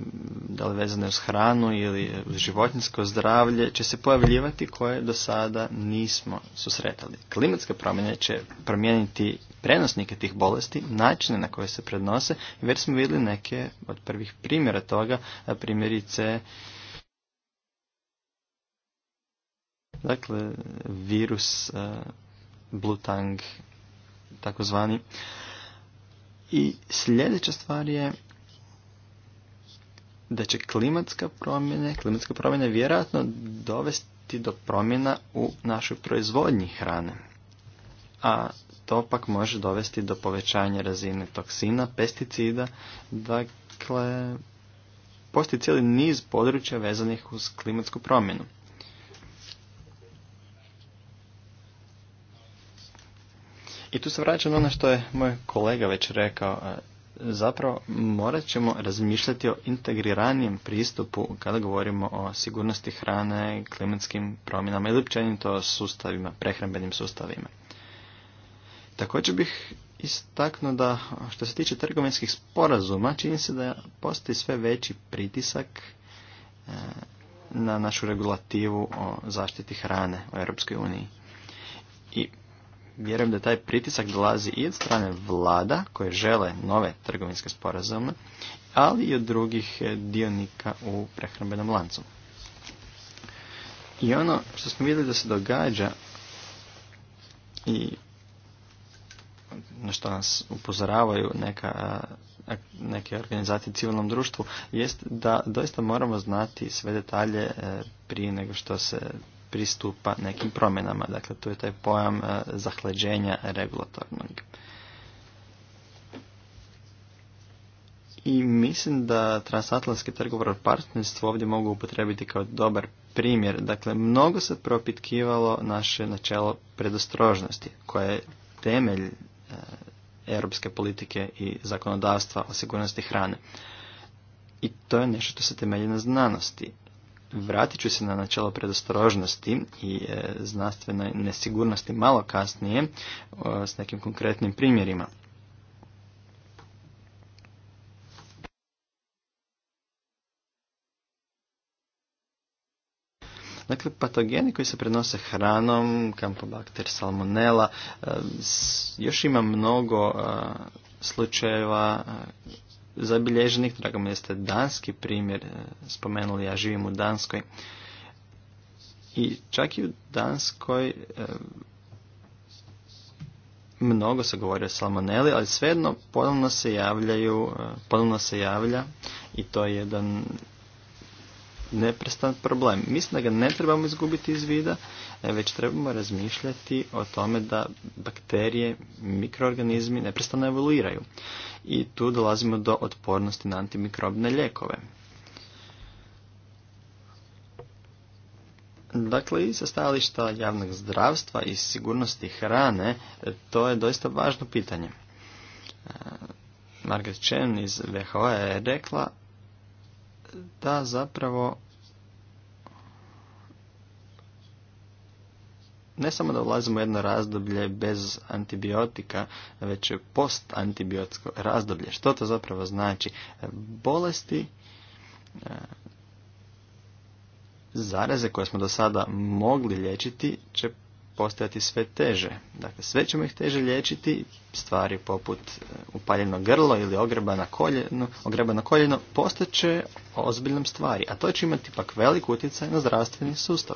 da li vezane uz hranu ili e, uz životinsko zdravlje, će se pojavljivati koje do sada nismo susretali. Klimatske promjene će promijeniti prenosnike tih bolesti, načine na koje se prednose i već smo vidjeli neke od prvih primjera toga, primjerice dakle, virus e, tang takozvani. I sljedeća stvar je da će klimatska promjene, klimatska promjene vjerojatno dovesti do promjena u našoj proizvodnji hrane. A to pak može dovesti do povećanja razine toksina, pesticida, dakle postoji cijeli niz područja vezanih uz klimatsku promjenu. I tu se vraćam na ono što je moj kolega već rekao. Zapravo morat ćemo razmišljati o integriranijem pristupu kada govorimo o sigurnosti hrane, klimatskim promjenama ili općenito o sustavima, prehrambenim sustavima. Također bih istaknuo da što se tiče trgovinskih sporazuma čini se da postoji sve veći pritisak e, na našu regulativu o zaštiti hrane u Europskoj uniji. I vjerujem da taj pritisak dolazi i od strane vlada koje žele nove trgovinske sporazume, ali i od drugih eh, dionika u prehrambenom lancu. I ono što smo vidjeli da se događa i na što nas upozoravaju neka, eh, neke organizacije civilnom društvu, jest da doista moramo znati sve detalje eh, prije nego što se pristupa nekim promjenama. Dakle, to je taj pojam e, zahleđenja regulatornog. I mislim da transatlantske trgovor partnerstvo ovdje mogu upotrebiti kao dobar primjer. Dakle, mnogo se propitkivalo naše načelo predostrožnosti, koje je temelj e, europske politike i zakonodavstva o sigurnosti hrane. I to je nešto što se temelji na znanosti. Vratit ću se na načelo predostrožnosti i e, znanstvene nesigurnosti malo kasnije e, s nekim konkretnim primjerima. Dakle, patogeni koji se prenose hranom, kampobakter, salmonela, e, još ima mnogo slučajeva zabilježenih. Drago mi da ste danski primjer e, spomenuli, ja živim u Danskoj. I čak i u Danskoj e, mnogo se govori o salmoneli, ali svejedno ponovno se javljaju, e, ponovno se javlja i to je jedan neprestan problem. Mislim da ga ne trebamo izgubiti iz vida, e, već trebamo razmišljati o tome da bakterije, mikroorganizmi neprestano evoluiraju. I tu dolazimo do otpornosti na antimikrobne lijekove. Dakle, i sa stajališta javnog zdravstva i sigurnosti hrane, e, to je doista važno pitanje. E, Margaret Chen iz WHO je rekla da zapravo ne samo da ulazimo u jedno razdoblje bez antibiotika, već je postantibiotsko razdoblje. Što to zapravo znači? Bolesti, e, zaraze koje smo do sada mogli liječiti će postojati sve teže. Dakle, sve ćemo ih teže liječiti, stvari poput e, upaljeno grlo ili ogreba na koljeno, ogreba na koljeno ozbiljnom stvari, a to će imati pak velik utjecaj na zdravstveni sustav.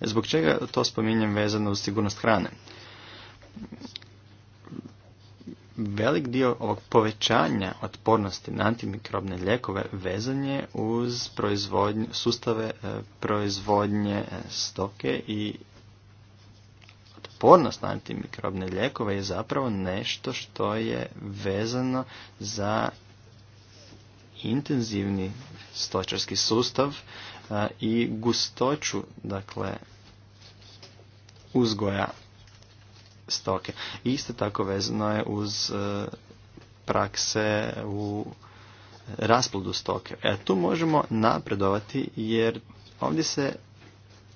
Zbog čega to spominjem vezano uz sigurnost hrane? Velik dio ovog povećanja otpornosti na antimikrobne ljekove vezan je uz sustave e, proizvodnje e, stoke i otpornost na antimikrobne lijekove je zapravo nešto što je vezano za intenzivni stočarski sustav e, i gustoću dakle uzgoja stoke. Isto tako vezano je uz e, prakse u rasplodu stoke. E, tu možemo napredovati jer ovdje se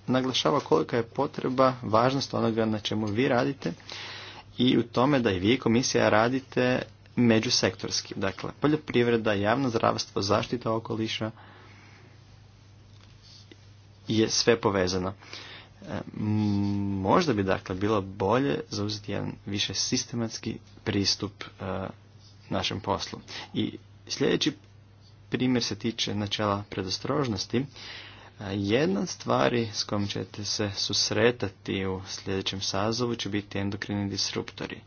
naglašava kolika je potreba, važnost onoga na čemu vi radite i u tome da i vi komisija radite međusektorski. Dakle, poljoprivreda, javno zdravstvo, zaštita okoliša je sve povezano. E, možda bi dakle bilo bolje zauzeti jedan više sistematski pristup e, našem poslu. I sljedeći primjer se tiče načela predostrožnosti jedna stvari s kojom ćete se susretati u sljedećem sazovu će biti endokrini disruptori.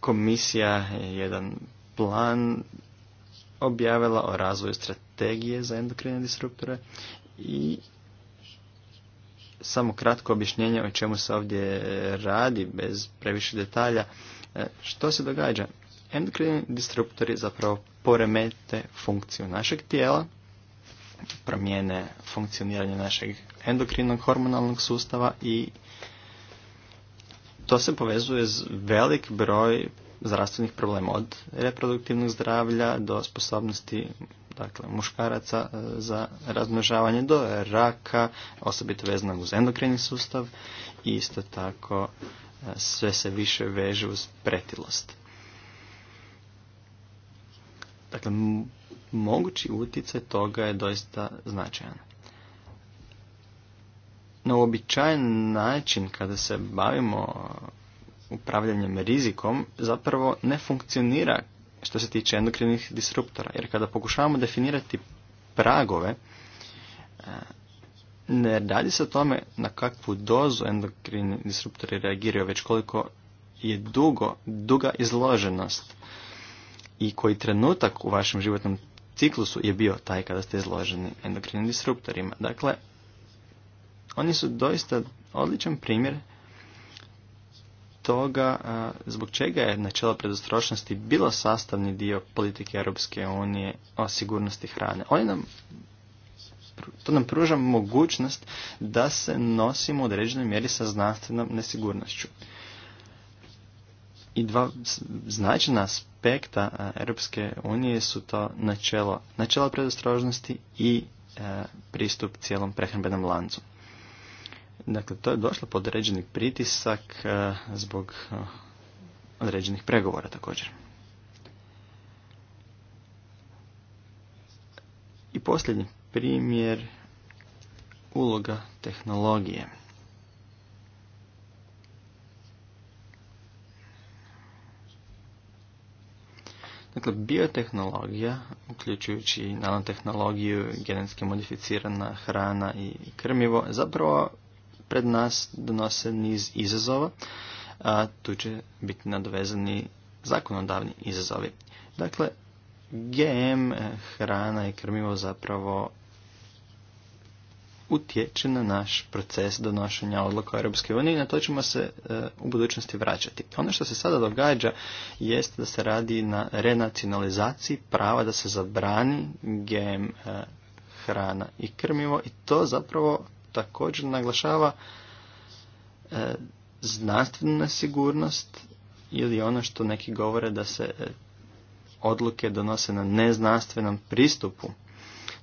Komisija je jedan plan objavila o razvoju strategije za endokrine disruptore i samo kratko objašnjenje o čemu se ovdje radi bez previše detalja. E, što se događa? Endokrini disruptori zapravo poremete funkciju našeg tijela, promijene funkcioniranje našeg endokrinog hormonalnog sustava i to se povezuje s velik broj zdravstvenih problema od reproduktivnog zdravlja do sposobnosti dakle, muškaraca e, za razmnožavanje do raka, osobito vezanog uz endokrini sustav i isto tako e, sve se više veže uz pretilost. Dakle, mogući utjecaj toga je doista značajan. Na uobičajen način kada se bavimo upravljanjem rizikom zapravo ne funkcionira što se tiče endokrinih disruptora. Jer kada pokušavamo definirati pragove, e, ne radi se o tome na kakvu dozu endokrini disruptori reagiraju, već koliko je dugo, duga izloženost i koji trenutak u vašem životnom ciklusu je bio taj kada ste izloženi endokrinim disruptorima. Dakle, oni su doista odličan primjer toga zbog čega je načelo predostrošnosti bilo sastavni dio politike Europske unije o sigurnosti hrane. Oni nam to nam pruža mogućnost da se nosimo u određenoj mjeri sa znanstvenom nesigurnošću. I dva značajna aspekta e, Europske unije su to načelo, načelo predostrožnosti i e, pristup cijelom prehrambenom lancu. Dakle, to je došlo pod određeni pritisak e, zbog određenih pregovora također. I posljednji primjer uloga tehnologije. Dakle, biotehnologija, uključujući nanotehnologiju, genetski modificirana hrana i krmivo, zapravo pred nas donose niz izazova, a tu će biti nadvezani zakonodavni izazovi. Dakle, GM eh, hrana i krmivo zapravo utječe na naš proces donošenja odluka Europske unije i na to ćemo se e, u budućnosti vraćati. Ono što se sada događa jest da se radi na renacionalizaciji prava da se zabrani GM e, hrana i krmivo i to zapravo također naglašava e, znanstvena sigurnost ili ono što neki govore da se e, odluke donose na neznanstvenom pristupu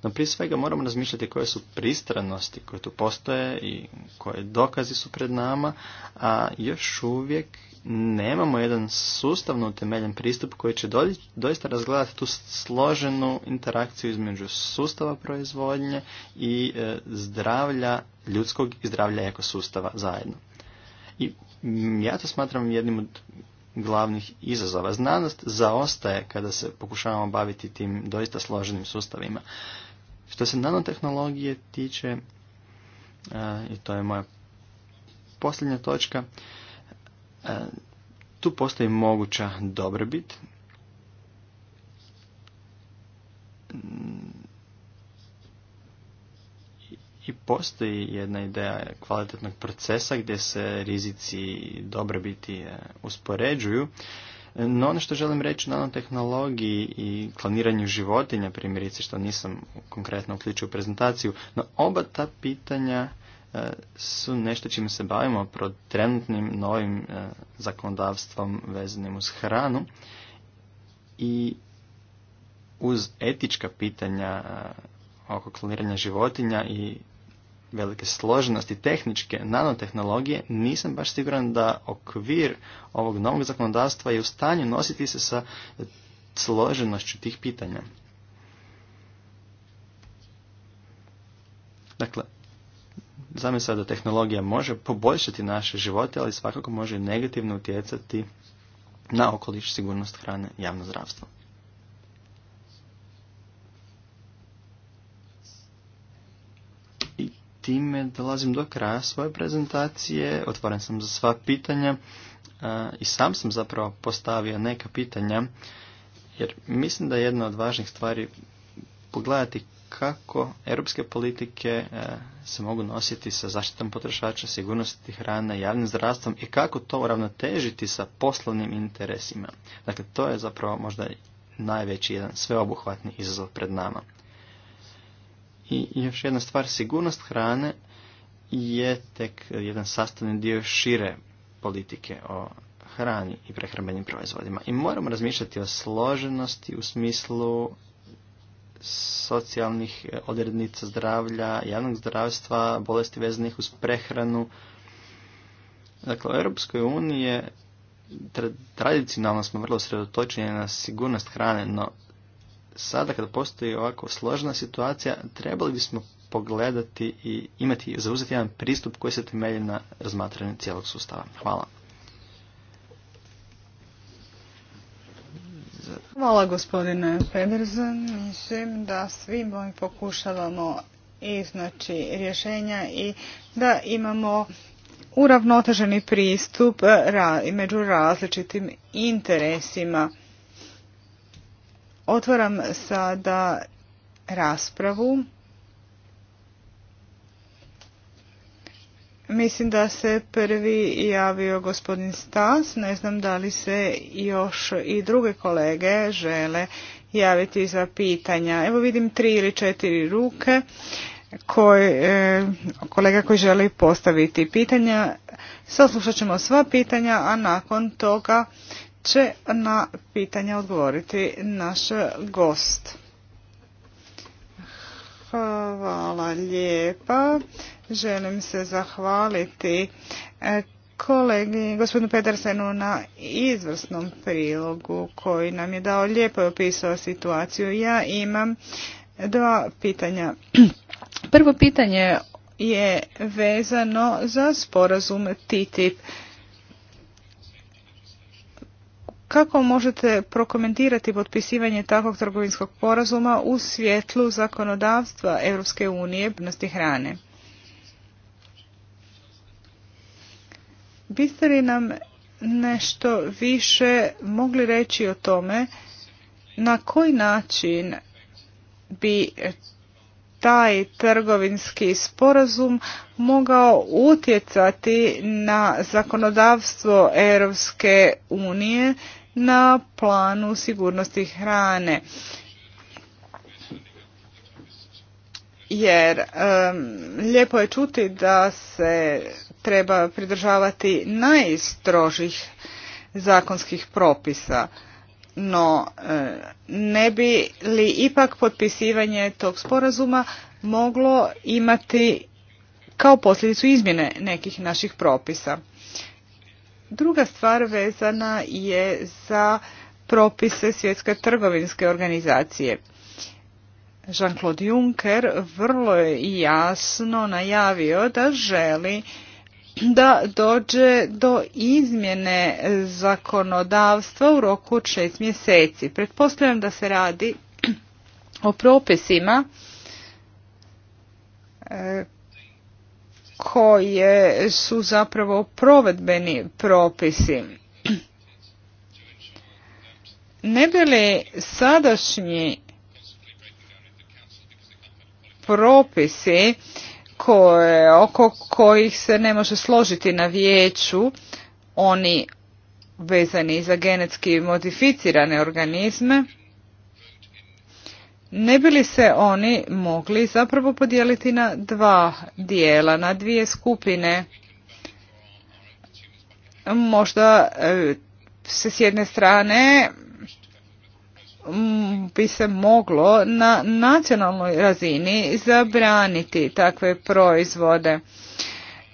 no prije svega moramo razmišljati koje su pristranosti koje tu postoje i koje dokazi su pred nama, a još uvijek nemamo jedan sustavno utemeljen pristup koji će doista razgledati tu složenu interakciju između sustava proizvodnje i e, zdravlja ljudskog i zdravlja ekosustava zajedno. I ja to smatram jednim od glavnih izazova. Znanost zaostaje kada se pokušavamo baviti tim doista složenim sustavima. Što se nanotehnologije tiče, e, i to je moja posljednja točka, e, tu postoji moguća dobrobit. I postoji jedna ideja kvalitetnog procesa gdje se rizici dobrobiti e, uspoređuju no ono što želim reći na nanotehnologiji i kloniranju životinja, primjerice što nisam konkretno uključio u prezentaciju, no oba ta pitanja e, su nešto čime se bavimo pro trenutnim novim e, zakonodavstvom vezanim uz hranu i uz etička pitanja e, oko kloniranja životinja i velike složenosti tehničke nanotehnologije, nisam baš siguran da okvir ovog novog zakonodavstva je u stanju nositi se sa složenošću tih pitanja. Dakle, zamisla da tehnologija može poboljšati naše živote, ali svakako može negativno utjecati na okoliš, sigurnost hrane, javno zdravstvo. time dolazim do kraja svoje prezentacije, otvoren sam za sva pitanja e, i sam sam zapravo postavio neka pitanja, jer mislim da je jedna od važnih stvari pogledati kako europske politike e, se mogu nositi sa zaštitom potrošača, sigurnosti hrane, javnim zdravstvom i kako to uravnotežiti sa poslovnim interesima. Dakle, to je zapravo možda najveći jedan sveobuhvatni izazov pred nama. I još jedna stvar, sigurnost hrane je tek jedan sastavni dio šire politike o hrani i prehrambenim proizvodima. I moramo razmišljati o složenosti u smislu socijalnih e, odrednica zdravlja, javnog zdravstva, bolesti vezanih uz prehranu. Dakle, u Europskoj uniji tradicionalno smo vrlo sredotočeni na sigurnost hrane, no sada kada postoji ovako složena situacija, trebali bismo pogledati i imati, zauzeti jedan pristup koji se temelji na razmatranju cijelog sustava. Hvala. Hvala gospodine Pedersen. Mislim da svi mi pokušavamo iznaći rješenja i da imamo uravnoteženi pristup među različitim interesima. Otvaram sada raspravu. Mislim da se prvi javio gospodin Stas. Ne znam da li se još i druge kolege žele javiti za pitanja. Evo vidim tri ili četiri ruke koji, eh, kolega koji želi postaviti pitanja. Saslušat ćemo sva pitanja, a nakon toga će na pitanja odgovoriti naš gost. Hvala lijepa. Želim se zahvaliti e, kolegi gospodinu Pedersenu na izvrsnom prilogu koji nam je dao lijepo je opisao situaciju. Ja imam dva pitanja. Prvo pitanje je vezano za sporazum TTIP. Kako možete prokomentirati potpisivanje takvog trgovinskog porazuma u svjetlu zakonodavstva Europske unije hrane? Biste li nam nešto više mogli reći o tome na koji način bi taj trgovinski sporazum mogao utjecati na zakonodavstvo Europske unije na planu sigurnosti hrane. Jer lijepo je čuti da se treba pridržavati najstrožih zakonskih propisa, no ne bi li ipak potpisivanje tog sporazuma moglo imati kao posljedicu izmjene nekih naših propisa. Druga stvar vezana je za propise Svjetske trgovinske organizacije. Jean-Claude Juncker vrlo je jasno najavio da želi da dođe do izmjene zakonodavstva u roku od šest mjeseci. Pretpostavljam da se radi o propisima e, koje su zapravo provedbeni propisi. Ne bi li sadašnji propisi koje, oko kojih se ne može složiti na vijeću, oni vezani za genetski modificirane organizme, ne bi li se oni mogli zapravo podijeliti na dva dijela, na dvije skupine. Možda e, se s jedne strane bi se moglo na nacionalnoj razini zabraniti takve proizvode.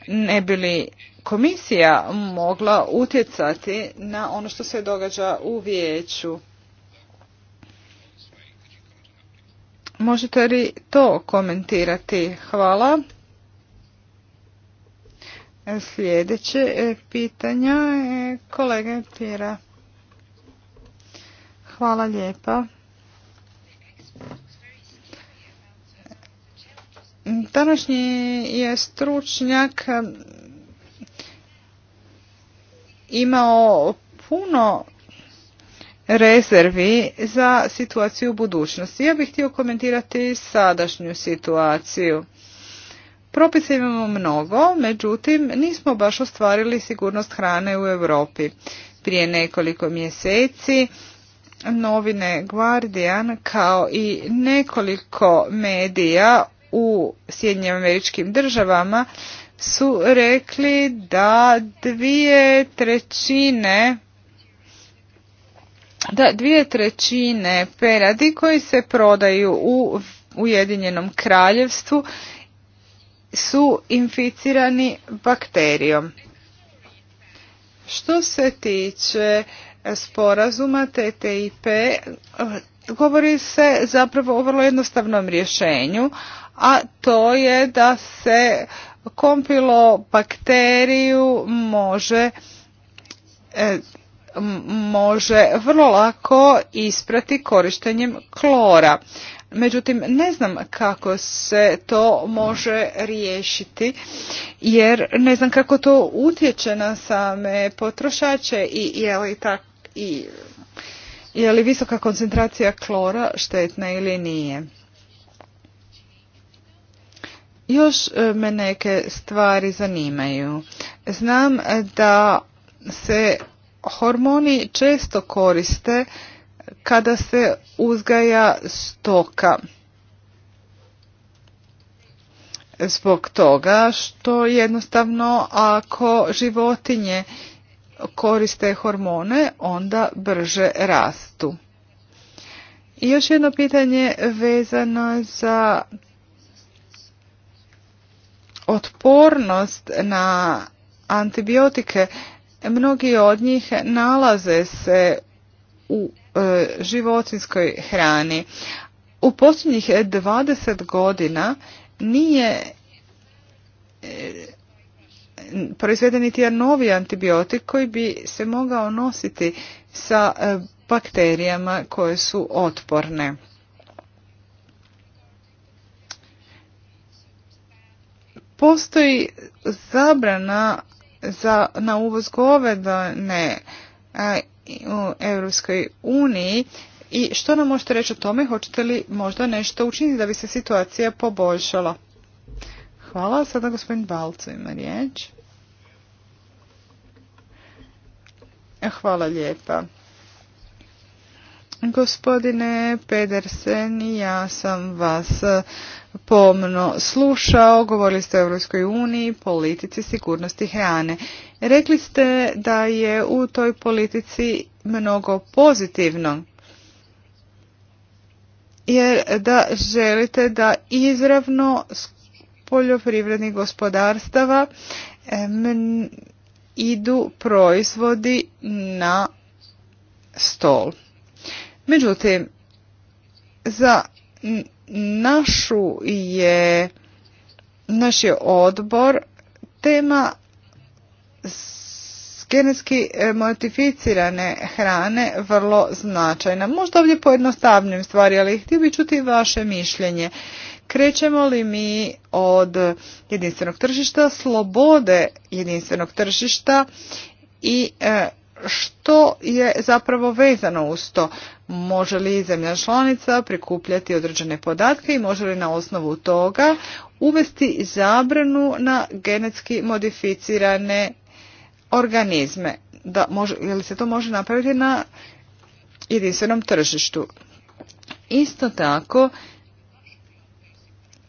Ne bi li komisija mogla utjecati na ono što se događa u vijeću? Možete li to komentirati? Hvala. Sljedeće e, pitanja je kolega Pira. Hvala lijepa. Današnji je stručnjak imao puno rezervi za situaciju u budućnosti. Ja bih htio komentirati sadašnju situaciju. Propisa imamo mnogo, međutim nismo baš ostvarili sigurnost hrane u Europi. Prije nekoliko mjeseci novine Guardian kao i nekoliko medija u Sjedinjim američkim državama su rekli da dvije trećine da dvije trećine peradi koji se prodaju u Ujedinjenom kraljevstvu su inficirani bakterijom. Što se tiče sporazuma TTIP, govori se zapravo o vrlo jednostavnom rješenju, a to je da se bakteriju može e, može vrlo lako isprati korištenjem klora. Međutim, ne znam kako se to može riješiti jer ne znam kako to utječe na same potrošače i je li, tako i, je li visoka koncentracija klora štetna ili nije. Još e, me neke stvari zanimaju. Znam da se hormoni često koriste kada se uzgaja stoka. Zbog toga što jednostavno ako životinje koriste hormone, onda brže rastu. I još jedno pitanje vezano za otpornost na antibiotike mnogi od njih nalaze se u e, životinjskoj životinskoj hrani. U posljednjih 20 godina nije e, proizveden niti jedan novi antibiotik koji bi se mogao nositi sa e, bakterijama koje su otporne. Postoji zabrana za, na uvoz govedane u Europskoj uniji i što nam možete reći o tome? Hoćete li možda nešto učiniti da bi se situacija poboljšala? Hvala. Sada gospodin Balco ima riječ. Hvala lijepa. Gospodine Pedersen, ja sam vas e, pomno slušao, govorili ste o Europskoj uniji, politici sigurnosti hrane. Rekli ste da je u toj politici mnogo pozitivno, jer da želite da izravno poljoprivrednih gospodarstava idu proizvodi na stol. Međutim, za našu je naš je odbor tema genetski e, modificirane hrane vrlo značajna. Možda ovdje pojednostavnim stvari, ali htio bih čuti vaše mišljenje. Krećemo li mi od jedinstvenog tržišta, slobode jedinstvenog tržišta i e, što je zapravo vezano uz to? može li zemlja članica prikupljati određene podatke i može li na osnovu toga uvesti zabranu na genetski modificirane organizme. Da, može, li se to može napraviti na jedinstvenom tržištu? Isto tako,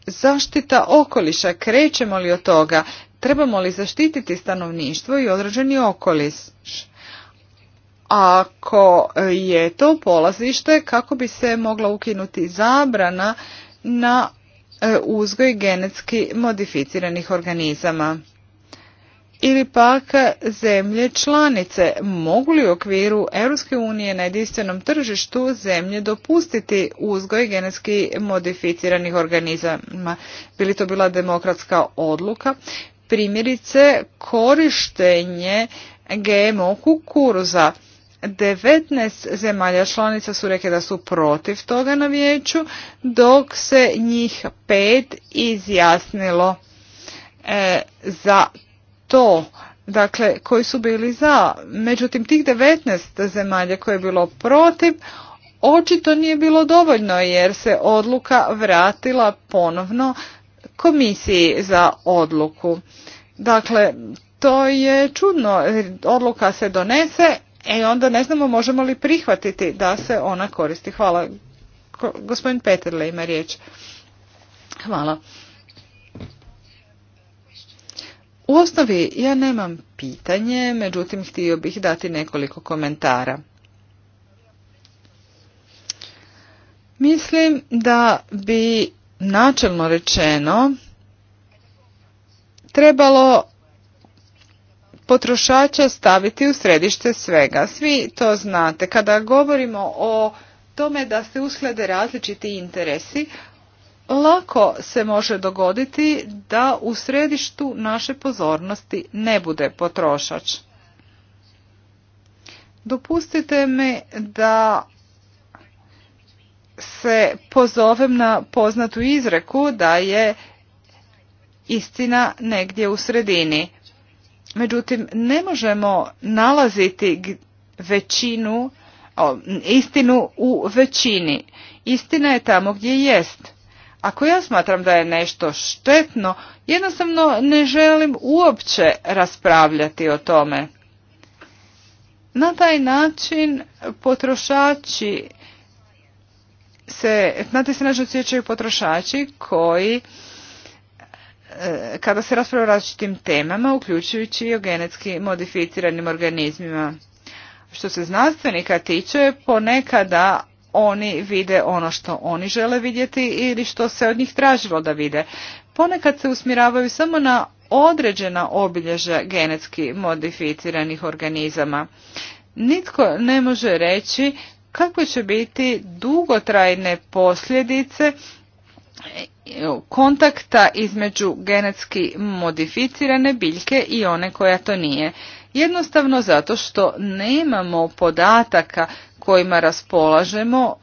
zaštita okoliša, krećemo li od toga, trebamo li zaštititi stanovništvo i određeni okoliš? ako je to polazište kako bi se mogla ukinuti zabrana na e, uzgoj genetski modificiranih organizama. Ili pak zemlje članice mogu li u okviru Europske unije na jedinstvenom tržištu zemlje dopustiti uzgoj genetski modificiranih organizama? Bili to bila demokratska odluka? Primjerice korištenje GMO kukuruza Devetnaest zemalja članica su reke da su protiv toga na vijeću, dok se njih pet izjasnilo e, za to, dakle koji su bili za. Međutim, tih devetnaest zemalja koje je bilo protiv, očito nije bilo dovoljno jer se odluka vratila ponovno komisiji za odluku. Dakle, to je čudno, odluka se donese, E onda ne znamo možemo li prihvatiti da se ona koristi. Hvala. Gospodin Peterle ima riječ. Hvala. U osnovi ja nemam pitanje, međutim htio bih dati nekoliko komentara. Mislim da bi načelno rečeno trebalo potrošača staviti u središte svega. Svi to znate. Kada govorimo o tome da se usklade različiti interesi, lako se može dogoditi da u središtu naše pozornosti ne bude potrošač. Dopustite me da se pozovem na poznatu izreku da je istina negdje u sredini. Međutim, ne možemo nalaziti većinu, o, istinu u većini. Istina je tamo gdje jest. Ako ja smatram da je nešto štetno, jednostavno ne želim uopće raspravljati o tome. Na taj način potrošači se, na taj se način osjećaju potrošači koji kada se raspravlja o različitim temama, uključujući i o genetski modificiranim organizmima. Što se znanstvenika tiče, ponekada oni vide ono što oni žele vidjeti ili što se od njih tražilo da vide. Ponekad se usmiravaju samo na određena obilježa genetski modificiranih organizama. Nitko ne može reći kakve će biti dugotrajne posljedice kontakta između genetski modificirane biljke i one koja to nije. Jednostavno zato što nemamo podataka kojima raspolažemo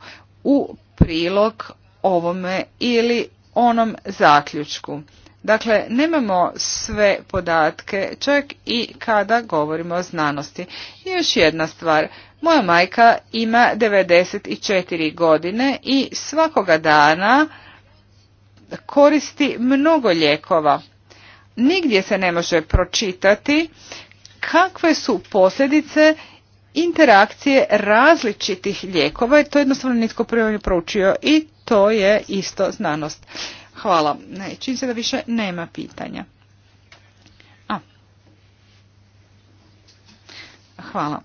u prilog ovome ili onom zaključku. Dakle, nemamo sve podatke, čak i kada govorimo o znanosti. I još jedna stvar, moja majka ima 94 godine i svakoga dana koristi mnogo lijekova. Nigdje se ne može pročitati kakve su posljedice interakcije različitih lijekova i to jednostavno nitko prije proučio i to je isto znanost. Hvala. Ne, se da više nema pitanja. A. Hvala.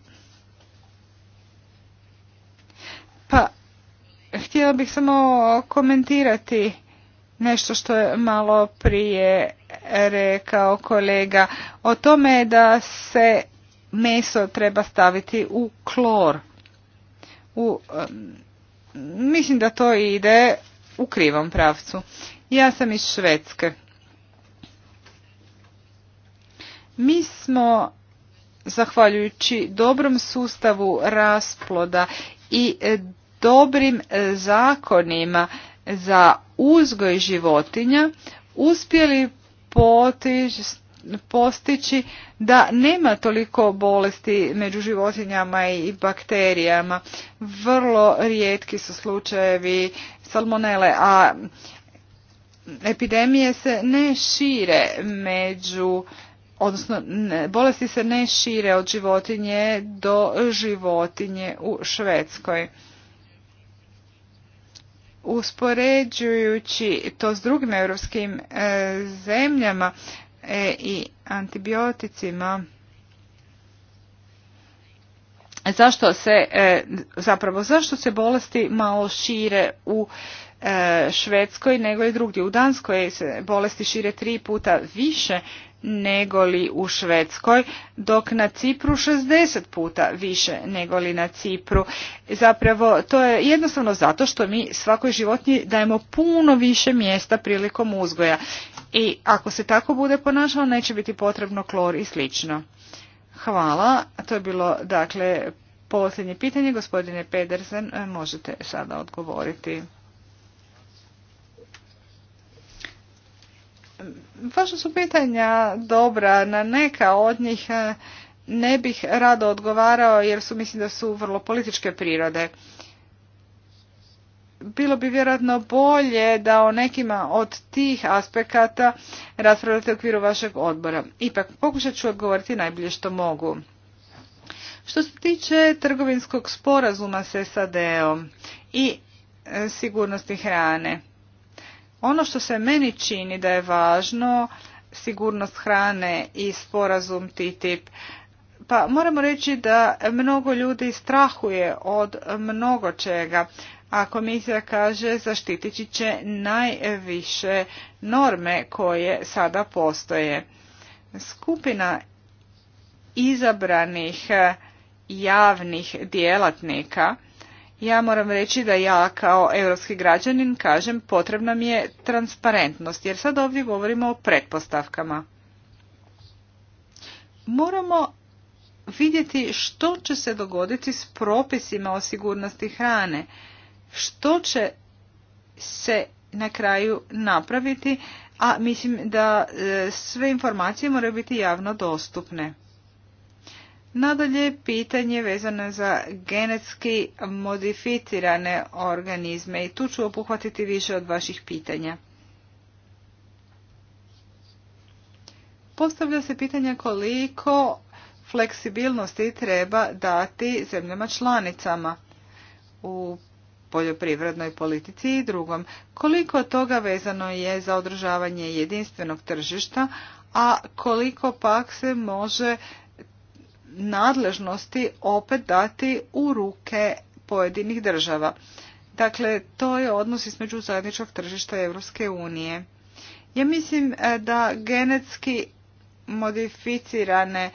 Pa, htjela bih samo komentirati nešto što je malo prije rekao kolega o tome da se meso treba staviti u klor. U, mislim da to ide u krivom pravcu. Ja sam iz Švedske. Mi smo, zahvaljujući dobrom sustavu rasploda i e, dobrim e, zakonima, za uzgoj životinja uspjeli postići da nema toliko bolesti među životinjama i bakterijama. Vrlo rijetki su slučajevi salmonele, a epidemije se ne šire među odnosno bolesti se ne šire od životinje do životinje u Švedskoj uspoređujući to s drugim europskim e, zemljama e, i antibioticima zašto se e, zapravo zašto se bolesti malo šire u e, Švedskoj nego i drugdje. U Danskoj se bolesti šire tri puta više li u Švedskoj, dok na Cipru 60 puta više nego li na Cipru. Zapravo to je jednostavno zato što mi svakoj životinji dajemo puno više mjesta prilikom uzgoja. I ako se tako bude ponašalo neće biti potrebno klor i slično. Hvala. To je bilo dakle posljednje pitanje. Gospodine Pedersen, možete sada odgovoriti. Vaša su pitanja dobra, na neka od njih eh, ne bih rado odgovarao jer su mislim da su vrlo političke prirode. Bilo bi vjerojatno bolje da o nekima od tih aspekata raspravljate u okviru vašeg odbora. Ipak pokušat ću odgovoriti najbolje što mogu. Što se tiče trgovinskog sporazuma s SAD-om i eh, sigurnosti hrane, ono što se meni čini da je važno, sigurnost hrane i sporazum TTIP, pa moramo reći da mnogo ljudi strahuje od mnogo čega, a komisija kaže zaštitići će najviše norme koje sada postoje. Skupina izabranih javnih djelatnika ja moram reći da ja kao europski građanin kažem potrebna mi je transparentnost jer sad ovdje govorimo o pretpostavkama. Moramo vidjeti što će se dogoditi s propisima o sigurnosti hrane, što će se na kraju napraviti, a mislim da e, sve informacije moraju biti javno dostupne. Nadalje, pitanje vezano za genetski modificirane organizme i tu ću obuhvatiti više od vaših pitanja. Postavlja se pitanje koliko fleksibilnosti treba dati zemljama članicama u poljoprivrednoj politici i drugom. Koliko toga vezano je za održavanje jedinstvenog tržišta, a koliko pak se može nadležnosti opet dati u ruke pojedinih država. Dakle, to je odnos između zajedničkog tržišta Europske unije. Ja mislim e, da genetski modificirane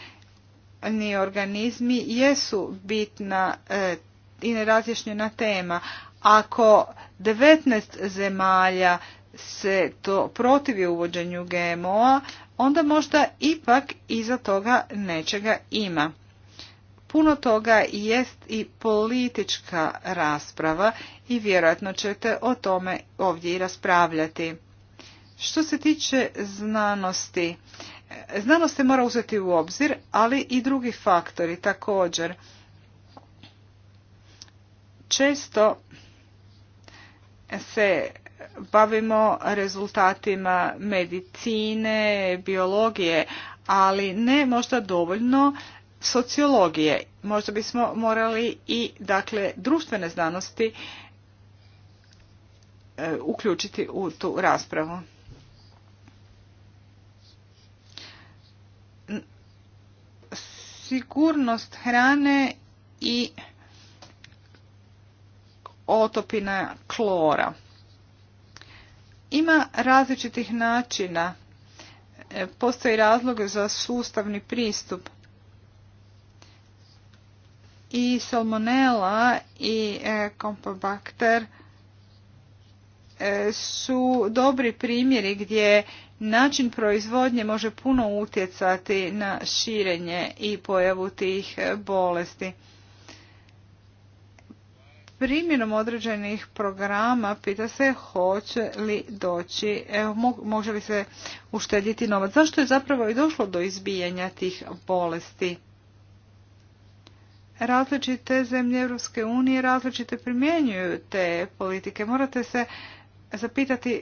ni organizmi jesu bitna e, i nerazjašnjena tema. Ako 19 zemalja se to protivi uvođenju GMO-a, onda možda ipak iza toga nečega ima. Puno toga jest i politička rasprava i vjerojatno ćete o tome ovdje i raspravljati. Što se tiče znanosti, znanost se mora uzeti u obzir, ali i drugi faktori također. Često se bavimo rezultatima medicine, biologije, ali ne možda dovoljno sociologije. Možda bismo morali i dakle društvene znanosti e, uključiti u tu raspravu. Sigurnost hrane i otopina klora. Ima različitih načina. E, postoji razlog za sustavni pristup. I salmonella i e, kompobakter e, su dobri primjeri gdje način proizvodnje može puno utjecati na širenje i pojavu tih bolesti primjenom određenih programa pita se hoće li doći, može li se uštedjeti novac. Zašto je zapravo i došlo do izbijanja tih bolesti? Različite zemlje Europske unije različite primjenjuju te politike. Morate se zapitati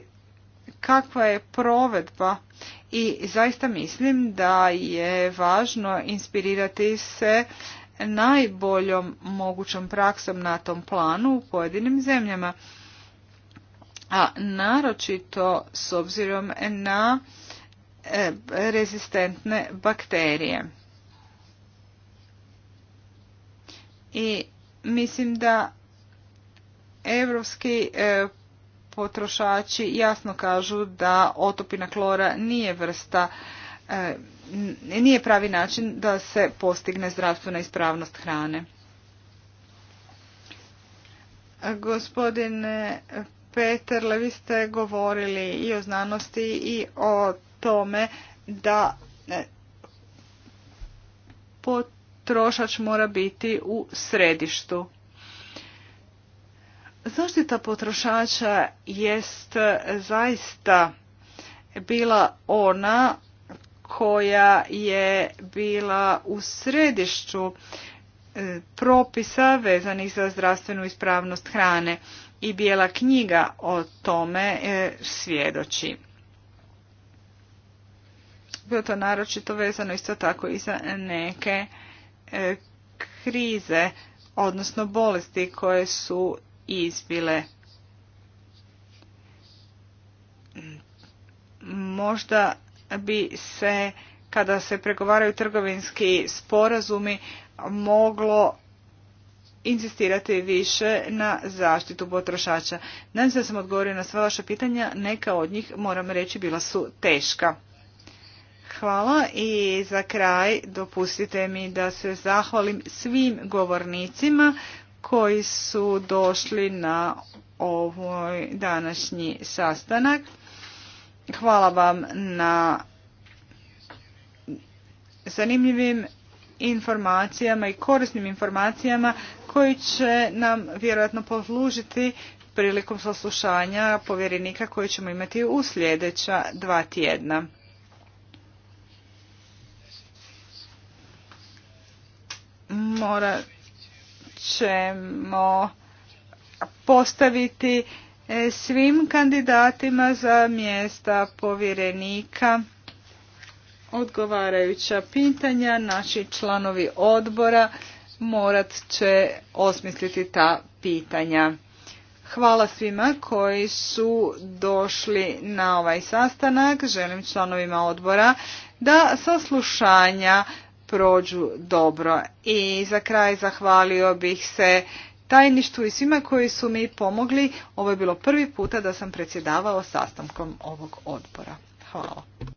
kakva je provedba i zaista mislim da je važno inspirirati se najboljom mogućom praksom na tom planu u pojedinim zemljama. A naročito s obzirom na e, rezistentne bakterije. I mislim da evropski e, potrošači jasno kažu da otopina klora nije vrsta E, nije pravi način da se postigne zdravstvena ispravnost hrane. E, gospodine Peterle, vi ste govorili i o znanosti i o tome da e, potrošač mora biti u središtu. Zaštita potrošača jest zaista bila ona koja je bila u središću e, propisa vezanih za zdravstvenu ispravnost hrane i bijela knjiga o tome e, svjedoči. Bilo to naročito vezano isto tako i za neke e, krize, odnosno bolesti koje su izbile. Možda bi se kada se pregovaraju trgovinski sporazumi moglo inzistirati više na zaštitu potrošača. Nadam se da sam odgovorio na sva vaša pitanja, neka od njih moram reći bila su teška. Hvala i za kraj dopustite mi da se zahvalim svim govornicima koji su došli na ovaj današnji sastanak. Hvala vam na zanimljivim informacijama i korisnim informacijama koji će nam vjerojatno poslužiti prilikom saslušanja povjerenika koji ćemo imati u sljedeća dva tjedna. Morat ćemo postaviti E, svim kandidatima za mjesta povjerenika odgovarajuća pitanja. Naši članovi odbora morat će osmisliti ta pitanja. Hvala svima koji su došli na ovaj sastanak. Želim članovima odbora da saslušanja prođu dobro. I za kraj zahvalio bih se tajništvu i svima koji su mi pomogli. Ovo je bilo prvi puta da sam predsjedavao sastankom ovog odbora. Hvala.